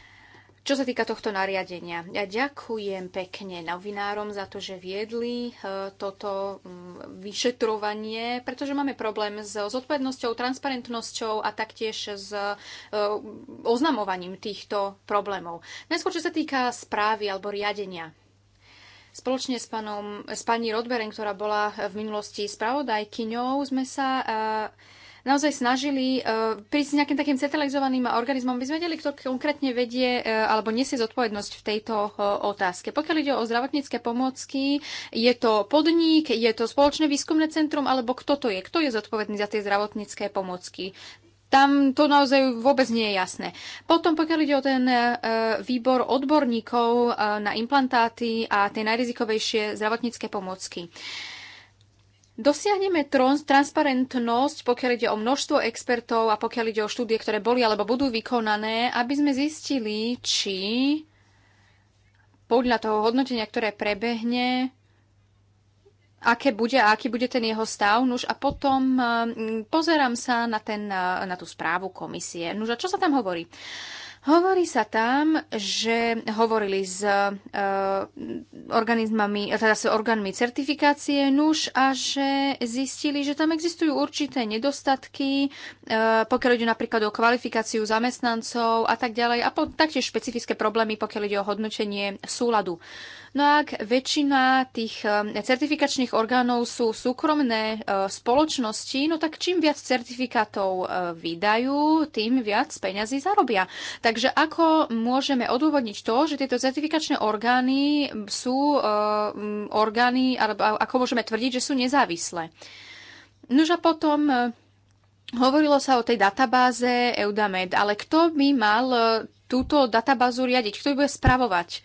čo sa týka tohto nariadenia, ja ďakujem pekne novinárom za to, že viedli e, toto mm, vyšetrovanie, pretože máme problém s zodpovednosťou, transparentnosťou a taktiež s e, oznamovaním týchto problémov. Najskôr, čo sa týka správy alebo riadenia Spoločne s, panom, s pani Rodberen, ktorá bola v minulosti spravodajkyňou, sme sa uh, naozaj snažili e, prísť s nejakým takým centralizovaným organizmom, by sme vedeli, kto konkrétne vedie e, alebo nesie zodpovednosť v tejto e, otázke. Pokiaľ ide o zdravotnícke pomôcky, je to podnik, je to spoločné výskumné centrum, alebo kto to je? Kto je zodpovedný za tie zdravotnícke pomôcky? Tam to naozaj vôbec nie je jasné. Potom, pokiaľ ide o ten výbor odborníkov na implantáty a tie najrizikovejšie zdravotnícke pomôcky. Dosiahneme transparentnosť, pokiaľ ide o množstvo expertov a pokiaľ ide o štúdie, ktoré boli alebo budú vykonané, aby sme zistili, či podľa toho hodnotenia, ktoré prebehne, aké bude a aký bude ten jeho stav. Nuž a potom hm, pozerám sa na, ten, na tú správu komisie. Nuž a čo sa tam hovorí? Hovorí sa tam, že hovorili s e, organizmami, teda s orgánmi certifikácie nuž a že zistili, že tam existujú určité nedostatky, e, pokiaľ ide napríklad o kvalifikáciu zamestnancov a tak ďalej a po, taktiež špecifické problémy, pokiaľ ide o hodnotenie súladu. No a ak väčšina tých um, certifikačných orgánov sú súkromné uh, spoločnosti, no tak čím viac certifikátov uh, vydajú, tým viac peňazí zarobia. Takže ako môžeme odôvodniť to, že tieto certifikačné orgány sú uh, mm, orgány, alebo ako môžeme tvrdiť, že sú nezávislé? Nož a potom Hovorilo sa o tej databáze Eudamed, ale kto by mal túto databázu riadiť? Kto ju bude spravovať?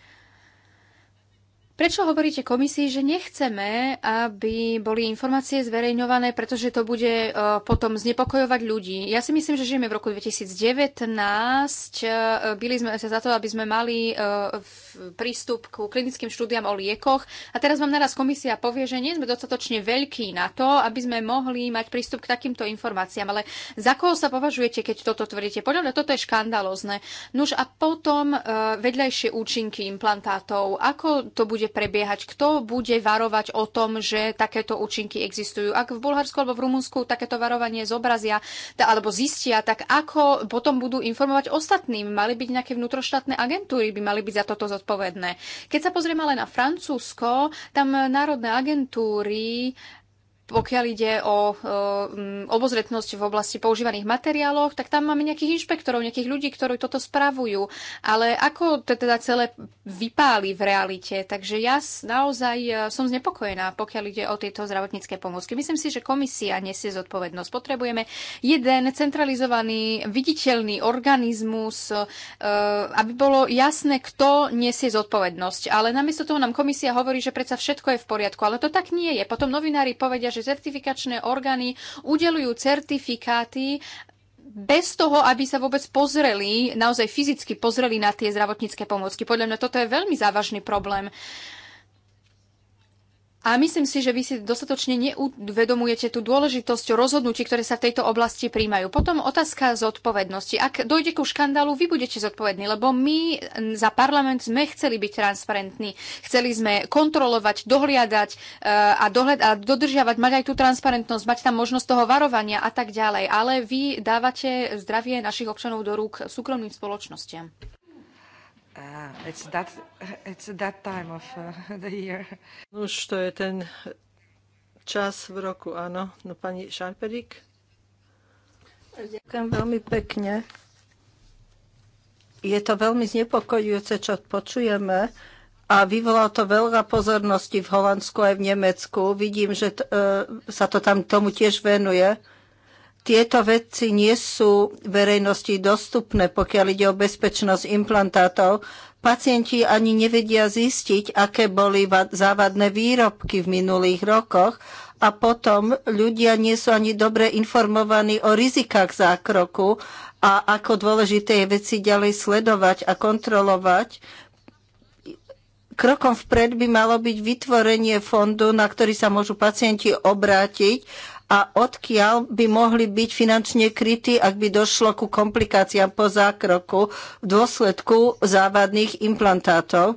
Prečo hovoríte komisii, že nechceme, aby boli informácie zverejňované, pretože to bude e, potom znepokojovať ľudí? Ja si myslím, že žijeme v roku 2019. E, byli sme sa za to, aby sme mali e, prístup k klinickým štúdiám o liekoch. A teraz vám naraz komisia povie, že nie sme dostatočne veľkí na to, aby sme mohli mať prístup k takýmto informáciám. Ale za koho sa považujete, keď toto tvrdíte? Podľa mňa toto je škandalozne. Nuž a potom vedľajšie účinky implantátov. Ako to bude prebiehať? Kto bude varovať o tom, že takéto účinky existujú? Ak v Bulharsku alebo v Rumunsku takéto varovanie zobrazia alebo zistia, tak ako potom budú informovať ostatným? Mali byť nejaké vnútroštátne agentúry, by mali byť za toto zodpovedné. Keď sa pozrieme ale na Francúzsko, tam národné agentúry pokiaľ ide o mm, obozretnosť v oblasti používaných materiálov, tak tam máme nejakých inšpektorov, nejakých ľudí, ktorí toto spravujú. Ale ako to teda celé vypáli v realite? Takže ja naozaj e, som znepokojená, pokiaľ ide o tieto zdravotnícke pomôcky. Myslím si, že komisia nesie zodpovednosť. Potrebujeme jeden centralizovaný, viditeľný organizmus, e, aby bolo jasné, kto nesie zodpovednosť. Ale namiesto toho nám komisia hovorí, že predsa všetko je v poriadku, ale to tak nie je. Potom novinári povedia, že certifikačné orgány udelujú certifikáty bez toho, aby sa vôbec pozreli, naozaj fyzicky pozreli na tie zdravotnícke pomôcky. Podľa mňa toto je veľmi závažný problém. Uh, a myslím si, že vy si dostatočne neuvedomujete tú dôležitosť rozhodnutí, ktoré sa v tejto oblasti príjmajú. Potom otázka zodpovednosti. Ak dojde ku škandálu, vy budete zodpovední, lebo my za parlament sme chceli byť transparentní. Chceli sme kontrolovať, dohliadať e, a, dohľad, a dodržiavať, mať aj tú transparentnosť, mať tam možnosť toho varovania a tak ďalej. Ale vy dávate zdravie našich občanov do rúk súkromným spoločnostiam. Ah, it's that, it's that time of uh, the year. No už to je ten čas v roku, áno. No pani Šarperík? Ďakujem veľmi pekne. Je to veľmi znepokojujúce, čo počujeme a vyvolalo to veľa pozornosti v Holandsku aj v Nemecku. Vidím, že t- e, sa to tam tomu tiež venuje. Tieto veci nie sú verejnosti dostupné, pokiaľ ide o bezpečnosť implantátov. Pacienti ani nevedia zistiť, aké boli závadné výrobky v minulých rokoch a potom ľudia nie sú ani dobre informovaní o rizikách zákroku a ako dôležité je veci ďalej sledovať a kontrolovať. Krokom vpred by malo byť vytvorenie fondu, na ktorý sa môžu pacienti obrátiť a odkiaľ by mohli byť finančne krytí, ak by došlo ku komplikáciám po zákroku v dôsledku závadných implantátov.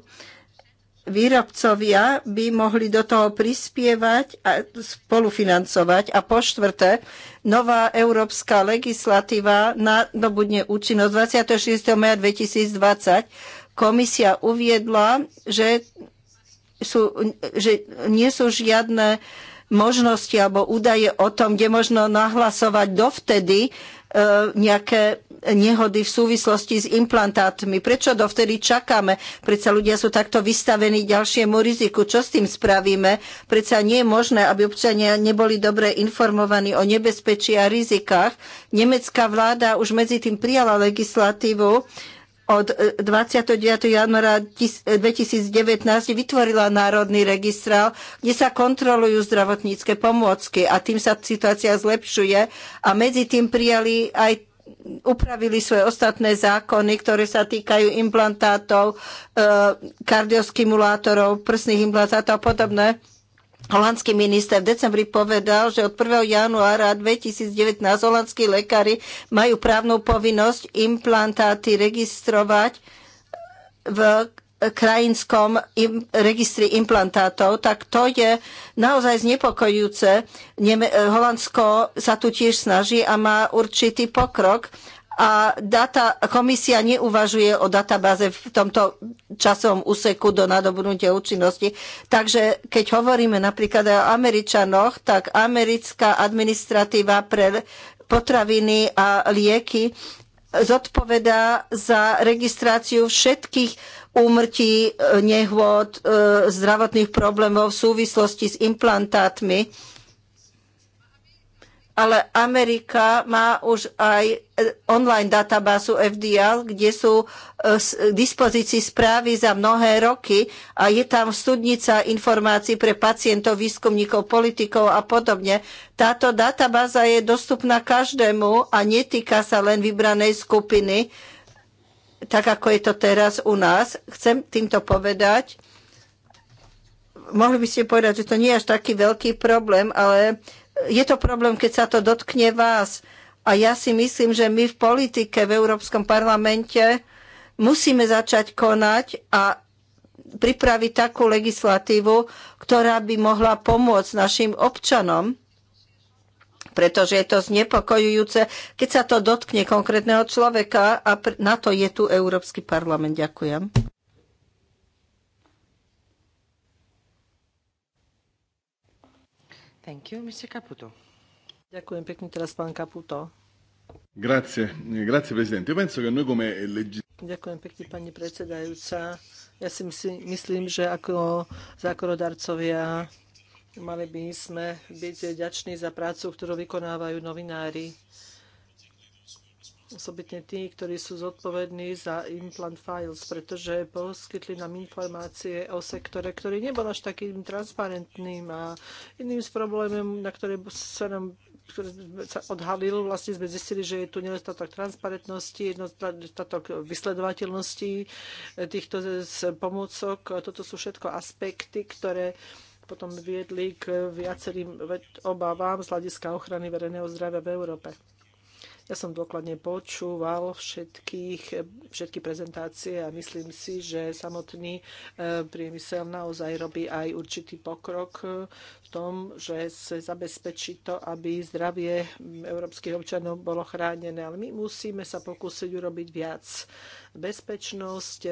Výrobcovia by mohli do toho prispievať a spolufinancovať. A po štvrté, nová európska legislatíva nadobudne účinnosť 26. maja 2020. Komisia uviedla, že, sú, že nie sú žiadne uh, možnosti alebo údaje o tom, kde možno nahlasovať dovtedy e, nejaké nehody v súvislosti s implantátmi. Prečo dovtedy čakáme? Prečo ľudia sú takto vystavení ďalšiemu riziku? Čo s tým spravíme? Prečo nie je možné, aby občania neboli dobre informovaní o nebezpečí a rizikách? Nemecká vláda už medzi tým prijala legislatívu, od 29. E, januára 2019 e, vytvorila Národný registrál, kde sa kontrolujú zdravotnícke pomôcky a tým sa situácia zlepšuje a medzi tým prijali aj upravili svoje ostatné zákony, ktoré sa týkajú implantátov, e, kardiostimulátorov, prsných implantátov a podobné. Holandský minister v decembri povedal, že od 1. januára 2019 holandskí lekári majú právnu povinnosť implantáty registrovať v krajinskom im, registri implantátov, tak to je naozaj znepokojúce. Neme, Holandsko sa tu tiež snaží a má určitý pokrok a data, komisia neuvažuje o databáze v tomto časovom úseku do nadobudnutia účinnosti. Takže keď hovoríme napríklad o Američanoch, tak americká administratíva pre potraviny a lieky zodpovedá za registráciu všetkých úmrtí, eh, nehôd, eh, zdravotných problémov v súvislosti s implantátmi ale Amerika má už aj e, online databázu FDL, kde sú k e, e, dispozícii správy za mnohé roky a je tam studnica informácií pre pacientov, výskumníkov, politikov a podobne. Táto databáza je dostupná každému a netýka sa len vybranej skupiny, tak ako je to teraz u nás. Chcem týmto povedať, mohli by ste povedať, že to nie je až taký veľký problém, ale je to problém, keď sa to dotkne vás. A ja si myslím, že my v politike, v Európskom parlamente musíme začať konať a pripraviť takú legislatívu, ktorá by mohla pomôcť našim občanom, pretože je to znepokojujúce, keď sa to dotkne konkrétneho človeka a na to je tu Európsky parlament. Ďakujem. Thank you, Mr. Caputo. Ďakujem pekne teraz pán Caputo. Grazie, grazie Io penso che noi come Ďakujem pekne, pani predsedajúca. Ja si myslím, že ako zákonodarcovia mali by sme byť ďační za prácu, ktorú vykonávajú novinári osobitne tí, ktorí sú zodpovední za implant files, pretože poskytli nám informácie o sektore, ktorý nebol až takým transparentným a iným z problémom, na ktoré sa nám ktorý sa odhalil, vlastne sme zistili, že je tu nedostatok transparentnosti, nedostatok vysledovateľnosti e, týchto pomôcok. Toto sú všetko aspekty, ktoré potom viedli k viacerým obávam z hľadiska ochrany verejného zdravia v Európe. Ja som dôkladne počúval všetkých, všetky prezentácie a myslím si, že samotný e, priemysel naozaj robí aj určitý pokrok e, v tom, že sa zabezpečí to, aby zdravie európskych občanov bolo chránené. Ale my musíme sa pokúsiť urobiť viac. Bezpečnosť, e,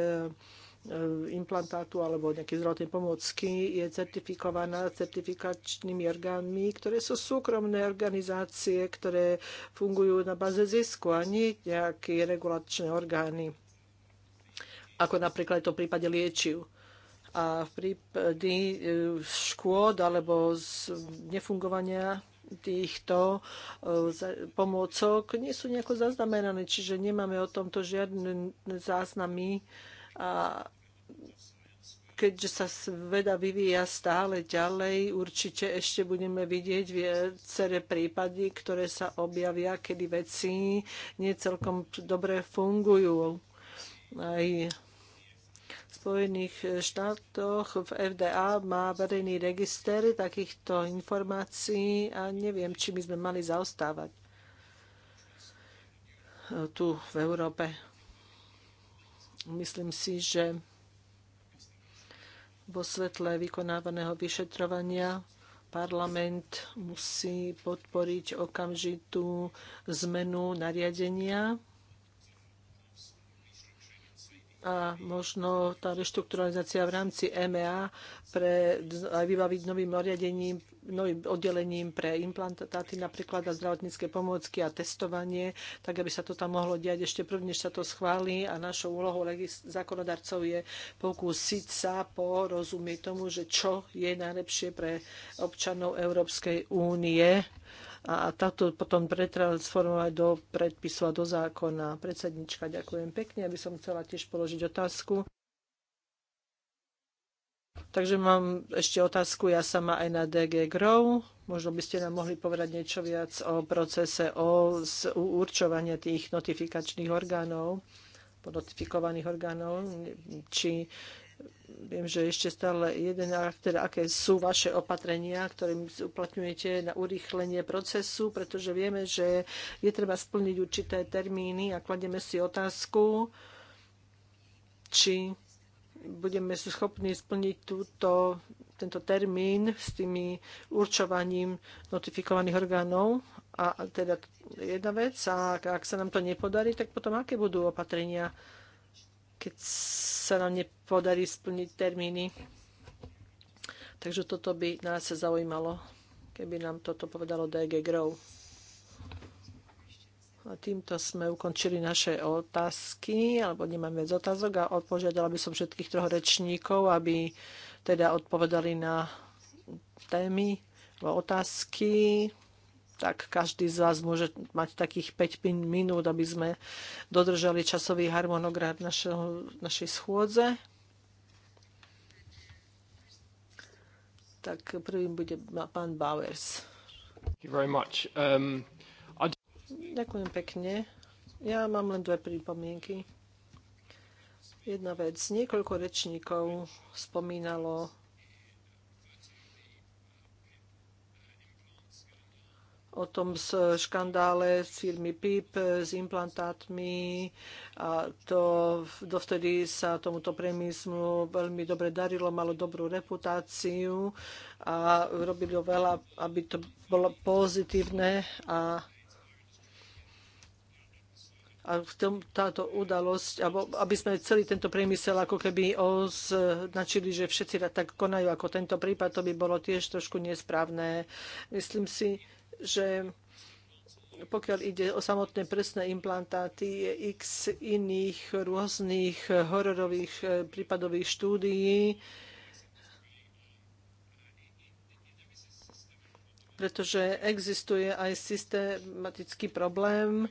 E, implantátu alebo nejaké zdravotnej pomôcky je certifikovaná certifikačnými orgánmi, ktoré sú súkromné organizácie, ktoré fungujú na baze zisku a nie nejaké regulačné orgány, ako napríklad to v prípade liečiv. A v prípade e, škôd alebo z nefungovania týchto e, pomôcok nie sú nejako zaznamenané, čiže nemáme o tomto žiadne záznamy a keďže sa veda vyvíja stále ďalej, určite ešte budeme vidieť viacere prípady, ktoré sa objavia, kedy veci necelkom dobre fungujú. Aj v Spojených štátoch v FDA má verejný register takýchto informácií a neviem, či by sme mali zaostávať tu v Európe. Myslím si, že vo svetle vykonávaného vyšetrovania parlament musí podporiť okamžitú zmenu nariadenia a možno tá reštrukturalizácia v rámci MEA pre, aj vybaviť novým oriadením, novým oddelením pre implantáty napríklad a zdravotnícke pomôcky a testovanie, tak aby sa to tam mohlo diať ešte prvne, než sa to schváli a našou úlohou zákonodarcov je pokúsiť sa porozumieť tomu, že čo je najlepšie pre občanov Európskej únie a táto potom pretransformovať do predpisu a do zákona. Predsednička, ďakujem pekne. aby som chcela tiež položiť otázku. Takže mám ešte otázku ja sama aj na DG Grow. Možno by ste nám mohli povedať niečo viac o procese o určovania tých notifikačných orgánov, notifikovaných orgánov, či Viem, že ešte stále jeden, teda aké sú vaše opatrenia, ktorým uplatňujete na urýchlenie procesu, pretože vieme, že je treba splniť určité termíny a klademe si otázku, či budeme schopní splniť túto, tento termín s tými určovaním notifikovaných orgánov. A teda jedna vec, a ak sa nám to nepodarí, tak potom aké budú opatrenia? keď sa nám nepodarí splniť termíny. Takže toto by nás sa zaujímalo, keby nám toto povedalo DG Grow. A týmto sme ukončili naše otázky, alebo nemám viac otázok a odpožiadala by som všetkých troch rečníkov, aby teda odpovedali na témy alebo otázky tak každý z vás môže mať takých 5 minút, aby sme dodržali časový harmonogram našeho, našej schôdze. Tak prvým bude pán Bowers. Um, I... Ďakujem pekne. Ja mám len dve pripomienky. Jedna vec. Niekoľko rečníkov spomínalo o tom škandále firmy PIP s implantátmi a to dovtedy sa tomuto priemyslu veľmi dobre darilo, malo dobrú reputáciu a robilo veľa, aby to bolo pozitívne a a v tom, táto udalosť, aby sme celý tento priemysel ako keby označili, že všetci tak konajú ako tento prípad, to by bolo tiež trošku nesprávne. Myslím si, že pokiaľ ide o samotné presné implantáty, je x iných rôznych hororových eh, prípadových štúdií, pretože existuje aj systematický problém,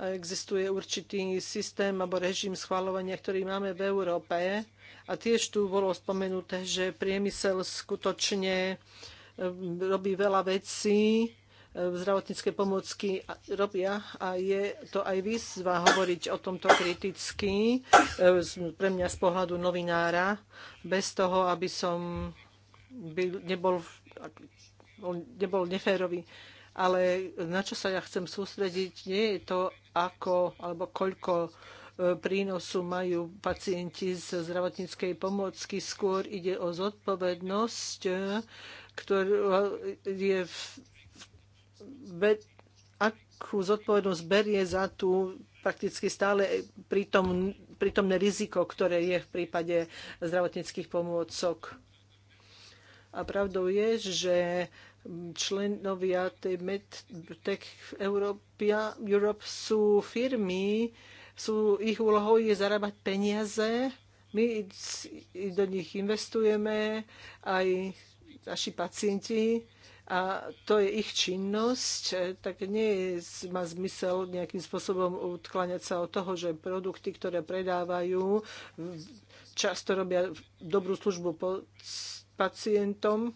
existuje určitý systém alebo režim schvalovania, ktorý máme v Európe. A tiež tu bolo spomenuté, že priemysel skutočne eh, robí veľa vecí, zdravotnícke pomôcky robia a je to aj výzva hovoriť o tomto kriticky e, pre mňa z pohľadu novinára bez toho, aby som byl, nebol, nebol neférový. Ale na čo sa ja chcem sústrediť, nie je to ako alebo koľko e, prínosu majú pacienti z zdravotníckej pomôcky. Skôr ide o zodpovednosť, e, ktorá je v akú zodpovednosť berie za tú prakticky stále prítom, prítomné riziko, ktoré je v prípade zdravotníckých pomôcok. A pravdou je, že členovia tej MedTech Európia, Europe sú firmy, sú, ich úlohou je zarábať peniaze, my do nich investujeme, aj naši pacienti a to je ich činnosť, e, tak nie je, má zmysel nejakým spôsobom odkláňať sa od toho, že produkty, ktoré predávajú, často robia dobrú službu pacientom.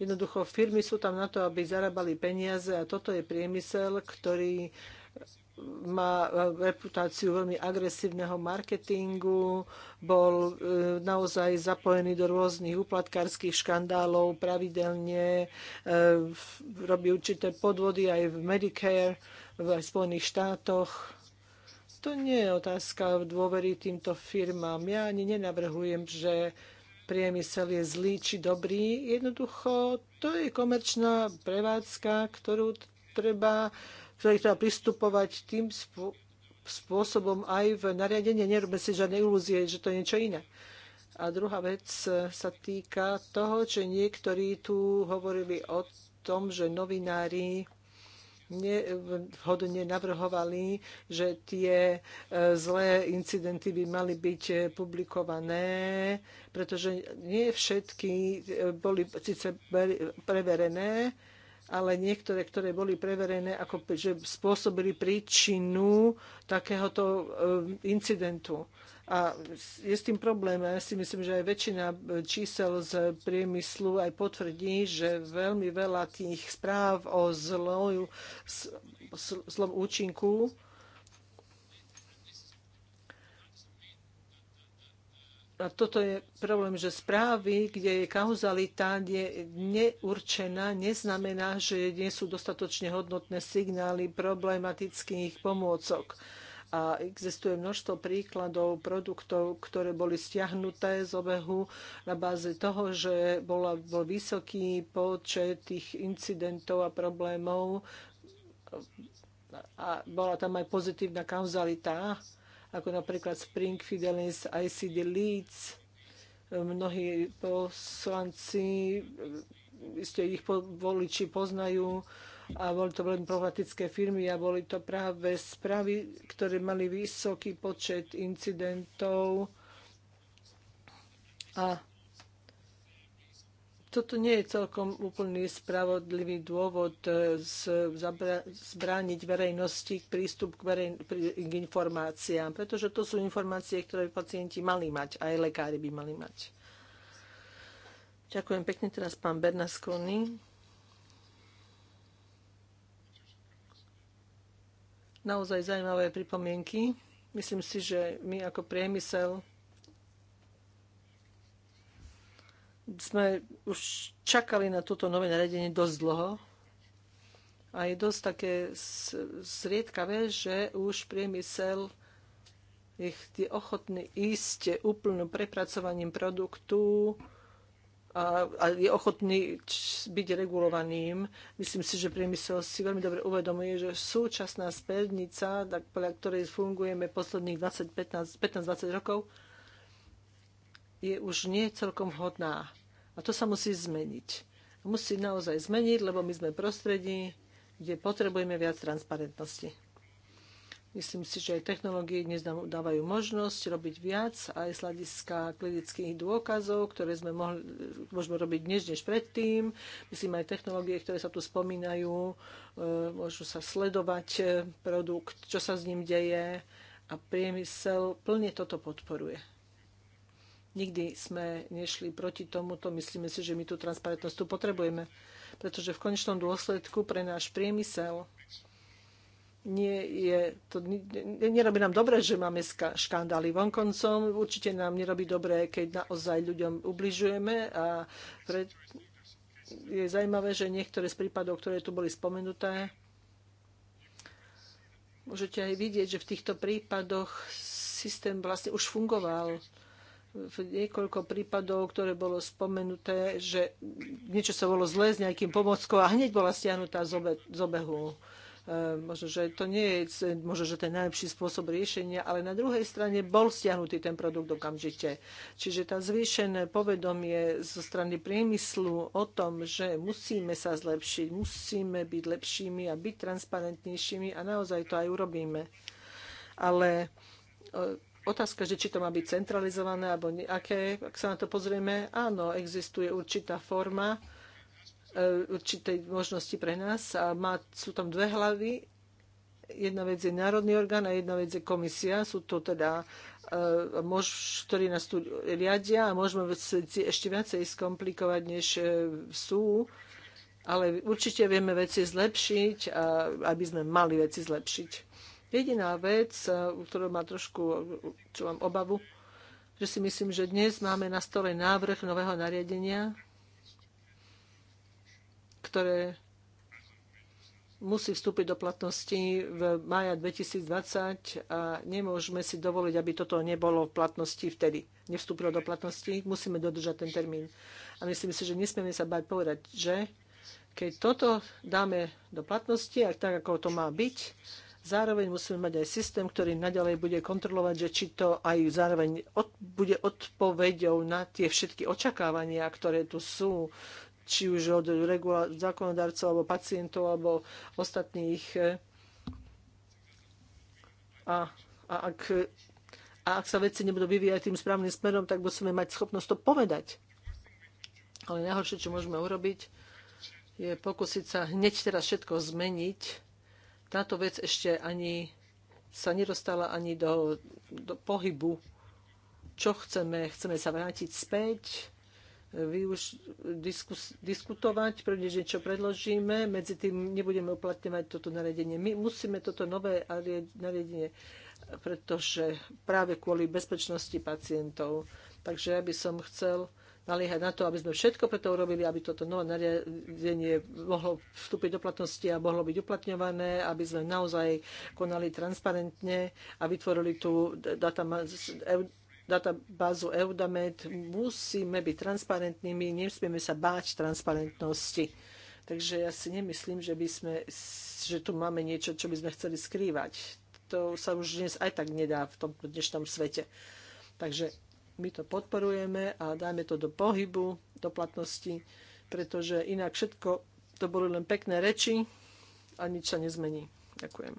Jednoducho firmy sú tam na to, aby zarábali peniaze a toto je priemysel, ktorý má e, reputáciu veľmi agresívneho marketingu, bol e, naozaj zapojený do rôznych uplatkárskych škandálov, pravidelne e, robí určité podvody aj v Medicare, v Spojených štátoch to nie je otázka dôvery týmto firmám. Ja ani nenavrhujem, že priemysel je zlý či dobrý. Jednoducho to je komerčná prevádzka, ktorú treba ktorých treba pristupovať tým spôsobom aj v nariadení. Nerobme si žiadne ilúzie, že to je niečo iné. A druhá vec e, sa týka toho, že niektorí tu hovorili o tom, že novinári nevhodne navrhovali, že tie e, zlé incidenty by mali byť e, publikované, pretože nie všetky boli síce preverené, ale niektoré, ktoré boli preverené, ako že spôsobili príčinu takéhoto eh, incidentu. A je s tým problém. Ja si myslím, že aj väčšina eh, čísel z priemyslu aj potvrdí, že veľmi veľa tých správ o zlom, zlom účinku a toto je problém, že správy, kde je kauzalita je neurčená, neznamená, že nie sú dostatočne hodnotné signály problematických pomôcok. A existuje množstvo príkladov produktov, ktoré boli stiahnuté z obehu na báze toho, že bola, bol vysoký počet tých incidentov a problémov a bola tam aj pozitívna kauzalita ako napríklad Spring Fidelis, ICD Leeds. Mnohí poslanci, eh, isté ich voliči poznajú a boli to veľmi problematické firmy a boli to práve správy, ktoré mali vysoký počet incidentov a toto nie je celkom úplný spravodlivý dôvod e, zbrániť verejnosti prístup k, verej, k informáciám, pretože to sú informácie, ktoré pacienti mali mať, aj lekári by mali mať. Ďakujem pekne teraz pán Bernasconi. Naozaj zaujímavé pripomienky. Myslím si, že my ako priemysel sme už čakali na toto nové naredenie dosť dlho. A je dosť také zriedkavé, že už priemysel je ochotný ísť úplným prepracovaním produktu a, a je ochotný byť regulovaným. Myslím si, že priemysel si veľmi dobre uvedomuje, že súčasná spernica, tak podľa ktorej fungujeme posledných 15-20 rokov, je už nie celkom vhodná. A to sa musí zmeniť. Musí naozaj zmeniť, lebo my sme prostredí, kde potrebujeme viac transparentnosti. Myslím si, že aj technológie dnes nám dávajú možnosť robiť viac aj z hľadiska klinických dôkazov, ktoré sme mohli, môžeme robiť dnes než predtým. Myslím aj technológie, ktoré sa tu spomínajú, e, môžu sa sledovať e, produkt, čo sa s ním deje a priemysel plne toto podporuje. Nikdy sme nešli proti tomuto. Myslíme si, že my tú transparentnosť tu potrebujeme, pretože v konečnom dôsledku pre náš priemysel nie je, to nerobí nám dobre, že máme škandály vonkoncom, určite nám nerobí dobre, keď naozaj ľuďom ubližujeme a pre, je zaujímavé, že niektoré z prípadov, ktoré tu boli spomenuté, môžete aj vidieť, že v týchto prípadoch systém vlastne už fungoval v niekoľko prípadov, ktoré bolo spomenuté, že niečo sa bolo zlé s nejakým pomockou a hneď bola stiahnutá z, obe, z obehu. E, možno, že to nie je možno, že ten najlepší spôsob riešenia, ale na druhej strane bol stiahnutý ten produkt okamžite. Čiže tá zvýšené povedomie zo strany priemyslu o tom, že musíme sa zlepšiť, musíme byť lepšími a byť transparentnejšími a naozaj to aj urobíme. Ale e, otázka, že či to má byť centralizované alebo aké, ak sa na to pozrieme, áno, existuje určitá forma e, určitej možnosti pre nás a má, sú tam dve hlavy. Jedna vec je národný orgán a jedna vec je komisia. Sú to teda e, mož, ktorí nás tu riadia a môžeme veci ešte viacej skomplikovať, než e, sú. Ale určite vieme veci zlepšiť, a aby sme mali veci zlepšiť. Jediná vec, e, ktorú má trošku, čo mám obavu, že si myslím, že dnes máme na stole návrh nového nariadenia, ktoré musí vstúpiť do platnosti v maja 2020 a nemôžeme si dovoliť, aby toto nebolo v platnosti vtedy. Nevstúpilo do platnosti, musíme dodržať ten termín. A myslím si, že nesmieme sa bať povedať, že keď toto dáme do platnosti, ak tak, ako to má byť, Zároveň musíme mať aj systém, ktorý naďalej bude kontrolovať, že či to aj zároveň od, bude odpoveďou na tie všetky očakávania, ktoré tu sú, či už od regula- zákonodarcov, alebo pacientov, alebo ostatných. E, a, a ak a ak sa veci nebudú vyvíjať tým správnym smerom, tak musíme mať schopnosť to povedať. Ale najhoršie, čo môžeme urobiť, je pokúsiť sa hneď teraz všetko zmeniť táto vec ešte ani sa nedostala ani do, do pohybu. Čo chceme? Chceme sa vrátiť späť, využ, diskus, diskutovať, prvnež niečo predložíme, medzi tým nebudeme uplatňovať toto nariadenie. My musíme toto nové nariadenie, pretože práve kvôli bezpečnosti pacientov. Takže ja by som chcel naliehať na to, aby sme všetko preto urobili, aby toto nové nariadenie mohlo vstúpiť do platnosti a mohlo byť uplatňované, aby sme naozaj konali transparentne a vytvorili tú databázu Eudamed. Musíme byť transparentnými, nesmieme sa báť transparentnosti. Takže ja si nemyslím, že, by sme, že tu máme niečo, čo by sme chceli skrývať. To sa už dnes aj tak nedá v tom dnešnom svete. Takže my to podporujeme a dáme to do pohybu, do platnosti, pretože inak všetko to boli len pekné reči a nič sa nezmení. Ďakujem.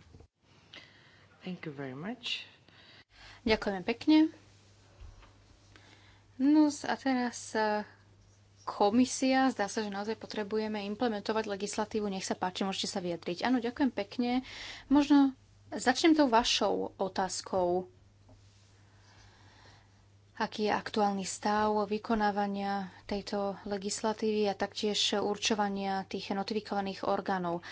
Thank you very much. Ďakujeme pekne. No a teraz e, komisia, zdá sa, že naozaj potrebujeme implementovať legislatívu. Nech sa páči, môžete sa vyjadriť. Áno, ďakujem pekne. Možno začnem tou vašou otázkou aký je aktuálny stav vykonávania tejto legislatívy a taktiež určovania tých notifikovaných orgánov.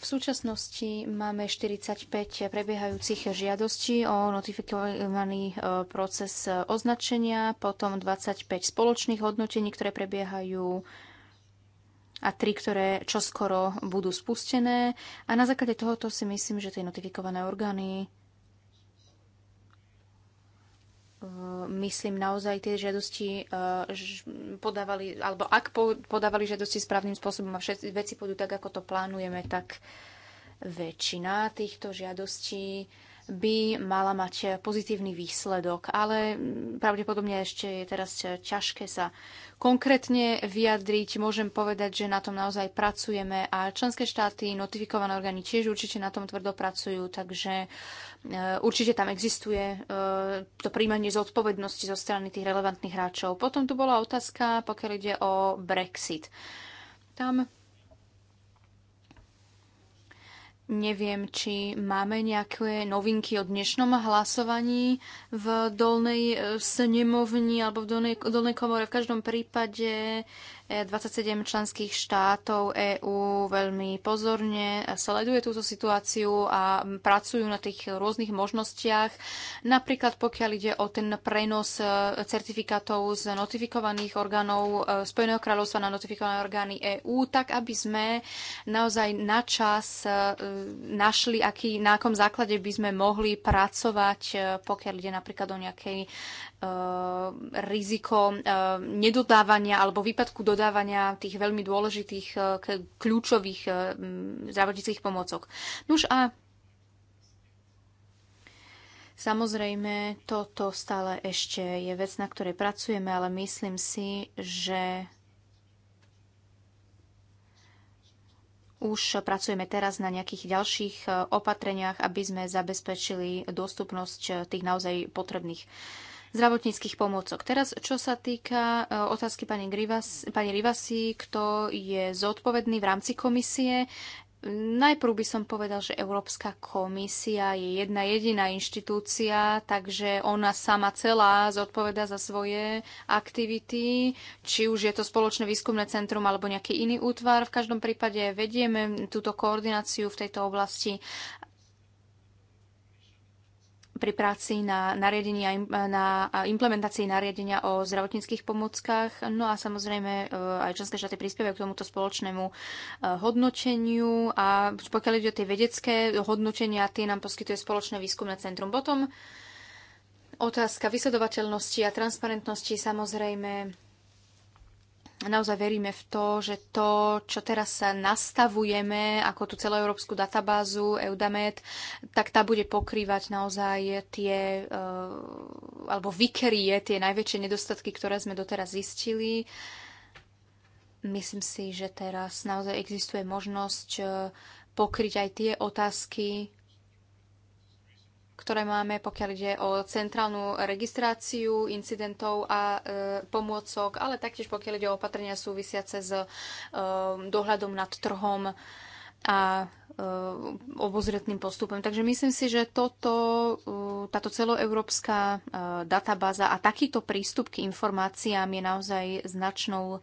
V súčasnosti máme 45 prebiehajúcich žiadostí o notifikovaný e, proces e, označenia, potom 25 spoločných hodnotení, ktoré prebiehajú a tri, ktoré čoskoro budú spustené. A na základe tohoto si myslím, že tie notifikované orgány Eh, myslím naozaj tie žiadosti eh, podávali, alebo ak podávali žiadosti správnym spôsobom a všetci veci pôjdu tak, ako to plánujeme, tak väčšina týchto žiadostí by mala mať pozitívny výsledok, ale pravdepodobne ešte je teraz ťažké sa konkrétne vyjadriť. Môžem povedať, že na tom naozaj pracujeme a členské štáty, notifikované orgány tiež určite na tom tvrdo pracujú, takže e, určite tam existuje e, to príjmanie zodpovednosti zo strany tých relevantných hráčov. Potom tu bola otázka, pokiaľ ide o Brexit. Tam Neviem, či máme nejaké novinky o dnešnom hlasovaní v dolnej e, snemovni alebo v dolnej, dolnej komore. V každom prípade 27 e, členských štátov EÚ veľmi pozorne sleduje túto situáciu a pracujú na tých rôznych možnostiach. Napríklad pokiaľ ide o ten prenos e, certifikátov z notifikovaných orgánov e, Spojeného kráľovstva na notifikované orgány EÚ, tak aby sme naozaj na čas našli, aký, na akom základe by sme mohli pracovať, pokiaľ ide napríklad o nejakej Eh, riziko eh, nedodávania alebo výpadku dodávania tých veľmi dôležitých eh, kľúčových zdravotníckých pomocok. Nuž a Samozrejme, toto stále ešte je vec, na ktorej pracujeme, ale myslím si, že už pracujeme teraz na nejakých ďalších opatreniach, aby sme zabezpečili dostupnosť tých naozaj potrebných zdravotníckých pomôcok. Teraz, čo sa týka e, otázky pani, Grivas, pani Rivasi, kto je zodpovedný v rámci komisie, najprv by som povedal, že Európska komisia je jedna jediná inštitúcia, takže ona sama celá zodpoveda za svoje aktivity, či už je to spoločné výskumné centrum alebo nejaký iný útvar. V každom prípade vedieme túto koordináciu v tejto oblasti pri práci na, nariadenia, na implementácii nariadenia o zdravotníckých pomockách. No a samozrejme eh, aj členské štáty prispievajú k tomuto spoločnému eh, hodnoteniu a pokiaľ ide o tie vedecké hodnotenia, tie nám poskytuje spoločné výskumné centrum. Potom otázka vysledovateľnosti a transparentnosti samozrejme naozaj veríme v to, že to, čo teraz sa nastavujeme, ako tú celoeurópsku databázu Eudamed, tak tá bude pokrývať naozaj tie, eh, alebo vykrie tie najväčšie nedostatky, ktoré sme doteraz zistili. Myslím si, že teraz naozaj existuje možnosť eh, pokryť aj tie otázky, ktoré máme, pokiaľ ide o centrálnu registráciu incidentov a e, pomôcok, ale taktiež pokiaľ ide o opatrenia súvisiace s e, dohľadom nad trhom a e, obozretným postupom. Takže myslím si, že toto, e, táto celoeurópska e, databáza a takýto prístup k informáciám je naozaj značnou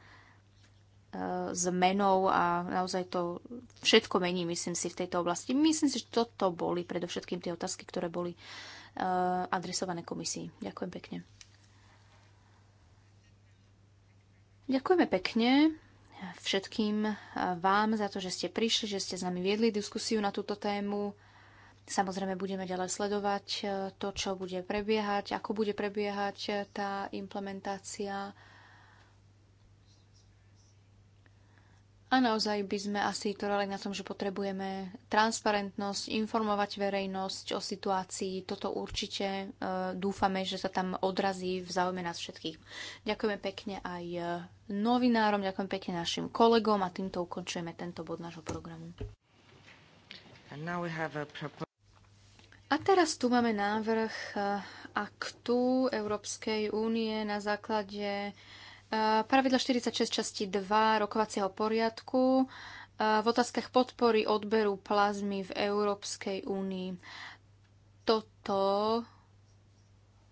zmenou a naozaj to všetko mení, myslím si, v tejto oblasti. Myslím si, že toto boli predovšetkým tie otázky, ktoré boli e, adresované komisii. Ďakujem pekne. Ďakujeme pekne všetkým e, vám za to, že ste prišli, že ste s nami viedli diskusiu na túto tému. Samozrejme budeme ďalej sledovať e, to, čo bude prebiehať, ako bude prebiehať tá implementácia A naozaj by sme asi trvali na tom, že potrebujeme transparentnosť, informovať verejnosť o situácii. Toto určite e, dúfame, že sa tam odrazí v záujme nás všetkých. Ďakujeme pekne aj e, novinárom, ďakujem pekne našim kolegom a týmto ukončujeme tento bod nášho programu. A teraz tu máme návrh e, aktu Európskej únie na základe E, pravidlo 46 časti 2 rokovacieho poriadku e, v otázkach podpory odberu plazmy v Európskej únii. Toto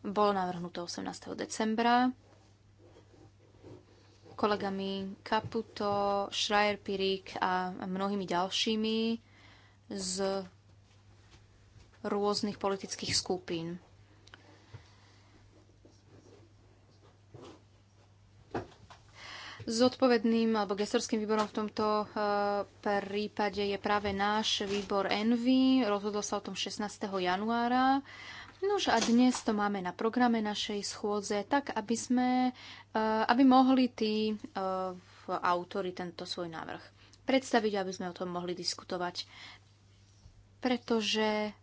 bolo navrhnuté 18. decembra kolegami Kaputo, Schreier, Pirik a mnohými ďalšími z rôznych politických skupín. Zodpovedným alebo gestorským výborom v tomto eh, prípade je práve náš výbor Envy. Rozhodol sa o tom 16. januára. Nož a dnes to máme na programe našej schôdze, tak aby sme, eh, aby mohli tí eh, autory tento svoj návrh predstaviť, aby sme o tom mohli diskutovať. Pretože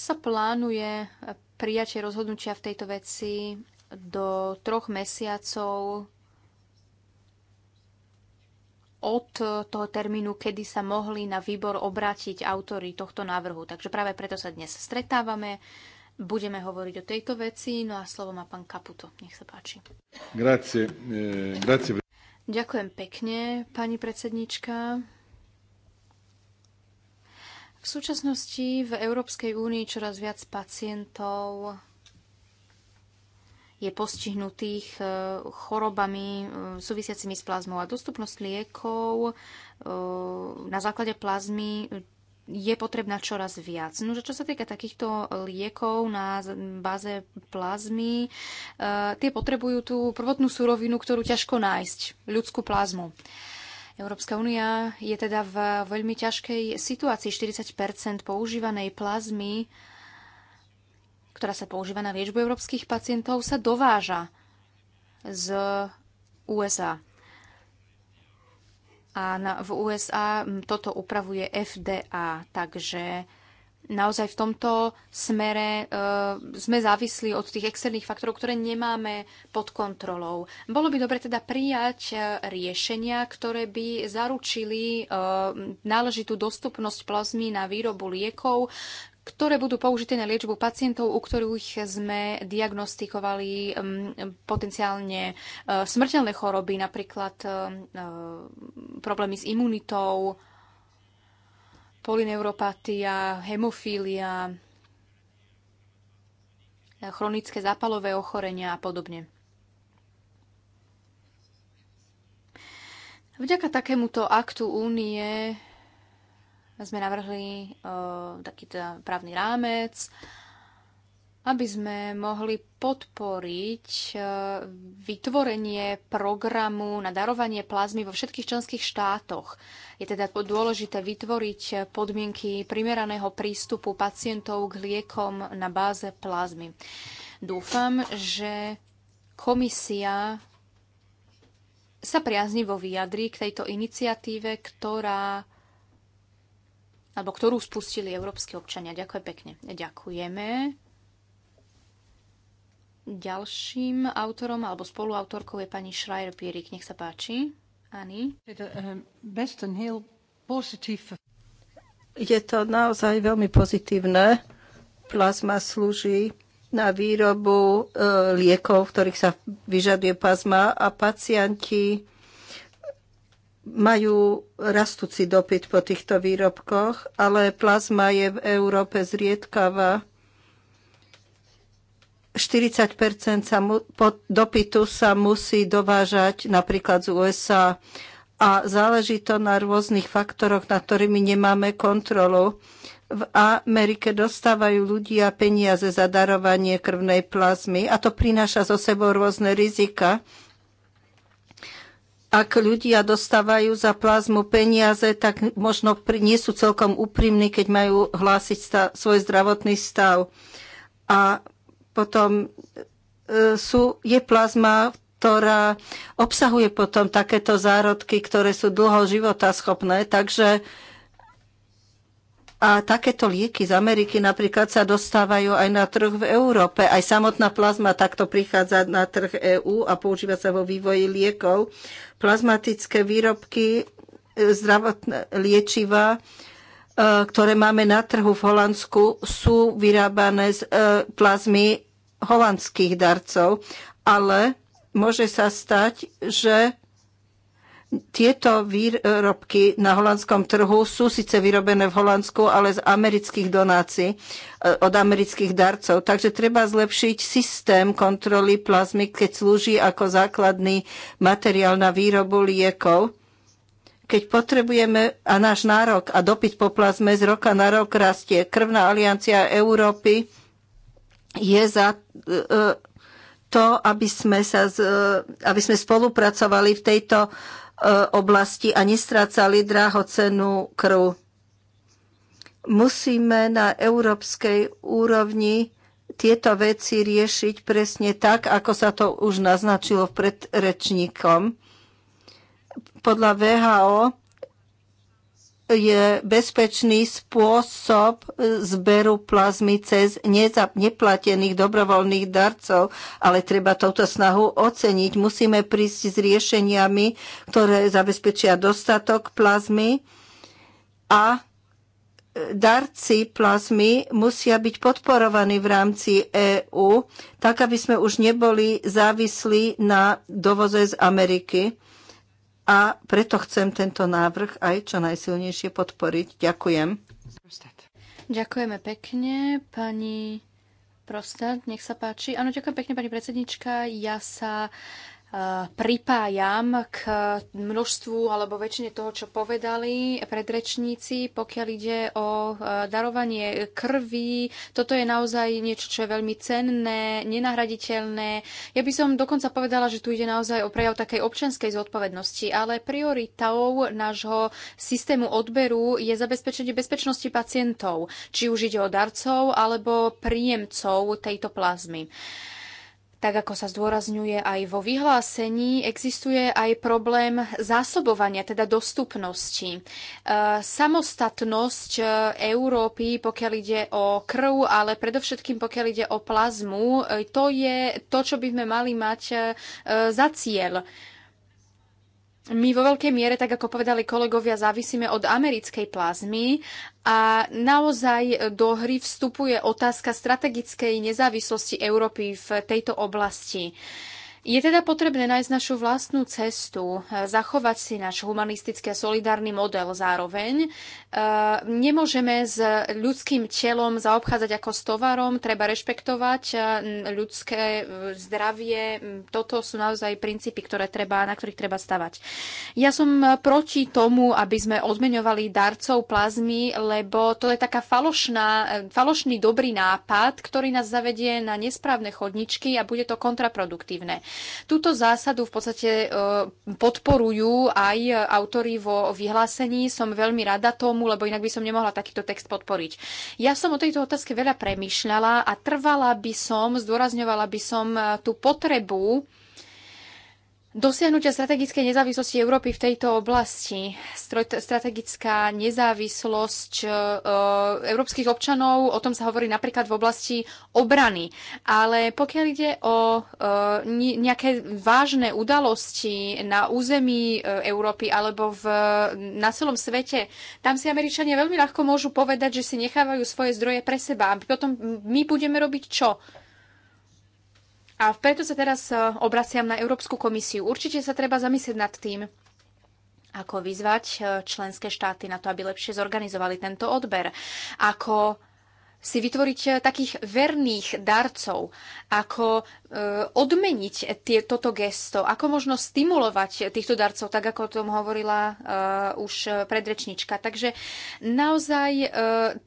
sa plánuje prijatie rozhodnutia v tejto veci do troch mesiacov od toho termínu, kedy sa mohli na výbor obrátiť autory tohto návrhu. Takže práve preto sa dnes stretávame, budeme hovoriť o tejto veci, no a slovo má pán Kaputo. Nech sa páči. Grazie. Eh, grazie. Ďakujem pekne, pani predsednička. V súčasnosti v Európskej únii čoraz viac pacientov je postihnutých e, chorobami e, súvisiacimi s plazmou a dostupnosť liekov e, na základe plazmy je potrebná čoraz viac. No, čo sa týka takýchto liekov na báze plazmy, tie potrebujú tú prvotnú surovinu, ktorú ťažko nájsť, ľudskú plazmu. Európska únia je teda v veľmi ťažkej situácii. 40 používanej plazmy, ktorá sa používa na liečbu európskych pacientov, sa dováža z USA. A na, v USA toto upravuje FDA, takže naozaj v tomto smere e, sme závislí od tých externých faktorov, ktoré nemáme pod kontrolou. Bolo by dobre teda prijať eh, riešenia, ktoré by zaručili e, náležitú dostupnosť plazmy na výrobu liekov, ktoré budú použité na liečbu pacientov, u ktorých sme diagnostikovali mm, potenciálne smrteľné choroby, napríklad problémy s imunitou, polineuropatia, hemofília, chronické zápalové ochorenia a podobne. Vďaka takémuto aktu únie sme navrhli uh, eh, taký teda právny rámec, uh, aby sme mohli podporiť e, vytvorenie programu na darovanie plazmy vo všetkých členských štátoch. Je teda dôležité vytvoriť podmienky primeraného prístupu pacientov k liekom na báze plazmy. Dúfam, že komisia sa priaznivo vyjadrí k tejto iniciatíve, ktorá alebo ktorú spustili európsky občania. Ďakujem pekne. Ďakujeme. Ďalším autorom alebo spoluautorkou je pani Schreier Pierik. Nech sa páči. Ani. Je to naozaj veľmi pozitívne. Plazma slúži na výrobu e, liekov, v ktorých sa vyžaduje plazma a pacienti majú rastúci dopyt po týchto výrobkoch, ale plazma je v Európe zriedkavá 40 sa mu, pod dopytu sa musí dovážať napríklad z USA a záleží to na rôznych faktoroch, nad ktorými nemáme kontrolu. V Amerike dostávajú ľudia peniaze za darovanie krvnej plazmy a to prináša so sebou rôzne rizika. Ak ľudia dostávajú za plazmu peniaze, tak možno nie sú celkom úprimní, keď majú hlásiť stav, svoj zdravotný stav. A potom e, sú, je plazma, ktorá obsahuje potom takéto zárodky, ktoré sú dlho života schopné. Takže a takéto lieky z Ameriky napríklad sa dostávajú aj na trh v Európe. Aj samotná plazma takto prichádza na trh EÚ a používa sa vo vývoji liekov. Plazmatické výrobky, e, zdravotné liečiva, E, ktoré máme na trhu v Holandsku, sú vyrábané z e, plazmy holandských darcov, ale môže sa stať, že tieto výrobky na holandskom trhu sú síce vyrobené v Holandsku, ale z amerických donácií, e, od amerických darcov. Takže treba zlepšiť systém kontroly plazmy, keď slúži ako základný materiál na výrobu liekov. Keď potrebujeme a náš nárok a dopyt po plazme z roka na rok rastie, Krvná aliancia Európy je za e, to, aby sme, sa z, e, aby sme spolupracovali v tejto e, oblasti a nestrácali drahocenú krv. Musíme na európskej úrovni tieto veci riešiť presne tak, ako sa to už naznačilo pred rečníkom podľa VHO je bezpečný spôsob zberu plazmy cez neplatených dobrovoľných darcov, ale treba touto snahu oceniť. Musíme prísť s riešeniami, ktoré zabezpečia dostatok plazmy a e, darci plazmy musia byť podporovaní v rámci EÚ, tak aby sme už neboli závislí na dovoze z Ameriky a preto chcem tento návrh aj čo najsilnejšie podporiť. Ďakujem. Ďakujeme pekne, pani Prostat, nech sa páči. Áno, ďakujem pekne, pani predsednička. Ja sa Eh, pripájam k množstvu alebo väčšine toho, čo povedali predrečníci, pokiaľ ide o eh, darovanie krvi. Toto je naozaj niečo, čo je veľmi cenné, nenahraditeľné. Ja by som dokonca povedala, že tu ide naozaj o prejav takej občianskej zodpovednosti, ale prioritou nášho systému odberu je zabezpečenie bezpečnosti pacientov, či už ide o darcov alebo príjemcov tejto plazmy. Tak ako sa zdôrazňuje aj vo vyhlásení, existuje aj problém zásobovania, teda dostupnosti. E, samostatnosť e, Európy, pokiaľ ide o krv, ale predovšetkým pokiaľ ide o plazmu, e, to je to, čo by sme mali mať za cieľ my vo veľkej miere, tak ako povedali kolegovia, závisíme od americkej plazmy a naozaj do hry vstupuje otázka strategickej nezávislosti Európy v tejto oblasti. Je teda potrebné nájsť našu vlastnú cestu, eh, zachovať si náš humanistický a solidárny model zároveň. Eh, nemôžeme s ľudským telom zaobchádzať ako s tovarom, treba rešpektovať eh, ľudské zdravie. Toto sú naozaj princípy, ktoré treba, na ktorých treba stavať. Ja som proti tomu, aby sme odmeňovali darcov plazmy, lebo to je taká falošná, falošný dobrý nápad, ktorý nás zavedie na nesprávne chodničky a bude to kontraproduktívne. Túto zásadu v podstate e, podporujú aj autory vo vyhlásení. Som veľmi rada tomu, lebo inak by som nemohla takýto text podporiť. Ja som o tejto otázke veľa premýšľala a trvala by som, zdôrazňovala by som e, tú potrebu dosiahnutia strategickej nezávislosti Európy v tejto oblasti. Strategická nezávislosť e, európskych občanov, o tom sa hovorí napríklad v oblasti obrany. Ale pokiaľ ide o e, nejaké vážne udalosti na území e, Európy alebo v, na celom svete, tam si Američania veľmi ľahko môžu povedať, že si nechávajú svoje zdroje pre seba. A potom my budeme robiť čo? A preto sa teraz e, obraciam na Európsku komisiu. Určite sa treba zamyslieť nad tým, ako vyzvať e, členské štáty na to, aby lepšie zorganizovali tento odber, ako si vytvoriť eh, takých verných darcov, ako eh, odmeniť tie, toto gesto, ako možno stimulovať týchto darcov, tak ako o tom hovorila eh, už predrečnička. Takže naozaj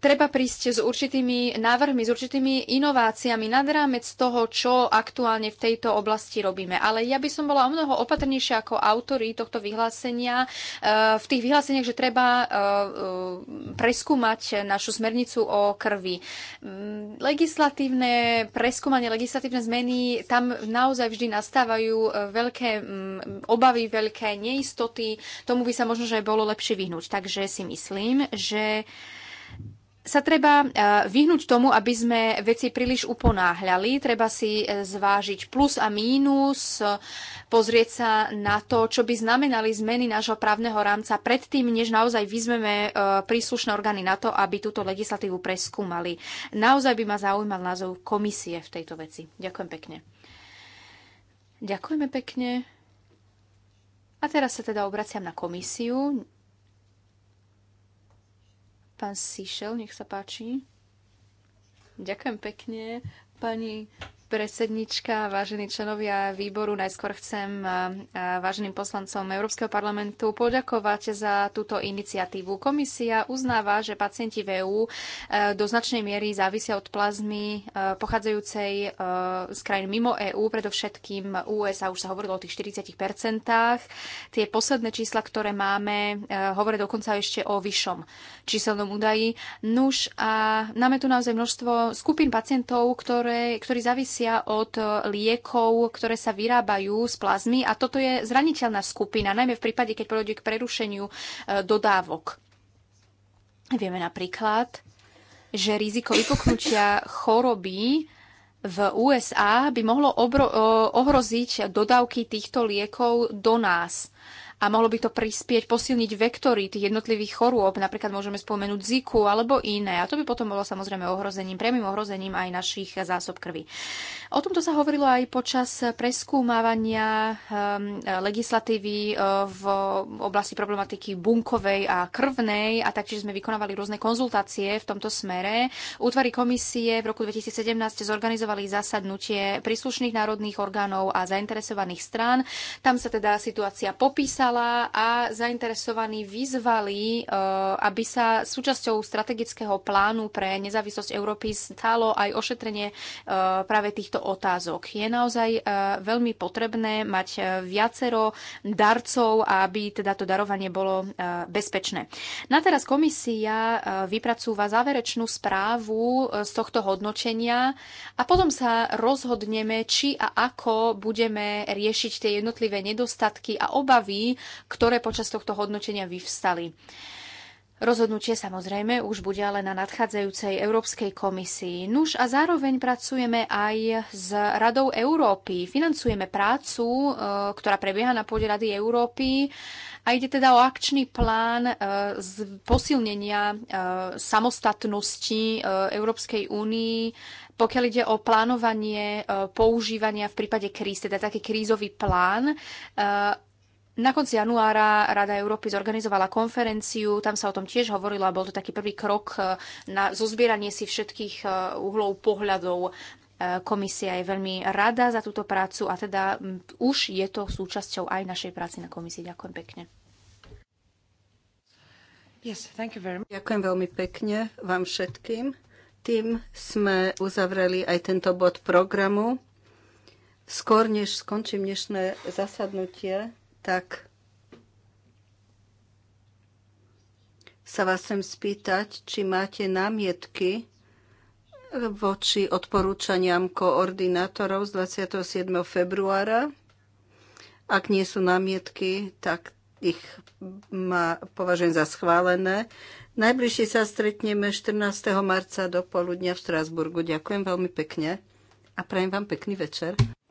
treba prísť s určitými návrhmi, s určitými inováciami nad rámec toho, čo aktuálne v tejto oblasti robíme. Ale ja by som bola o mnoho opatrnejšia ako autori tohto vyhlásenia v tých vyhláseniach, že treba preskúmať našu smernicu o krvi. Mm, legislatívne preskúmanie, legislatívne zmeny, tam naozaj vždy nastávajú e, veľké mm, obavy, veľké neistoty. Tomu by sa možno, že aj bolo lepšie vyhnúť. Takže si myslím, že sa treba e, vyhnúť tomu, aby sme veci príliš uponáhľali. Treba si e, zvážiť plus a mínus, e, pozrieť sa na to, čo by znamenali zmeny nášho právneho rámca predtým, než naozaj vyzmeme príslušné orgány na to, aby túto legislatívu preskúmali. Naozaj by ma zaujímal názov komisie v tejto veci. Ďakujem pekne. Ďakujeme pekne. A teraz sa teda obraciam na komisiu. Pán Sišel, nech sa páči. Ďakujem pekne. Pani predsednička, vážení členovia výboru, najskôr chcem váženým poslancom Európskeho parlamentu poďakovať za túto iniciatívu. Komisia uznáva, že pacienti v EÚ e, do značnej miery závisia od plazmy e, pochádzajúcej e, z krajín mimo EÚ, predovšetkým USA, už sa hovorilo o tých 40 Tie posledné čísla, ktoré máme, hovoria dokonca ešte o vyššom číselnom údaji. Nuž a máme tu naozaj množstvo skupín pacientov, ktoré, ktorí závisia závisia od e, liekov, ktoré sa vyrábajú z plazmy a toto je zraniteľná skupina, najmä v prípade, keď dojde k prerušeniu e, dodávok. Vieme napríklad, že riziko vypuknutia choroby v USA by mohlo e, ohroziť dodávky týchto liekov do nás a mohlo by to prispieť posilniť vektory tých jednotlivých chorôb, napríklad môžeme spomenúť ziku alebo iné. A to by potom bolo samozrejme ohrozením, priamým ohrozením aj našich zásob krvi. O tomto sa hovorilo aj počas preskúmávania um, legislatívy eh, v oblasti problematiky bunkovej a krvnej a taktiež sme vykonávali rôzne konzultácie v tomto smere. Útvary komisie v roku 2017 zorganizovali zasadnutie príslušných národných orgánov a zainteresovaných strán. Tam sa teda situácia popísala vyzvala a zainteresovaní vyzvali, e, aby sa súčasťou strategického plánu pre nezávislosť Európy stalo aj ošetrenie e, práve týchto otázok. Je naozaj e, veľmi potrebné mať viacero darcov, aby teda to darovanie bolo bezpečné. Na teraz komisia vypracúva záverečnú správu z tohto hodnotenia a potom sa rozhodneme, či a ako budeme riešiť tie jednotlivé nedostatky a obavy, ktoré počas tohto hodnotenia vyvstali. Rozhodnutie samozrejme už bude ale na nadchádzajúcej Európskej komisii. Nuž a zároveň pracujeme aj s Radou Európy. Financujeme prácu, e, ktorá prebieha na pôde Rady Európy a ide teda o akčný plán e, z posilnenia e, samostatnosti Európskej únii pokiaľ ide o plánovanie používania v prípade kríz, teda taký krízový plán na konci januára Rada Európy zorganizovala konferenciu, tam sa o tom tiež hovorilo a bol to taký prvý krok e, na zozbieranie si všetkých e, uhlov pohľadov. E, komisia je veľmi rada za túto prácu a teda už je to súčasťou aj našej práci na komisii. Ďakujem pekne. Yes, thank you very much. Ďakujem veľmi pekne vám všetkým. Tým sme uzavreli aj tento bod programu. Skôr než skončím dnešné zasadnutie, tak sa vás chcem spýtať, či máte námietky voči odporúčaniam koordinátorov z 27. februára. Ak nie sú námietky, tak ich má, považujem za schválené. Najbližšie sa stretneme 14. marca do poludnia v Štrásburgu. Ďakujem veľmi pekne a prajem vám pekný večer.